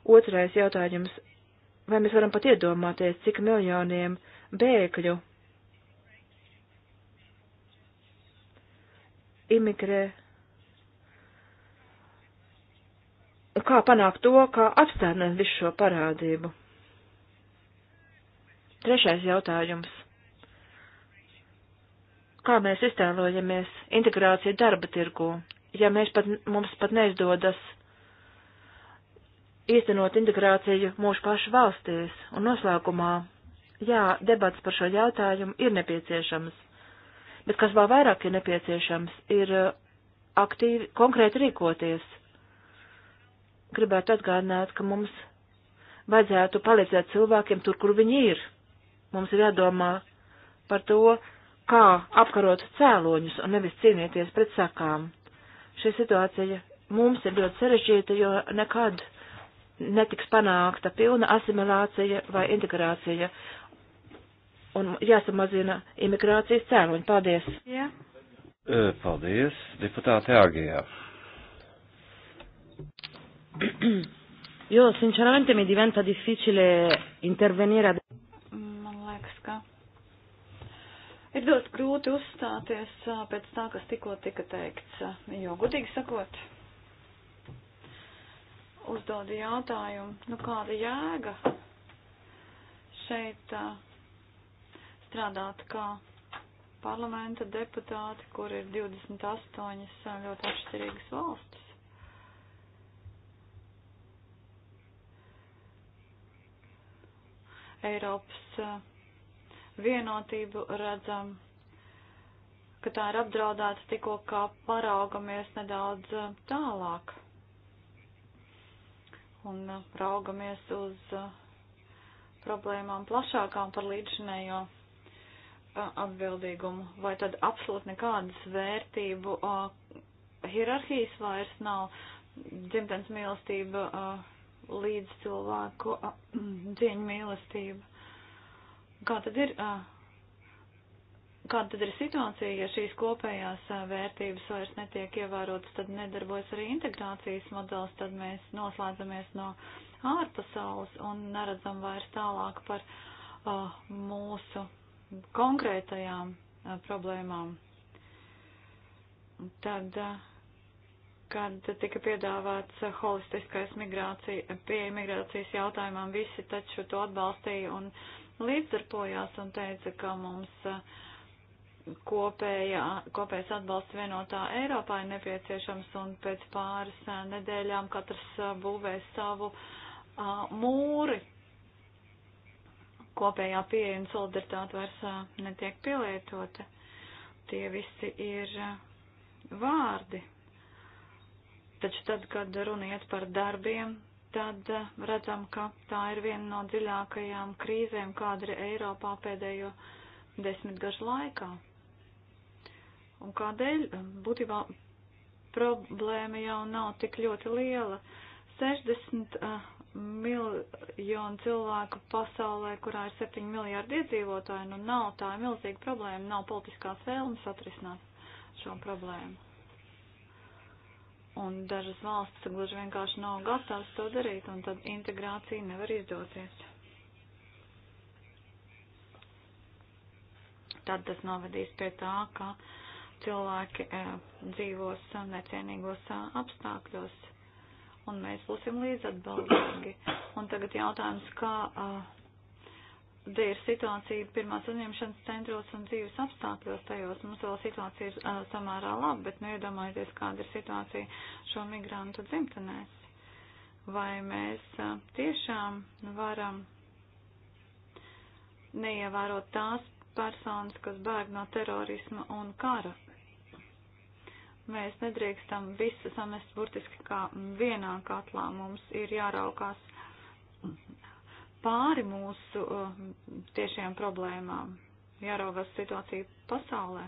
Otrais jautājums, vai mēs varam pat iedomāties, cik miljoniem uh, bēgļu imigrē. Kā panākt to, kā apstādināt visu šo parādību? Trešais jautājums. Kā mēs iztēlojamies integrāciju darba tirgu, ja mēs pat, mums pat neizdodas īstenot integrāciju mūsu pašu valstīs un noslēgumā Jā, debats par šo jautājumu ir nepieciešams, bet kas vēl vairāk ir nepieciešams, ir uh, aktīvi, konkrēti rīkoties. Gribētu atgādināt, ka mums vajadzētu palīdzēt cilvēkiem tur, kur viņi ir. Mums ir jādomā par to, kā apkarot cēloņus un nevis cīnīties pret sakām. Šī situācija mums ir ļoti sarežģīta, jo nekad netiks panākta pilna asimilācija vai integrācija, un jāsamazina imigrācijas cēloņi. Paldies! Jā. E, paldies, deputāte Agijā. <clears throat> Jo, sinceramente, mi diventa difficile intervenire. Man liekas, ka ir ļoti grūti uzstāties pēc tā, kas tikko tika teikts, jo, gudīgi sakot, uzdodu jautājumu, nu kāda jēga šeit uh, strādāt kā parlamenta deputāti, kur ir 28 ļoti atšķirīgas valstis. Eiropas eh, vienotību redzam, ka tā ir apdraudēta tikko kā paraugamies nedaudz eh, tālāk un eh, raugamies uz problēmām plašākām par līdzinējo atbildīgumu, vai tad absolūti nekādas vērtību hierarhijas vairs nav dzimtenes mīlestība līdz cilvēku dzieņu <clears throat> mīlestība. Kā tad ir? Kāda tad ir situācija, ja šīs kopējās vērtības vairs netiek ievērotas, tad nedarbojas arī integrācijas modelis, tad mēs noslēdzamies no ārpasaules un neredzam vairs tālāk par uh, mūsu konkrētajām problēmām. Tad, kad tika piedāvāts holistiskais migrācija, pieeja migrācijas jautājumam, visi taču to atbalstīja un līdzdarbojās un teica, ka mums kopēja, kopējs atbalsts vienotā Eiropā ir nepieciešams un pēc pāris nedēļām katrs būvēs savu mūri kopējā pieeja un solidaritāte vairs netiek pielietota. Tie visi ir vārdi. Taču tad, kad runiet par darbiem, tad redzam, ka tā ir viena no dziļākajām krīzēm, kāda ir Eiropā pēdējo desmitgažu laikā. Un kādēļ? Būtībā problēma jau nav tik ļoti liela. 60 miljonu cilvēku pasaulē, kurā ir 7 miljārdi iedzīvotāji, nu nav tā milzīga problēma, nav politiskās vēlmes atrisināt šo problēmu. Un dažas valstis gluži vienkārši nav gatavas to darīt, un tad integrācija nevar izdoties. Tad tas novedīs pie tā, ka cilvēki eh, dzīvos necienīgos eh, apstākļos un mēs būsim līdzatbildīgi. Un tagad jautājums, kā uh, ir situācija pirmās uzņemšanas centros un dzīves apstākļos tajos. Mums vēl situācija ir uh, samērā laba, bet nu iedomājieties, kāda ir situācija šo migrantu dzimtenēs. Vai mēs uh, tiešām varam neievērot tās personas, kas bēg no terorisma un kara Mēs nedrīkstam visu samest burtiski kā vienā katlā. Mums ir jāraukās pāri mūsu uh, tiešajām problēmām, jāraugās situāciju pasaulē.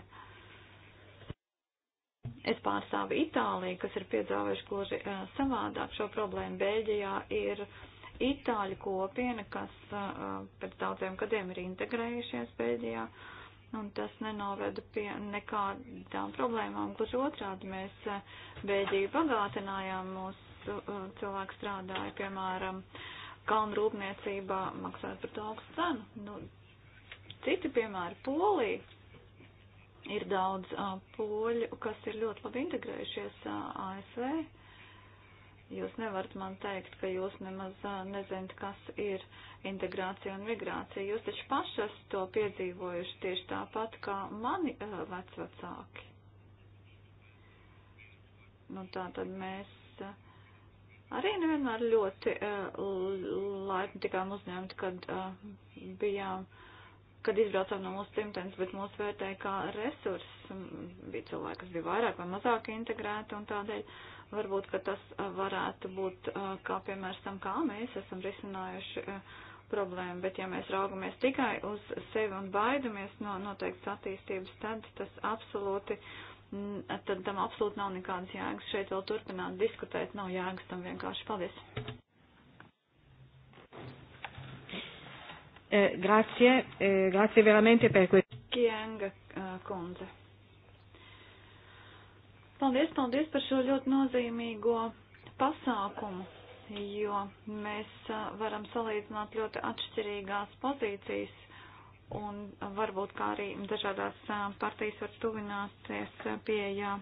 Es pārstāvu Itāliju, kas ir piedzāvējuši gluži uh, savādāk šo problēmu. Bēļģijā ir itāļu kopiena, kas uh, uh pēc daudziem gadiem ir integrējušies Bēļģijā. Uh, un tas nenoveda pie nekādām problēmām. Gluži otrādi mēs eh, Bēļģiju bagātinājām, mūsu eh, cilvēki strādāja, piemēram, kalnu rūpniecībā, maksājot par to augstu cenu. Nu, citi piemēri, Polija. Ir daudz uh, poļu, kas ir ļoti labi integrējušies uh, ASV. Jūs nevarat man teikt, ka jūs nemaz nezināt, kas ir integrācija un migrācija. Jūs taču pašas to piedzīvojuši tieši tāpat kā mani vecvecāki. Nu, tā tad mēs arī nevienmēr ļoti laipni tikām uzņemti, kad bijām, kad izbraucām no mūsu cimtenes, bet mūs vērtēja kā resurss. Bija cilvēki, kas bija vairāk vai mazāk integrēti un tādēļ Varbūt, ka tas uh, varētu būt uh, kā piemērs tam, kā mēs esam risinājuši uh, problēmu, bet ja mēs raugamies tikai uz sevi un baidamies no noteikts attīstības, tad tas absolūti, mm, tad tam absolūti nav nekādas jēgas šeit vēl turpināt diskutēt, nav jēgas tam vienkārši. Paldies! Eh, grazie, eh, grazie veramente per questo. Kienga uh, Conze. Paldies, paldies par šo ļoti nozīmīgo pasākumu, jo mēs varam salīdzināt ļoti atšķirīgās pozīcijas un varbūt kā arī dažādās partijas var tuvināties pieejā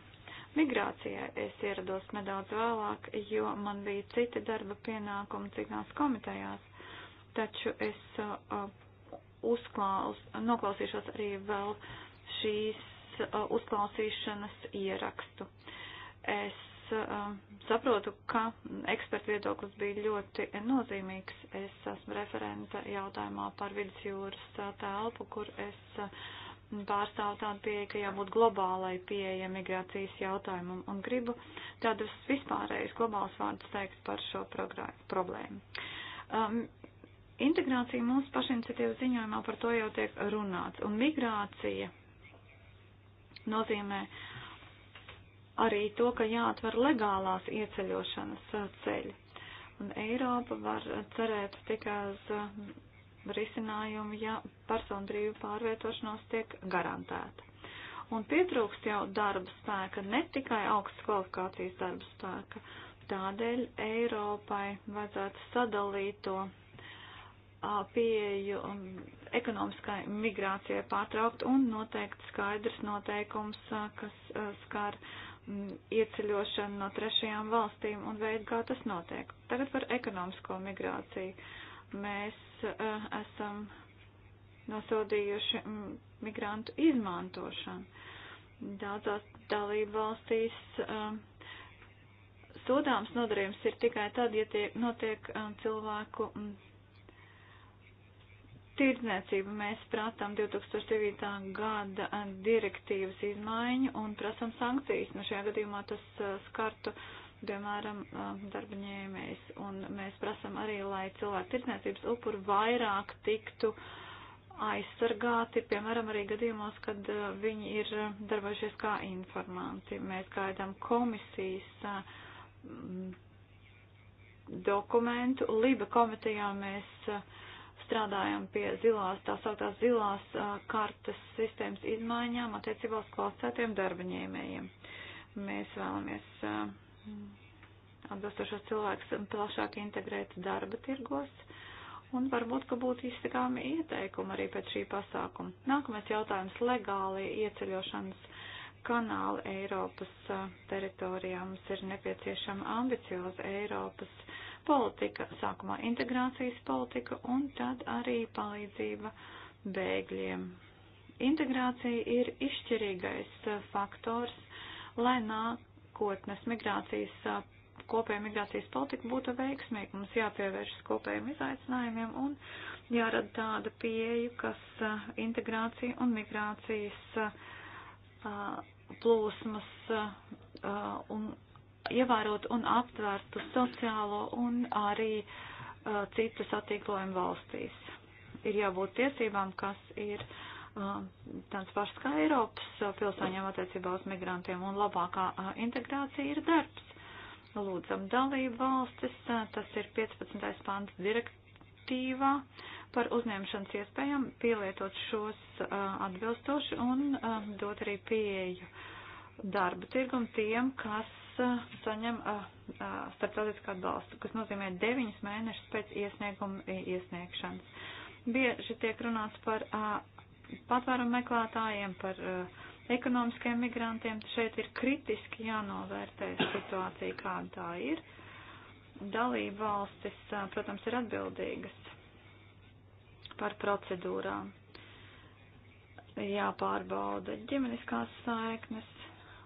migrācijai. Es ierados nedaudz vēlāk, jo man bija citi darba pienākumi citās komitejās, taču es uzklaus, noklausīšos arī vēl šīs šīs uh, uzklausīšanas ierakstu. Es uh, saprotu, ka ekspertu viedoklis bija ļoti nozīmīgs. Es esmu referenta jautājumā par vidusjūras uh, telpu, kur es pārstāvu tādu pieeju, ka jābūt globālai pieeja migrācijas jautājumam un gribu tādus vispārējus globālus vārdus teikt par šo problēmu. Um, integrācija mūsu pašiniciatīvas ziņojumā par to jau tiek runāts, un migrācija nozīmē arī to, ka jāatver legālās ieceļošanas uh, ceļi. Un Eiropa var cerēt tikai uz uh, risinājumu, ja personu brīvu pārvietošanos tiek garantēta. Un pietrūkst jau darba spēka, ne tikai augstas kvalifikācijas darba spēka. Tādēļ Eiropai vajadzētu sadalīt to pieeju um, ekonomiskai migrācijai pārtraukt un noteikt skaidrs noteikums, kas skar ieceļošanu no trešajām valstīm un veidu, kā tas notiek. Tagad par ekonomisko migrāciju. Mēs esam nosodījuši migrantu izmantošanu. Daudzās dalību valstīs sodāms nodarījums ir tikai tad, ja tiek, notiek cilvēku tirdzniecību mēs prātām 2009. gada eh, direktīvas izmaiņu un prasam sankcijas. Nu, šajā gadījumā tas eh, skartu, piemēram, eh, darba ņēmējs. Un mēs prasam arī, lai cilvēku tirdzniecības upuri vairāk tiktu aizsargāti, piemēram, arī gadījumos, kad viņi ir darbojušies kā informanti. Mēs gaidām komisijas dokumentu. Liba komitejā mēs uh, strādājam pie zilās, tā sauktās zilās kartas sistēmas izmaiņām attiecībā uz kvalificētiem darbaņēmējiem. Mēs vēlamies atbilstošos cilvēkus plašāk integrēt darba tirgos. Un varbūt, ka būtu izsakāmi ieteikumi arī pēc šī pasākuma. Nākamais jautājums - legāli ieceļošanas kanāli Eiropas teritorijā. Mums ir nepieciešama ambicioza Eiropas uh, politika, sākumā integrācijas politika un tad arī palīdzība bēgļiem. Integrācija ir izšķirīgais uh, faktors, lai nākotnes migrācijas uh, kopēja migrācijas politika būtu veiksmīga. Mums jāpievēršas kopējiem izaicinājumiem un jārada tāda pieeja, kas uh, integrācija un migrācijas plūsmas un ievērot un aptvērtu sociālo un arī uh, citu satīklojumu valstīs. Ir jābūt tiesībām, kas ir uh, tāds pašs kā Eiropas uh, pilsoņiem attiecībā uz migrantiem, un labākā uh, integrācija ir darbs. Lūdzam dalību valstis, uh, tas ir 15. pants direktīvā par uzņemšanas iespējām pielietot šos uh, atbilstoši un dot arī pieeju uh, darba tirgumu tiem, kas eh, saņem eh, eh, starptautisku atbalstu, kas nozīmē 9 mēnešus pēc iesnieguma iesniegšanas. Bieži tiek runāts par patvērumu meklētājiem, par ekonomiskajiem migrantiem. Šeit ir kritiski jānovērtē situācija, kāda tā ir. Dalība valstis, protams, ir atbildīgas par procedūrām jāpārbauda ģimeniskās saiknes,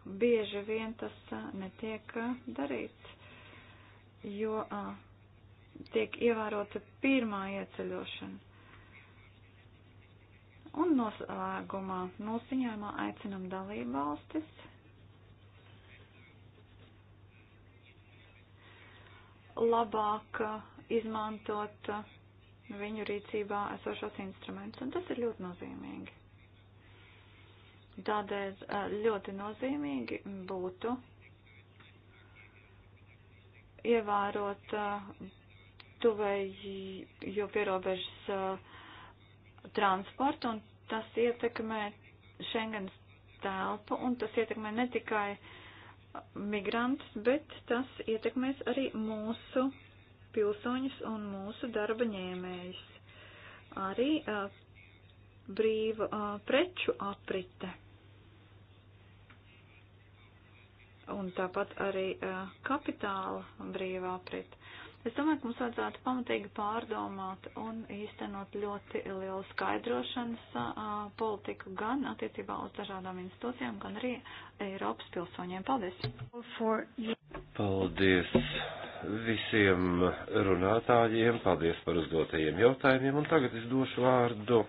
bieži vien tas netiek darīts, jo tiek ievērota pirmā ieceļošana. Un noslēgumā nosiņojumā aicinam dalību valstis labāk izmantot viņu rīcībā esošos instrumentus, un tas ir ļoti nozīmīgi. Tādēļ ļoti nozīmīgi būtu ievērot tuvējo pierobežas transportu, un tas ietekmē Schengens telpu, un tas ietekmē ne tikai migrantus, bet tas ietekmēs arī mūsu pilsoņus un mūsu darba ņēmējus. Arī uh, brīva uh, preču aprite un tāpat arī kapitāla brīvā pret. Es domāju, ka mums vajadzētu pamatīgi pārdomāt un īstenot ļoti lielu skaidrošanas politiku gan attiecībā uz dažādām institūcijām, gan arī Eiropas pilsoņiem. Paldies! Paldies visiem runātājiem, paldies par uzdotajiem jautājumiem, un tagad es došu vārdu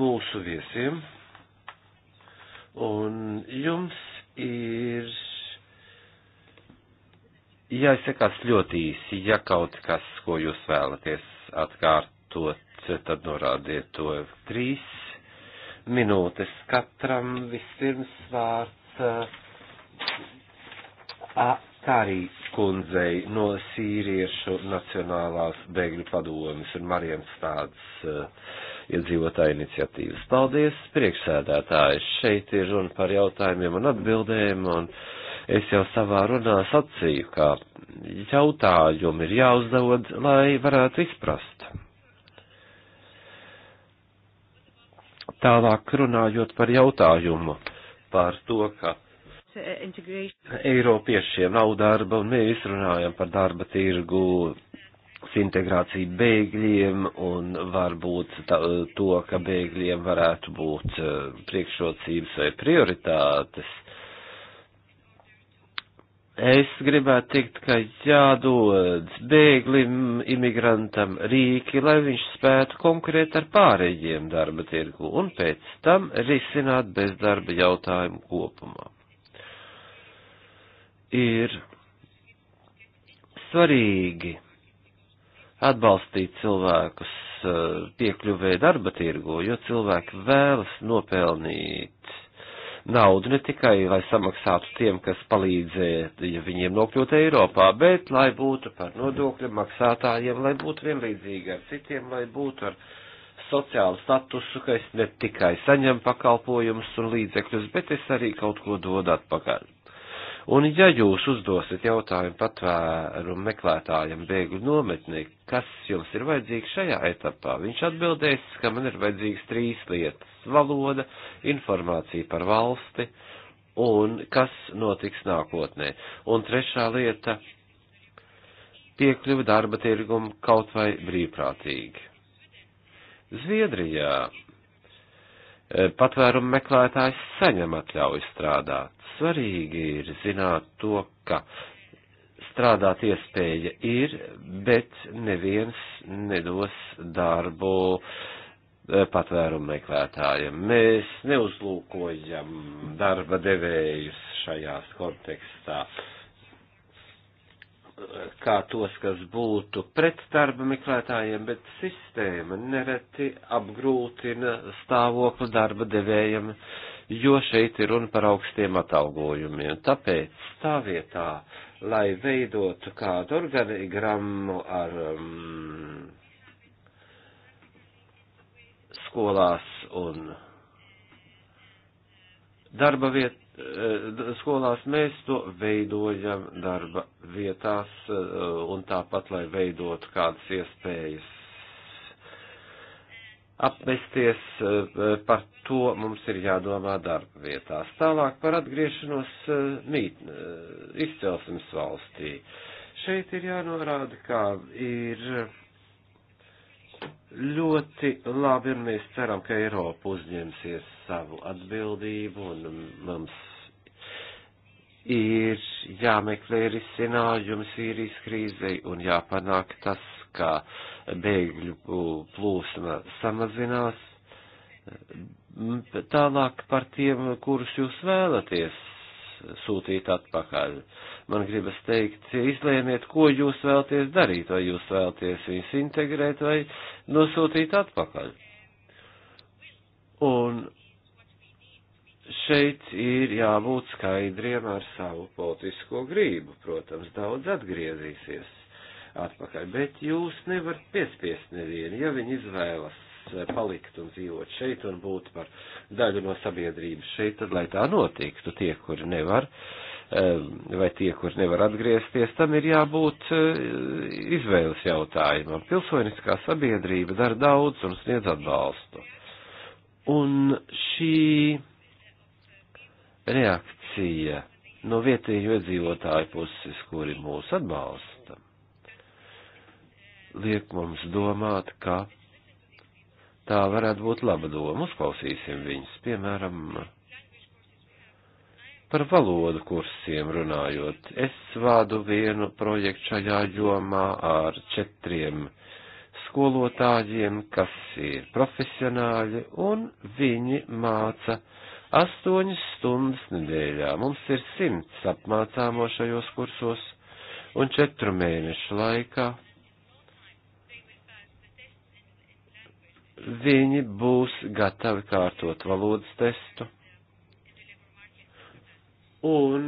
mūsu viesiem. Un jums ir jāizsakās ļoti īsi, ja kaut kas, ko jūs vēlaties atkārtot, tad norādiet to trīs minūtes katram vispirms vārds. Uh, uh, Tārī kundzei no Sīriešu Nacionālās bēgļu padomis un Marijas stādes uh, eh, iedzīvotāja iniciatīvas. Paldies, priekšsēdētāji! Šeit ir runa par jautājumiem un atbildēm, un es jau savā runā sacīju, ka jautājumi ir jāuzdod, lai varētu izprast. Tālāk runājot par jautājumu par to, ka Eiropiešiem nav darba, un mēs runājam par darba tirgu integrāciju bēgļiem, un varbūt tā, to, ka bēgļiem varētu būt e, priekšrocības vai prioritātes. Es gribētu teikt, ka jādod bēglim, imigrantam rīki, lai viņš spētu konkurēt ar pārējiem darba tirgu un pēc tam risināt bezdarba jautājumu kopumā ir svarīgi atbalstīt cilvēkus eh, piekļuvē darba tirgu, jo cilvēki vēlas nopelnīt naudu ne tikai, lai samaksātu tiem, kas palīdzēja viņiem nokļūt Eiropā, bet lai būtu par nodokļu maksātājiem, lai būtu vienlīdzīgi ar citiem, lai būtu ar sociālu statusu, ka es ne tikai saņemu pakalpojumus un līdzekļus, bet es arī kaut ko dodu atpakaļ. Un ja jūs uzdosiet jautājumu patvērumu meklētājiem bēgļu nometnī, kas jums ir vajadzīgs šajā etapā, viņš atbildēs, ka man ir vajadzīgs trīs lietas - valoda, informācija par valsti un kas notiks nākotnē. Un trešā lieta - piekļuva darba tirgumu kaut vai brīvprātīgi. Zviedrijā E, patvērumu meklētājs saņem atļauju strādāt. Svarīgi ir zināt to, ka strādāt iespēja ir, bet neviens nedos darbu e, patvērumu meklētājiem. Mēs neuzlūkojam darba devējus šajās kontekstā. Uh, kā tos, kas būtu pret darba meklētājiem, bet sistēma nereti apgrūtina stāvokli darba devējiem, jo šeit ir runa par augstiem atalgojumiem. Tāpēc tā vietā, lai veidotu kādu organigrammu ar um, skolās un darba vietu, Eh, skolās mēs to veidojam darba vietās eh, un tāpat, lai veidotu kādas iespējas apmesties, eh, par to mums ir jādomā darba vietās. Tālāk par atgriešanos mītne, izcelsmes valstī. Šeit ir jānorāda, kā ir ļoti labi, un mēs ceram, ka Eiropa uzņemsies savu atbildību, un mums ir jāmeklē risinājumi Sīrijas krīzei un jāpanāk tas, kā bēgļu plūsma samazinās. Tālāk par tiem, kurus jūs vēlaties sūtīt atpakaļ. Man gribas teikt, izlēmiet, ko jūs vēlaties darīt, vai jūs vēlaties viņus integrēt vai nosūtīt atpakaļ. Un šeit ir jābūt skaidriem ar savu politisko grību. Protams, daudz atgriezīsies atpakaļ, bet jūs nevarat piespiest nevienu, ja viņi izvēlas eh, palikt un dzīvot šeit un būt par daļu no sabiedrības šeit, tad lai tā notiktu tie, kuri nevar, eh, vai tie, kuri nevar atgriezties, tam ir jābūt eh, izvēles jautājumam. Pilsoniskā sabiedrība dara daudz un sniedz atbalstu. Un šī reakcija no vietēju iedzīvotāju puses, kuri mūs atbalsta, liek mums domāt, ka tā varētu būt laba doma. Uzklausīsim viņus, piemēram, par valodu kursiem runājot. Es vādu vienu projektu šajā jomā ar četriem skolotājiem, kas ir profesionāļi, un viņi māca astoņas stundas nedēļā. Mums ir simts apmācāmo šajos kursos, un četru mēnešu laikā viņi būs gatavi kārtot valodas testu, un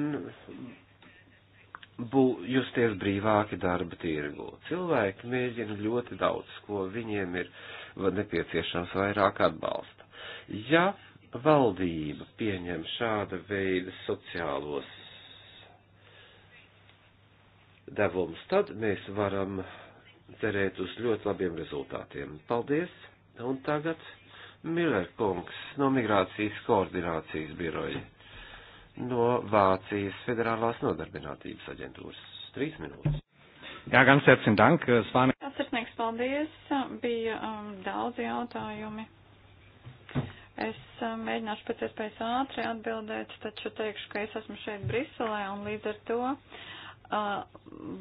bū, justies brīvāki darba tirgu. Cilvēki mēģina ļoti daudz, ko viņiem ir nepieciešams vairāk atbalsta. Ja valdība pieņem šāda veida sociālos devumus, tad mēs varam cerēt uz ļoti labiem rezultātiem. Paldies! Un tagad Miller kungs no Migrācijas koordinācijas biroja no Vācijas Federālās nodarbinātības aģentūras. Trīs minūtes. Jā, gan sirsnīgi, dank. Svāni. Sirsnīgs paldies. Bija um, daudz jautājumi. Es um, mēģināšu pēc iespējas ātri atbildēt, taču teikšu, ka es esmu šeit Briselē un līdz ar to uh,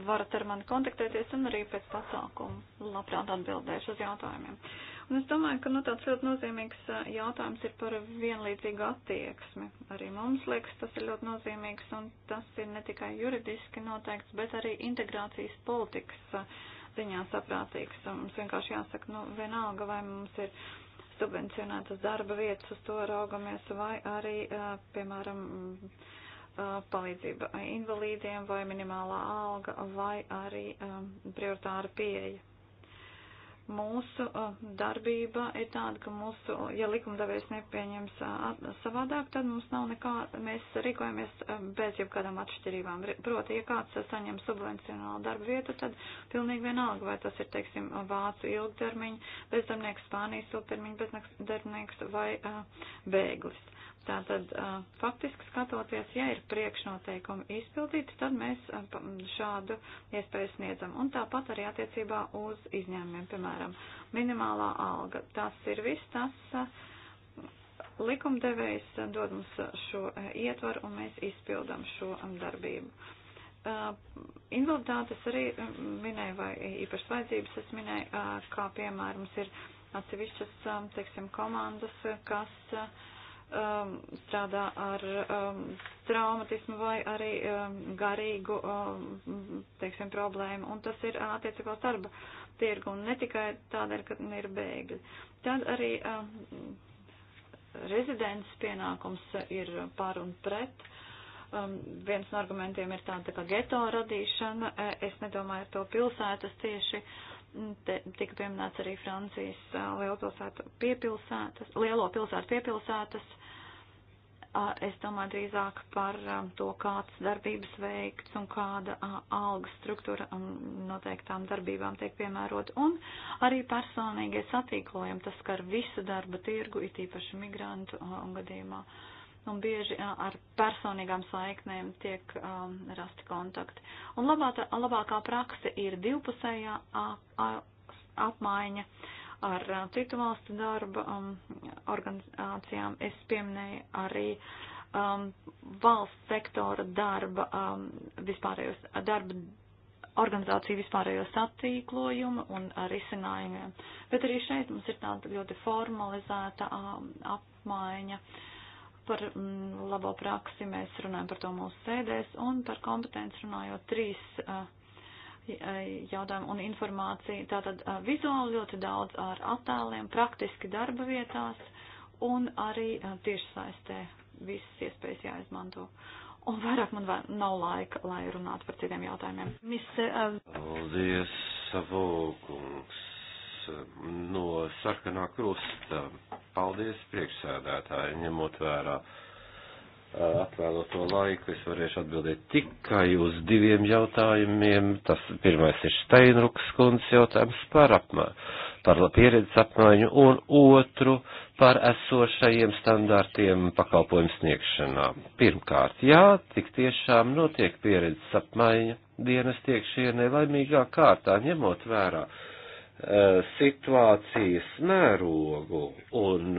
varat ar mani kontaktēties un arī pēc pasākumu labprāt atbildēšu uz jautājumiem. Un es domāju, ka nu, tāds ļoti nozīmīgs uh, jautājums ir par vienlīdzīgu attieksmi. Arī mums liekas, tas ir ļoti nozīmīgs un tas ir ne tikai juridiski noteikts, bet arī integrācijas politikas uh, ziņā saprātīgs. Mums vienkārši jāsaka, nu, vienalga vai mums ir subvencionētas darba vietas, uz to raugamies, vai arī, piemēram, palīdzība invalīdiem vai minimālā alga vai arī prioritāra pieeja mūsu darbība ir tāda, ka mūsu, ja likumdevējs nepieņems savādāk, tad mums nav nekā, mēs rīkojamies bez jebkādām atšķirībām. Proti, ja kāds saņem subvencionālu darbu vietu, tad pilnīgi vienalga, vai tas ir, teiksim, vācu ilgtermiņa, bezdarbnieks, Spānijas ilgtermiņa bezdarbnieks vai bēglis. Tātad, faktiski skatoties, ja ir priekšnoteikumi izpildīti, tad mēs šādu iespēju sniedzam. Un tāpat arī attiecībā uz izņēmumiem, piemēram, minimālā alga. Tas ir viss, tas likumdevējs dod mums šo ietvaru un mēs izpildam šo darbību. Invaliditātes arī minēja vai īpašas vajadzības es minēju, kā piemēram, mums ir atsevišķas, teiksim, komandas, kas um, strādā ar um, traumatismu vai arī um, garīgu, um, teiksim, problēmu. Un tas ir uh, attiecībā uz darba tirgu un ne tikai tādēļ, ka ir bēgļi. Tad arī um, rezidents pienākums ir par un pret. Um, viens no argumentiem ir tāda tā kā geto radīšana. E, es nedomāju to pilsētas tieši. Uh, Te tika pieminēts arī Francijas lielpilsētu piepilsētas, lielo pilsētu piepilsētas. Es domāju drīzāk par to, kāds darbības veikts un kāda alga struktūra um, noteiktām darbībām tiek piemērota. Un arī personīgie satīklojumi, tas skar visu darba tirgu, it īpaši migrantu gadījumā. Uh, un bieži ar personīgām saiknēm tiek um, rasti kontakti. Un labā, labākā prakse ir divpusējā a, a, apmaiņa ar a, citu valstu darba um, organizācijām. Es pieminēju arī um, valsts sektora darba, um, vispārējos, darba organizāciju vispārējo satīklojumu un risinājumiem. Bet arī šeit mums ir tāda ļoti formalizēta um, apmaiņa. Uh, par mm, labo praksi mēs runājam par to mūsu sēdēs un par kompetenci runājot trīs eh, eh, jautājumu un informāciju. Tātad eh, vizuāli ļoti daudz ar attēliem, praktiski darba vietās un arī tiešsaistē visas iespējas jāizmanto. Un vairāk man vēl nav laika, lai runātu par citiem jautājumiem. Mister, uh... Paldies, Savokungs no sarkanā krusta. Paldies priekšsēdētāji, ņemot vērā atvēloto laiku, es varēšu atbildēt tikai uz diviem jautājumiem. Tas pirmais ir Steinruks kundzes jautājums par apmā, par pieredzes apmaiņu un otru par esošajiem standārtiem pakalpojumu sniegšanā. Pirmkārt, jā, tik tiešām notiek pieredzes apmaiņa dienas tiekšienē laimīgā kārtā, ņemot vērā Eh, situācijas mērogu un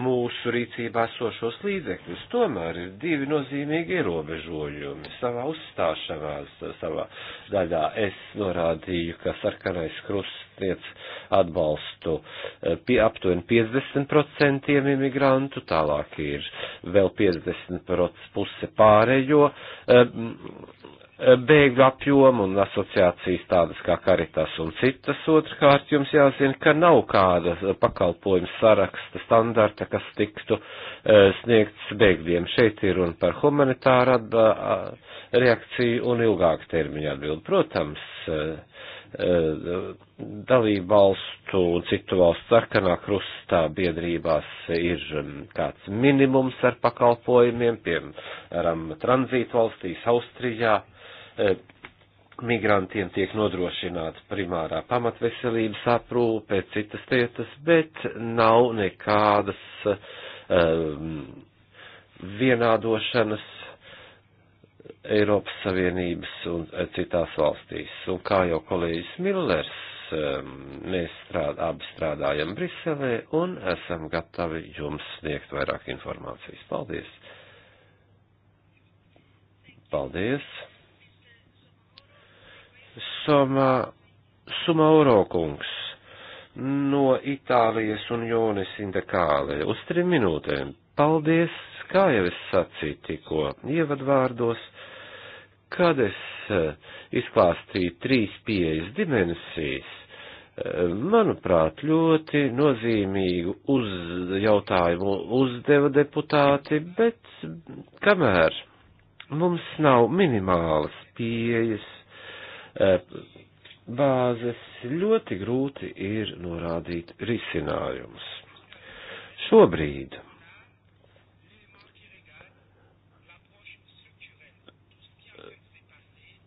mūsu rīcībā sošos līdzekļus, tomēr ir divi nozīmīgi ierobežojumi. Savā uzstāšanās, savā daļā es norādīju, ka sarkanais krusts sniedz atbalstu eh, pie aptuveni 50% imigrantu, tālāk ir vēl 50% puse pārējo. Um, eh, E, bēgļu apjomu un asociācijas tādas kā Karitas un citas. Otrkārt, jums jāzina, ka nav kāda pakalpojuma saraksta standarta, kas tiktu e, sniegts bēgļiem. Šeit ir un par humanitāru reakciju un ilgāku termiņu atbildi. Protams, e, dalību valstu un citu valstu sarkanā krustā biedrībās ir kāds minimums ar pakalpojumiem, piemēram, tranzītu valstīs Austrijā E, migrantiem tiek nodrošināta primārā pamatveselības aprūpe, citas lietas, bet nav nekādas um, vienādošanas Eiropas Savienības un e, citās valstīs. Un kā jau kolēģis Millers, um, mēs strād, abi strādājam Briselē un esam gatavi jums sniegt vairāk informācijas. Paldies! Paldies! Somā Sumauro kungs no Itālijas un Jonis Indekāle uz trim minūtēm. Paldies, kā jau es sacīju tikko ievadvārdos, kad es izklāstīju trīs pieejas dimensijas, manuprāt, ļoti nozīmīgu uz jautājumu uzdeva deputāti, bet kamēr mums nav minimālas pieejas, Eh, bāzes, ļoti grūti ir norādīt risinājumus. Šobrīd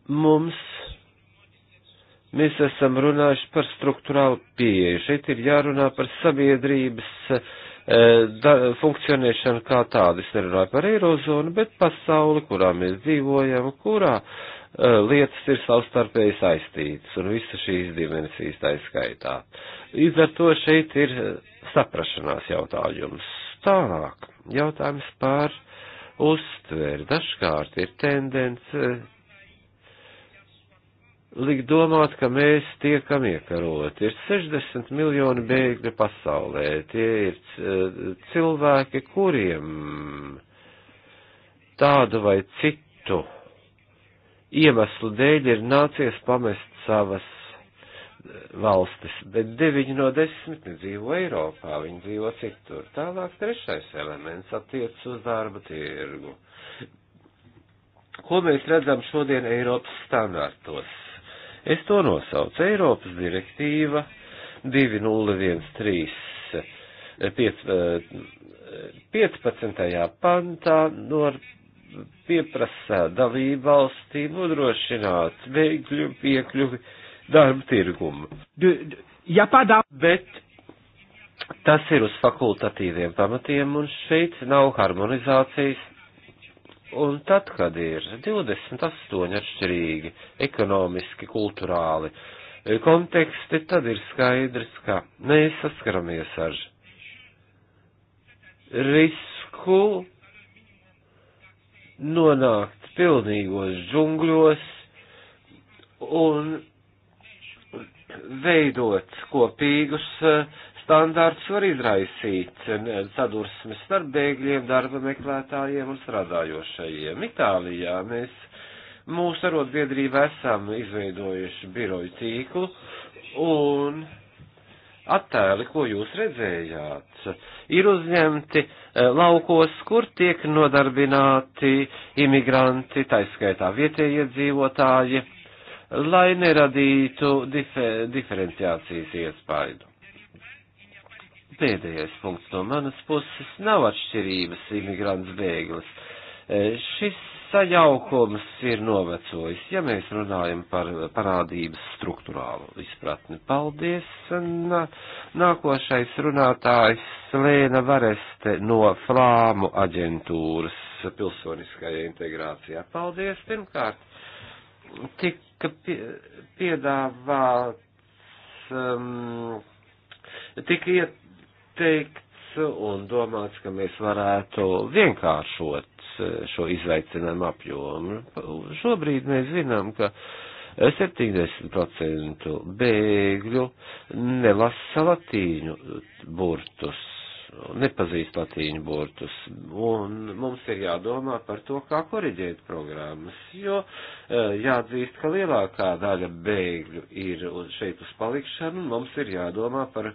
mums mēs esam runājuši par struktūrālu pieeju. Šeit ir jārunā par sabiedrības e, da, funkcionēšanu kā tādu. Es nerunāju par eirozonu, bet pasauli, kurā mēs dzīvojam, kurā uh, Eh, lietas ir savstarpēji saistītas, un visa šīs dimensijas tā izskaitā. Līdz ar to šeit ir eh, saprašanās jautājums. Tālāk, jautājums par uztveri. Dažkārt ir tendence eh, likt domāt, ka mēs tiekam iekaroti. Ir 60 miljoni bēgļi pasaulē. Tie ir cilvēki, kuriem tādu vai citu iemeslu dēļ ir nācies pamest savas eh, valstis, bet deviņi no desmit nedzīvo Eiropā, viņi dzīvo citur. Tālāk trešais elements attiec uz darba tirgu. Ko mēs redzam šodien Eiropas standartos? Es to nosaucu Eiropas direktīva 2013 15. Eh, eh, pantā nor pieprasa dalību valstīm nodrošināt bēgļu piekļuvi darba tirgumu. Bet tas ir uz fakultatīviem pamatiem un šeit nav harmonizācijas. Un tad, kad ir 28 atšķirīgi ekonomiski, kulturāli konteksti, tad ir skaidrs, ka mēs saskaramies ar risku nonākt pilnīgos džungļos un veidot kopīgus eh, standārts var izraisīt sadursmes starp bēgļiem, darba meklētājiem un strādājošajiem. Itālijā mēs mūsu arotbiedrība esam izveidojuši biroju tīklu un attēli, ko jūs redzējāt, ir uzņemti e, laukos, kur tiek nodarbināti imigranti, taiskaitā vietējie dzīvotāji, lai neradītu difer diferenciācijas iespaidu. Pēdējais punkts no manas puses nav atšķirības imigrants bēglis. E, šis sajaukums ir novecojis, ja mēs runājam par parādības struktūrālu izpratni. Paldies! Nākošais runātājs Lēna Vareste no Flāmu aģentūras pilsoniskajai integrācijā. Paldies! Pirmkārt, tika piedāvāts, um, tika ieteikts un domāts, ka mēs varētu vienkāršot Eh, šo izaicinājumu apjomu. Šobrīd mēs zinām, ka 70% eh, bēgļu nelasa latīņu burtus nepazīst latīņu burtus. Un mums ir jādomā par to, kā koriģēt programmas, jo e, jāatzīst, ka lielākā daļa bēgļu ir šeit uz palikšanu, un mums ir jādomā par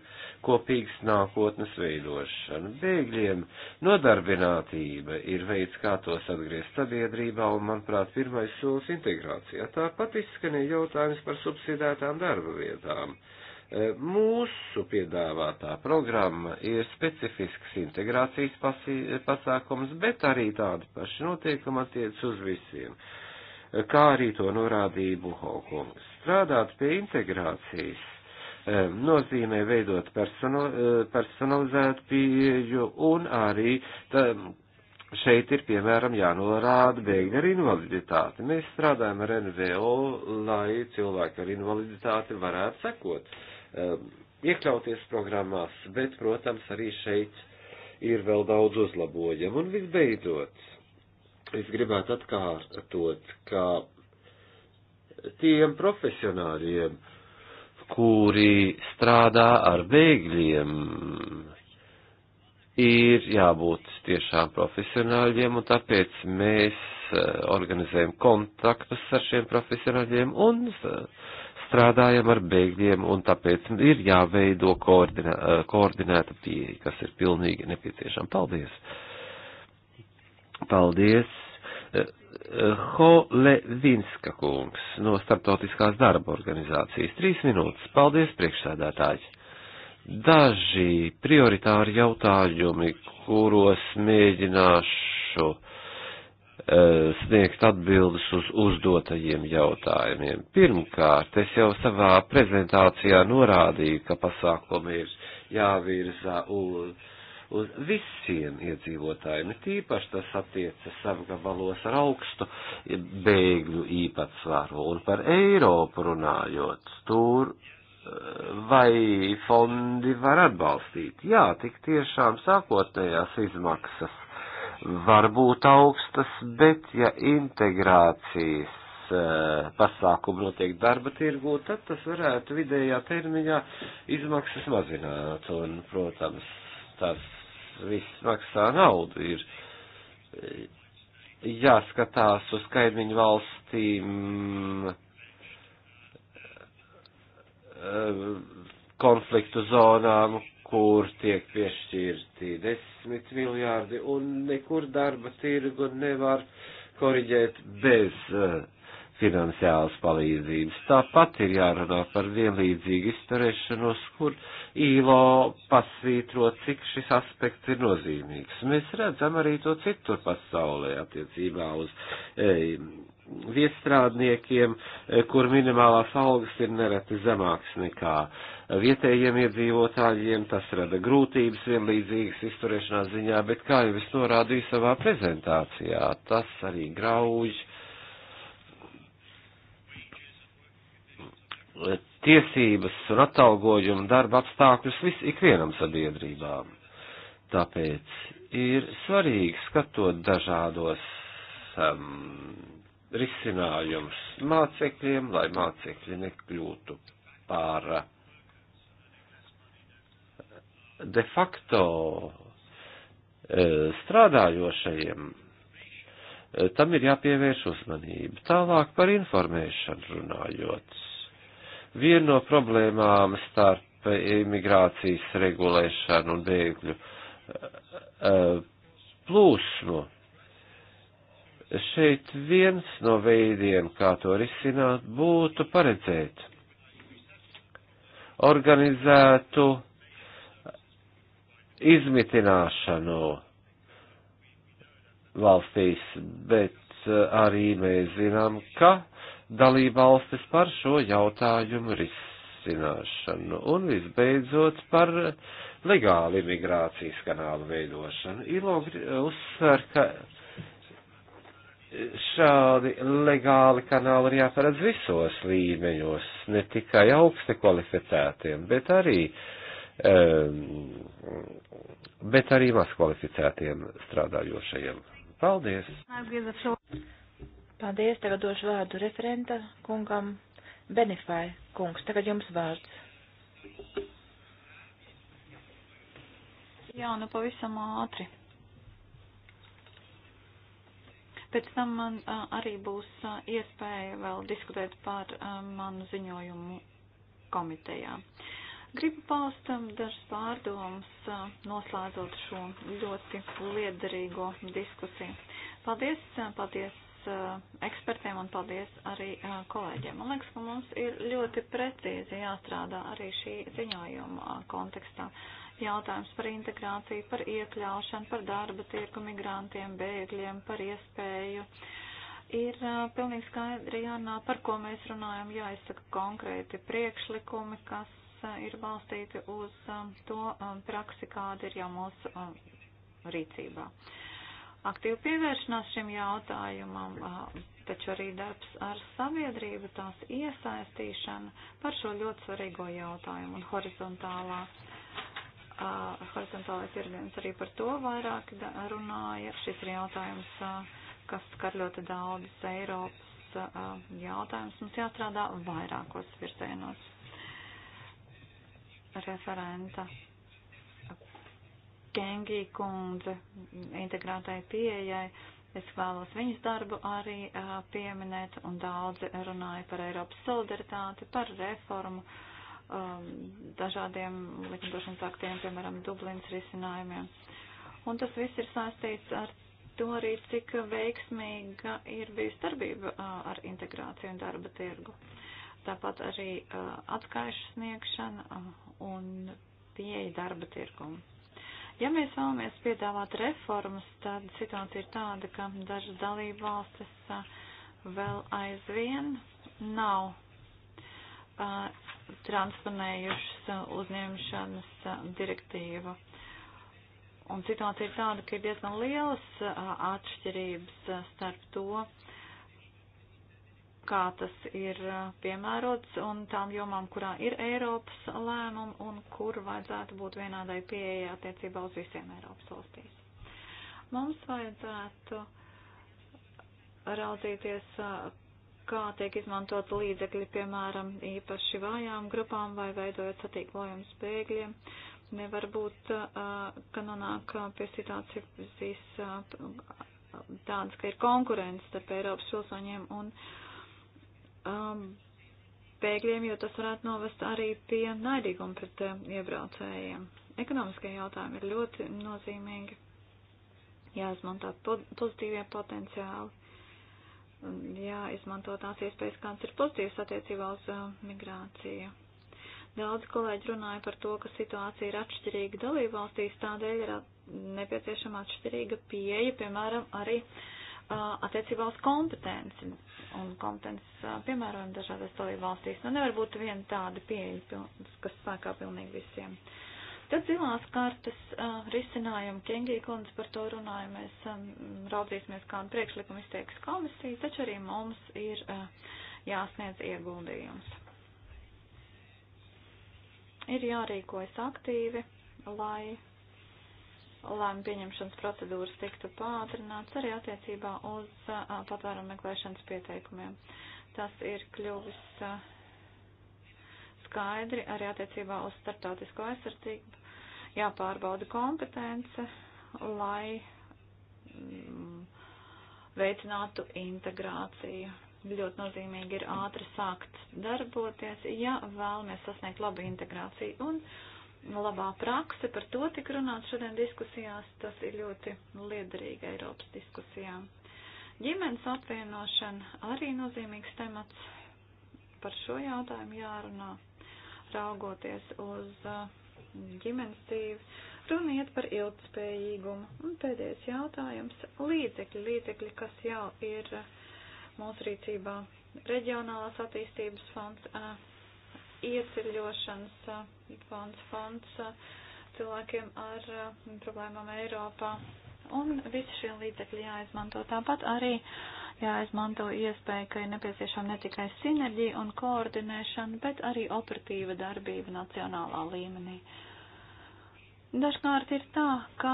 kopīgas nākotnes veidošanu. Bēgļiem nodarbinātība ir veids, kā tos atgriezt sabiedrībā, un, manuprāt, pirmais solis integrācijā. Tāpat izskanīja jautājums par subsidētām darba vietām. Uh, Eh, mūsu piedāvātā programma ir specifisks integrācijas pasākums, bet arī tādi paši notiekumi attiec uz visiem, eh, kā arī to norādīja Buhokungs. Strādāt pie integrācijas eh, nozīmē veidot personalizētu pieju un arī šeit ir, piemēram, jānorāda bēgļi ar invaliditāti. Mēs strādājam ar NVO, lai cilvēki ar invaliditāti varētu sekot Um, iekļauties programmās, bet, protams, arī šeit ir vēl daudz uzlabojumu. Un visbeidzot, es gribētu atkārtot, ka tiem profesionāļiem, kuri strādā ar bēgļiem, ir jābūt tiešām profesionāļiem, un tāpēc mēs eh, organizējam kontaktus ar šiem profesionāļiem un uh, strādājam ar bēgļiem, un tāpēc ir jāveido koordinē, eh, koordinēta pieeja, kas ir pilnīgi nepieciešama. Paldies! Paldies! Eh, eh, Holevinska kungs no Startautiskās darba organizācijas. Trīs minūtes. Paldies, priekšsēdētāji! Daži prioritāri jautājumi, kuros mēģināšu uh, Eh, sniegt atbildes uz uzdotajiem jautājumiem. Pirmkārt, es jau savā prezentācijā norādīju, ka pasākumi ir jāvirza uz, uz visiem iedzīvotājiem. Tīpaši tas attiecas apgabalos ar augstu bēgļu īpatsvaru un par Eiropu runājot. Tur eh, vai fondi var atbalstīt? Jā, tik tiešām sākotnējās izmaksas var būt augstas, bet ja integrācijas eh, pasākumu notiek darba tirgū, tad tas varētu vidējā termiņā izmaksas mazināt. Un, protams, tas viss maksā naudu. Ir eh, jāskatās uz kaimiņu valstīm eh, konfliktu zonām, kur tiek piešķirti 10 miljārdi, un nekur darba tirgu nevar koriģēt bez eh, finansiālas palīdzības. Tāpat ir jārunā par vienlīdzīgu izturēšanos, kur īlo pasvītro, cik šis aspekts ir nozīmīgs. Mēs redzam arī to citur pasaulē attiecībā uz e, viestrādniekiem, eh, kur minimālās algas ir nereti zemāks nekā vietējiem iedzīvotājiem, tas rada grūtības vienlīdzīgas izturēšanās ziņā, bet kā jau es norādīju savā prezentācijā, tas arī grauž tiesības un atalgojumu darba apstākļus vis ikvienam sabiedrībām. Tāpēc ir svarīgi skatot dažādos um, risinājums mācekļiem, lai mācekļi nekļūtu par eh, de facto eh, strādājošajiem. Eh, tam ir jāpievērš uzmanība. Tālāk par informēšanu runājot. Viena no problēmām starp imigrācijas regulēšanu un bēgļu plūsmu Šeit viens no veidiem, kā to risināt, būtu paredzēt organizētu izmitināšanu valstīs, bet uh, arī mēs zinām, ka dalība valstis par šo jautājumu risināšanu un visbeidzot par legāli migrācijas kanālu veidošanu. Ilo uzsver, ka šādi legāli kanāli ir jāparedz visos līmeņos, ne tikai augsti kvalificētiem, bet arī, um, bet arī maz kvalificētiem strādājošajiem. Paldies! Paldies, tagad došu vārdu referenta kungam Benifai. Kungs, tagad jums vārds. Jā, nu pavisam ātri. Pēc tam man arī būs iespēja vēl diskutēt par manu ziņojumu komitejā. Gribu paust dažas pārdomas, noslēdzot šo ļoti liederīgo diskusiju. Paldies, paldies ekspertiem un paldies arī kolēģiem. Man liekas, ka mums ir ļoti precīzi jāstrādā arī šī ziņojuma kontekstā. Uh, jautājums par integrāciju, par iekļaušanu, par darba tirku migrantiem, bēgļiem, par iespēju. Ir pilnīgi skaidri jārunā, par ko mēs runājam, jāizsaka konkrēti priekšlikumi, kas ir balstīti uz to praksi, kāda ir jau mūsu rīcībā. Aktīva pievēršanās šim jautājumam, taču arī darbs ar sabiedrību, tās iesaistīšana par šo ļoti svarīgo jautājumu un horizontālā horizontālais ieradiens arī par to vairāk runāja. Šis ir jautājums, kas skar ļoti daudzas Eiropas jautājumus. Mums jāstrādā vairākos virzienos. Referenta Kengi kundze integrētai pieejai. Es vēlos viņas darbu arī pieminēt, un daudzi runāja par Eiropas solidaritāti, par reformu. Uh, um, dažādiem likumdošanas aktiem, piemēram, Dublins risinājumiem. Un tas viss ir saistīts ar to arī, cik veiksmīga ir bijusi darbība uh, ar integrāciju un darba tirgu. Tāpat arī uh, atskaišu sniegšana uh, un pieeja darba tirgumu. Ja mēs vēlamies piedāvāt reformas, tad situācija ir tāda, ka dažas dalību valstis uh, vēl aizvien nav uh, transponējušas uh, uzņemšanas uh, direktīvu. Un situācija ir tāda, ka ir diezgan lielas uh, atšķirības starp to, kā tas ir piemērots un tām jomām, kurā ir Eiropas lēmumi un kur vajadzētu būt vienādai pieeja attiecībā uz visiem Eiropas valstīs. Mums vajadzētu raudzīties, kā tiek izmantot līdzekļi, piemēram, īpaši vājām grupām vai veidojot satīklojumus bēgļiem. Nevar būt, uh, ka nonāk uh, pie situācijas uh, tādas, ka ir konkurence starp Eiropas pilsoņiem un um, bēgļiem, jo tas varētu novest arī pie naidīguma pret iebraucējiem. Ekonomiskie jautājumi ir ļoti nozīmīgi. Jāizmanto pozitīvie potenciāli jāizmanto tās iespējas, kāds ir pozitīvs attiecībā uz uh, migrāciju. Daudz kolēģi runāja par to, ka situācija ir atšķirīga dalībvalstīs, tādēļ ir nepieciešama atšķirīga pieeja, piemēram, arī uh, attiecībā uz kompetenci un kompetences uh, piemērojumu dažādās dalībvalstīs. Nu, nevar būt viena tāda pieeja, kas spēkā pilnīgi visiem. Uh, Tad zilās kartas uh, risinājumu Kengī kundze par to runāja. Mēs um, raudzīsimies, kādu priekšlikumu izteiks komisija, taču arī mums ir uh, jāsniedz ieguldījums. Ir jārīkojas aktīvi, lai lēmumu pieņemšanas procedūras tiktu pātrināts arī attiecībā uz uh, patvērumu meklēšanas pieteikumiem. Tas ir kļuvis. Uh, skaidri arī attiecībā uz starptautisko aizsardzību jāpārbauda kompetence, lai mm, veicinātu integrāciju. Ļoti nozīmīgi ir ātri sākt darboties, ja vēlamies sasniegt labu integrāciju. Un labā prakse, par to tik runāt šodien diskusijās, tas ir ļoti liederīgi Eiropas diskusijām. Ģimenes apvienošana arī nozīmīgs temats. Par šo jautājumu jārunā, raugoties uz uh, ģimenes dzīvi. Runa iet par ilgspējīgumu. Un pēdējais jautājums - līdzekļi, līdzekļi, kas jau ir uh, mūsu rīcībā - reģionālās attīstības fonds, uh, ieceļošanas uh, fonds, fonds cilvēkiem ar problēmām Eiropā. Un visi šie līdzekļi jāizmanto tāpat arī. Uh, jāizmanto iespēja, ka ir nepieciešama ne tikai sinerģija un koordinēšana, bet arī operatīva darbība nacionālā līmenī. Dažkārt ir tā, ka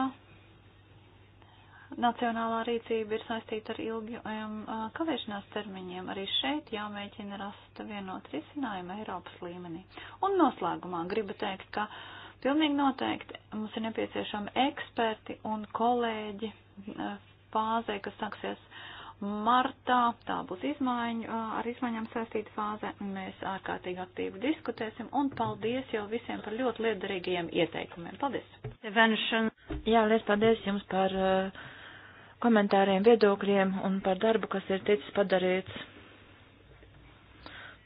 nacionālā rīcība ir saistīta ar ilgiem kavēšanās termiņiem. Arī šeit jāmēģina rast vienot risinājumu Eiropas līmenī. Un noslēgumā gribu teikt, ka. Pilnīgi noteikti mums ir nepieciešami eksperti un kolēģi fāzē, kas sāksies martā. Tā būs izmaiņu, ar izmaiņām saistīta fāze. Mēs ārkārtīgi aktīvi diskutēsim un paldies jau visiem par ļoti liederīgajiem ieteikumiem. Paldies! Jā, liels paldies jums par komentāriem, viedokļiem un par darbu, kas ir ticis padarīts.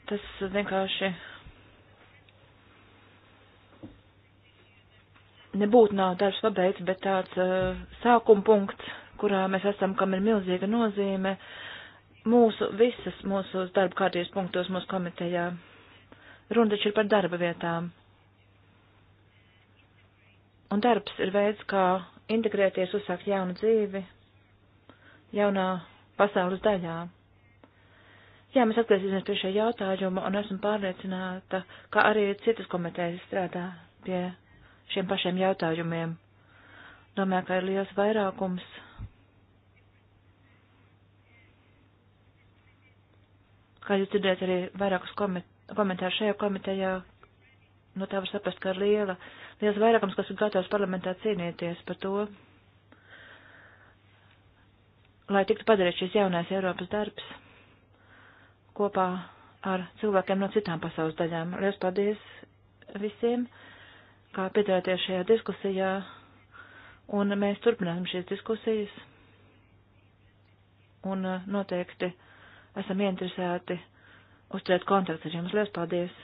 Tas vienkārši nebūtu nav darbs pabeigts, bet tāds uh, sākuma punkts kurā mēs esam, kam ir milzīga nozīme mūsu visas mūsu darba kārtības punktos mūsu komitejā. Runa taču ir par darba vietām. Un darbs ir veids, kā integrēties, uzsākt jaunu dzīvi, jaunā pasaules daļā. Jā, mēs atgriezīsimies pie šī jautājuma un esmu pārliecināta, ka arī citas komitejas strādā pie šiem pašiem jautājumiem. Domāju, ka ir liels vairākums Kā jūs dzirdējat arī vairākus komentārus šajā komitejā, no tā var saprast, ka ir liela, liels vairākums, kas ir gatavs parlamentā cīnīties par to, lai tiktu padarīts šis jaunais Eiropas darbs kopā ar cilvēkiem no citām pasaules daļām. Lielas paldies visiem, kā piedalāties šajā diskusijā, un mēs turpināsim šīs diskusijas, un uh, noteikti esam ieinteresēti uzturēt kontaktu ar jums. Lielas paldies!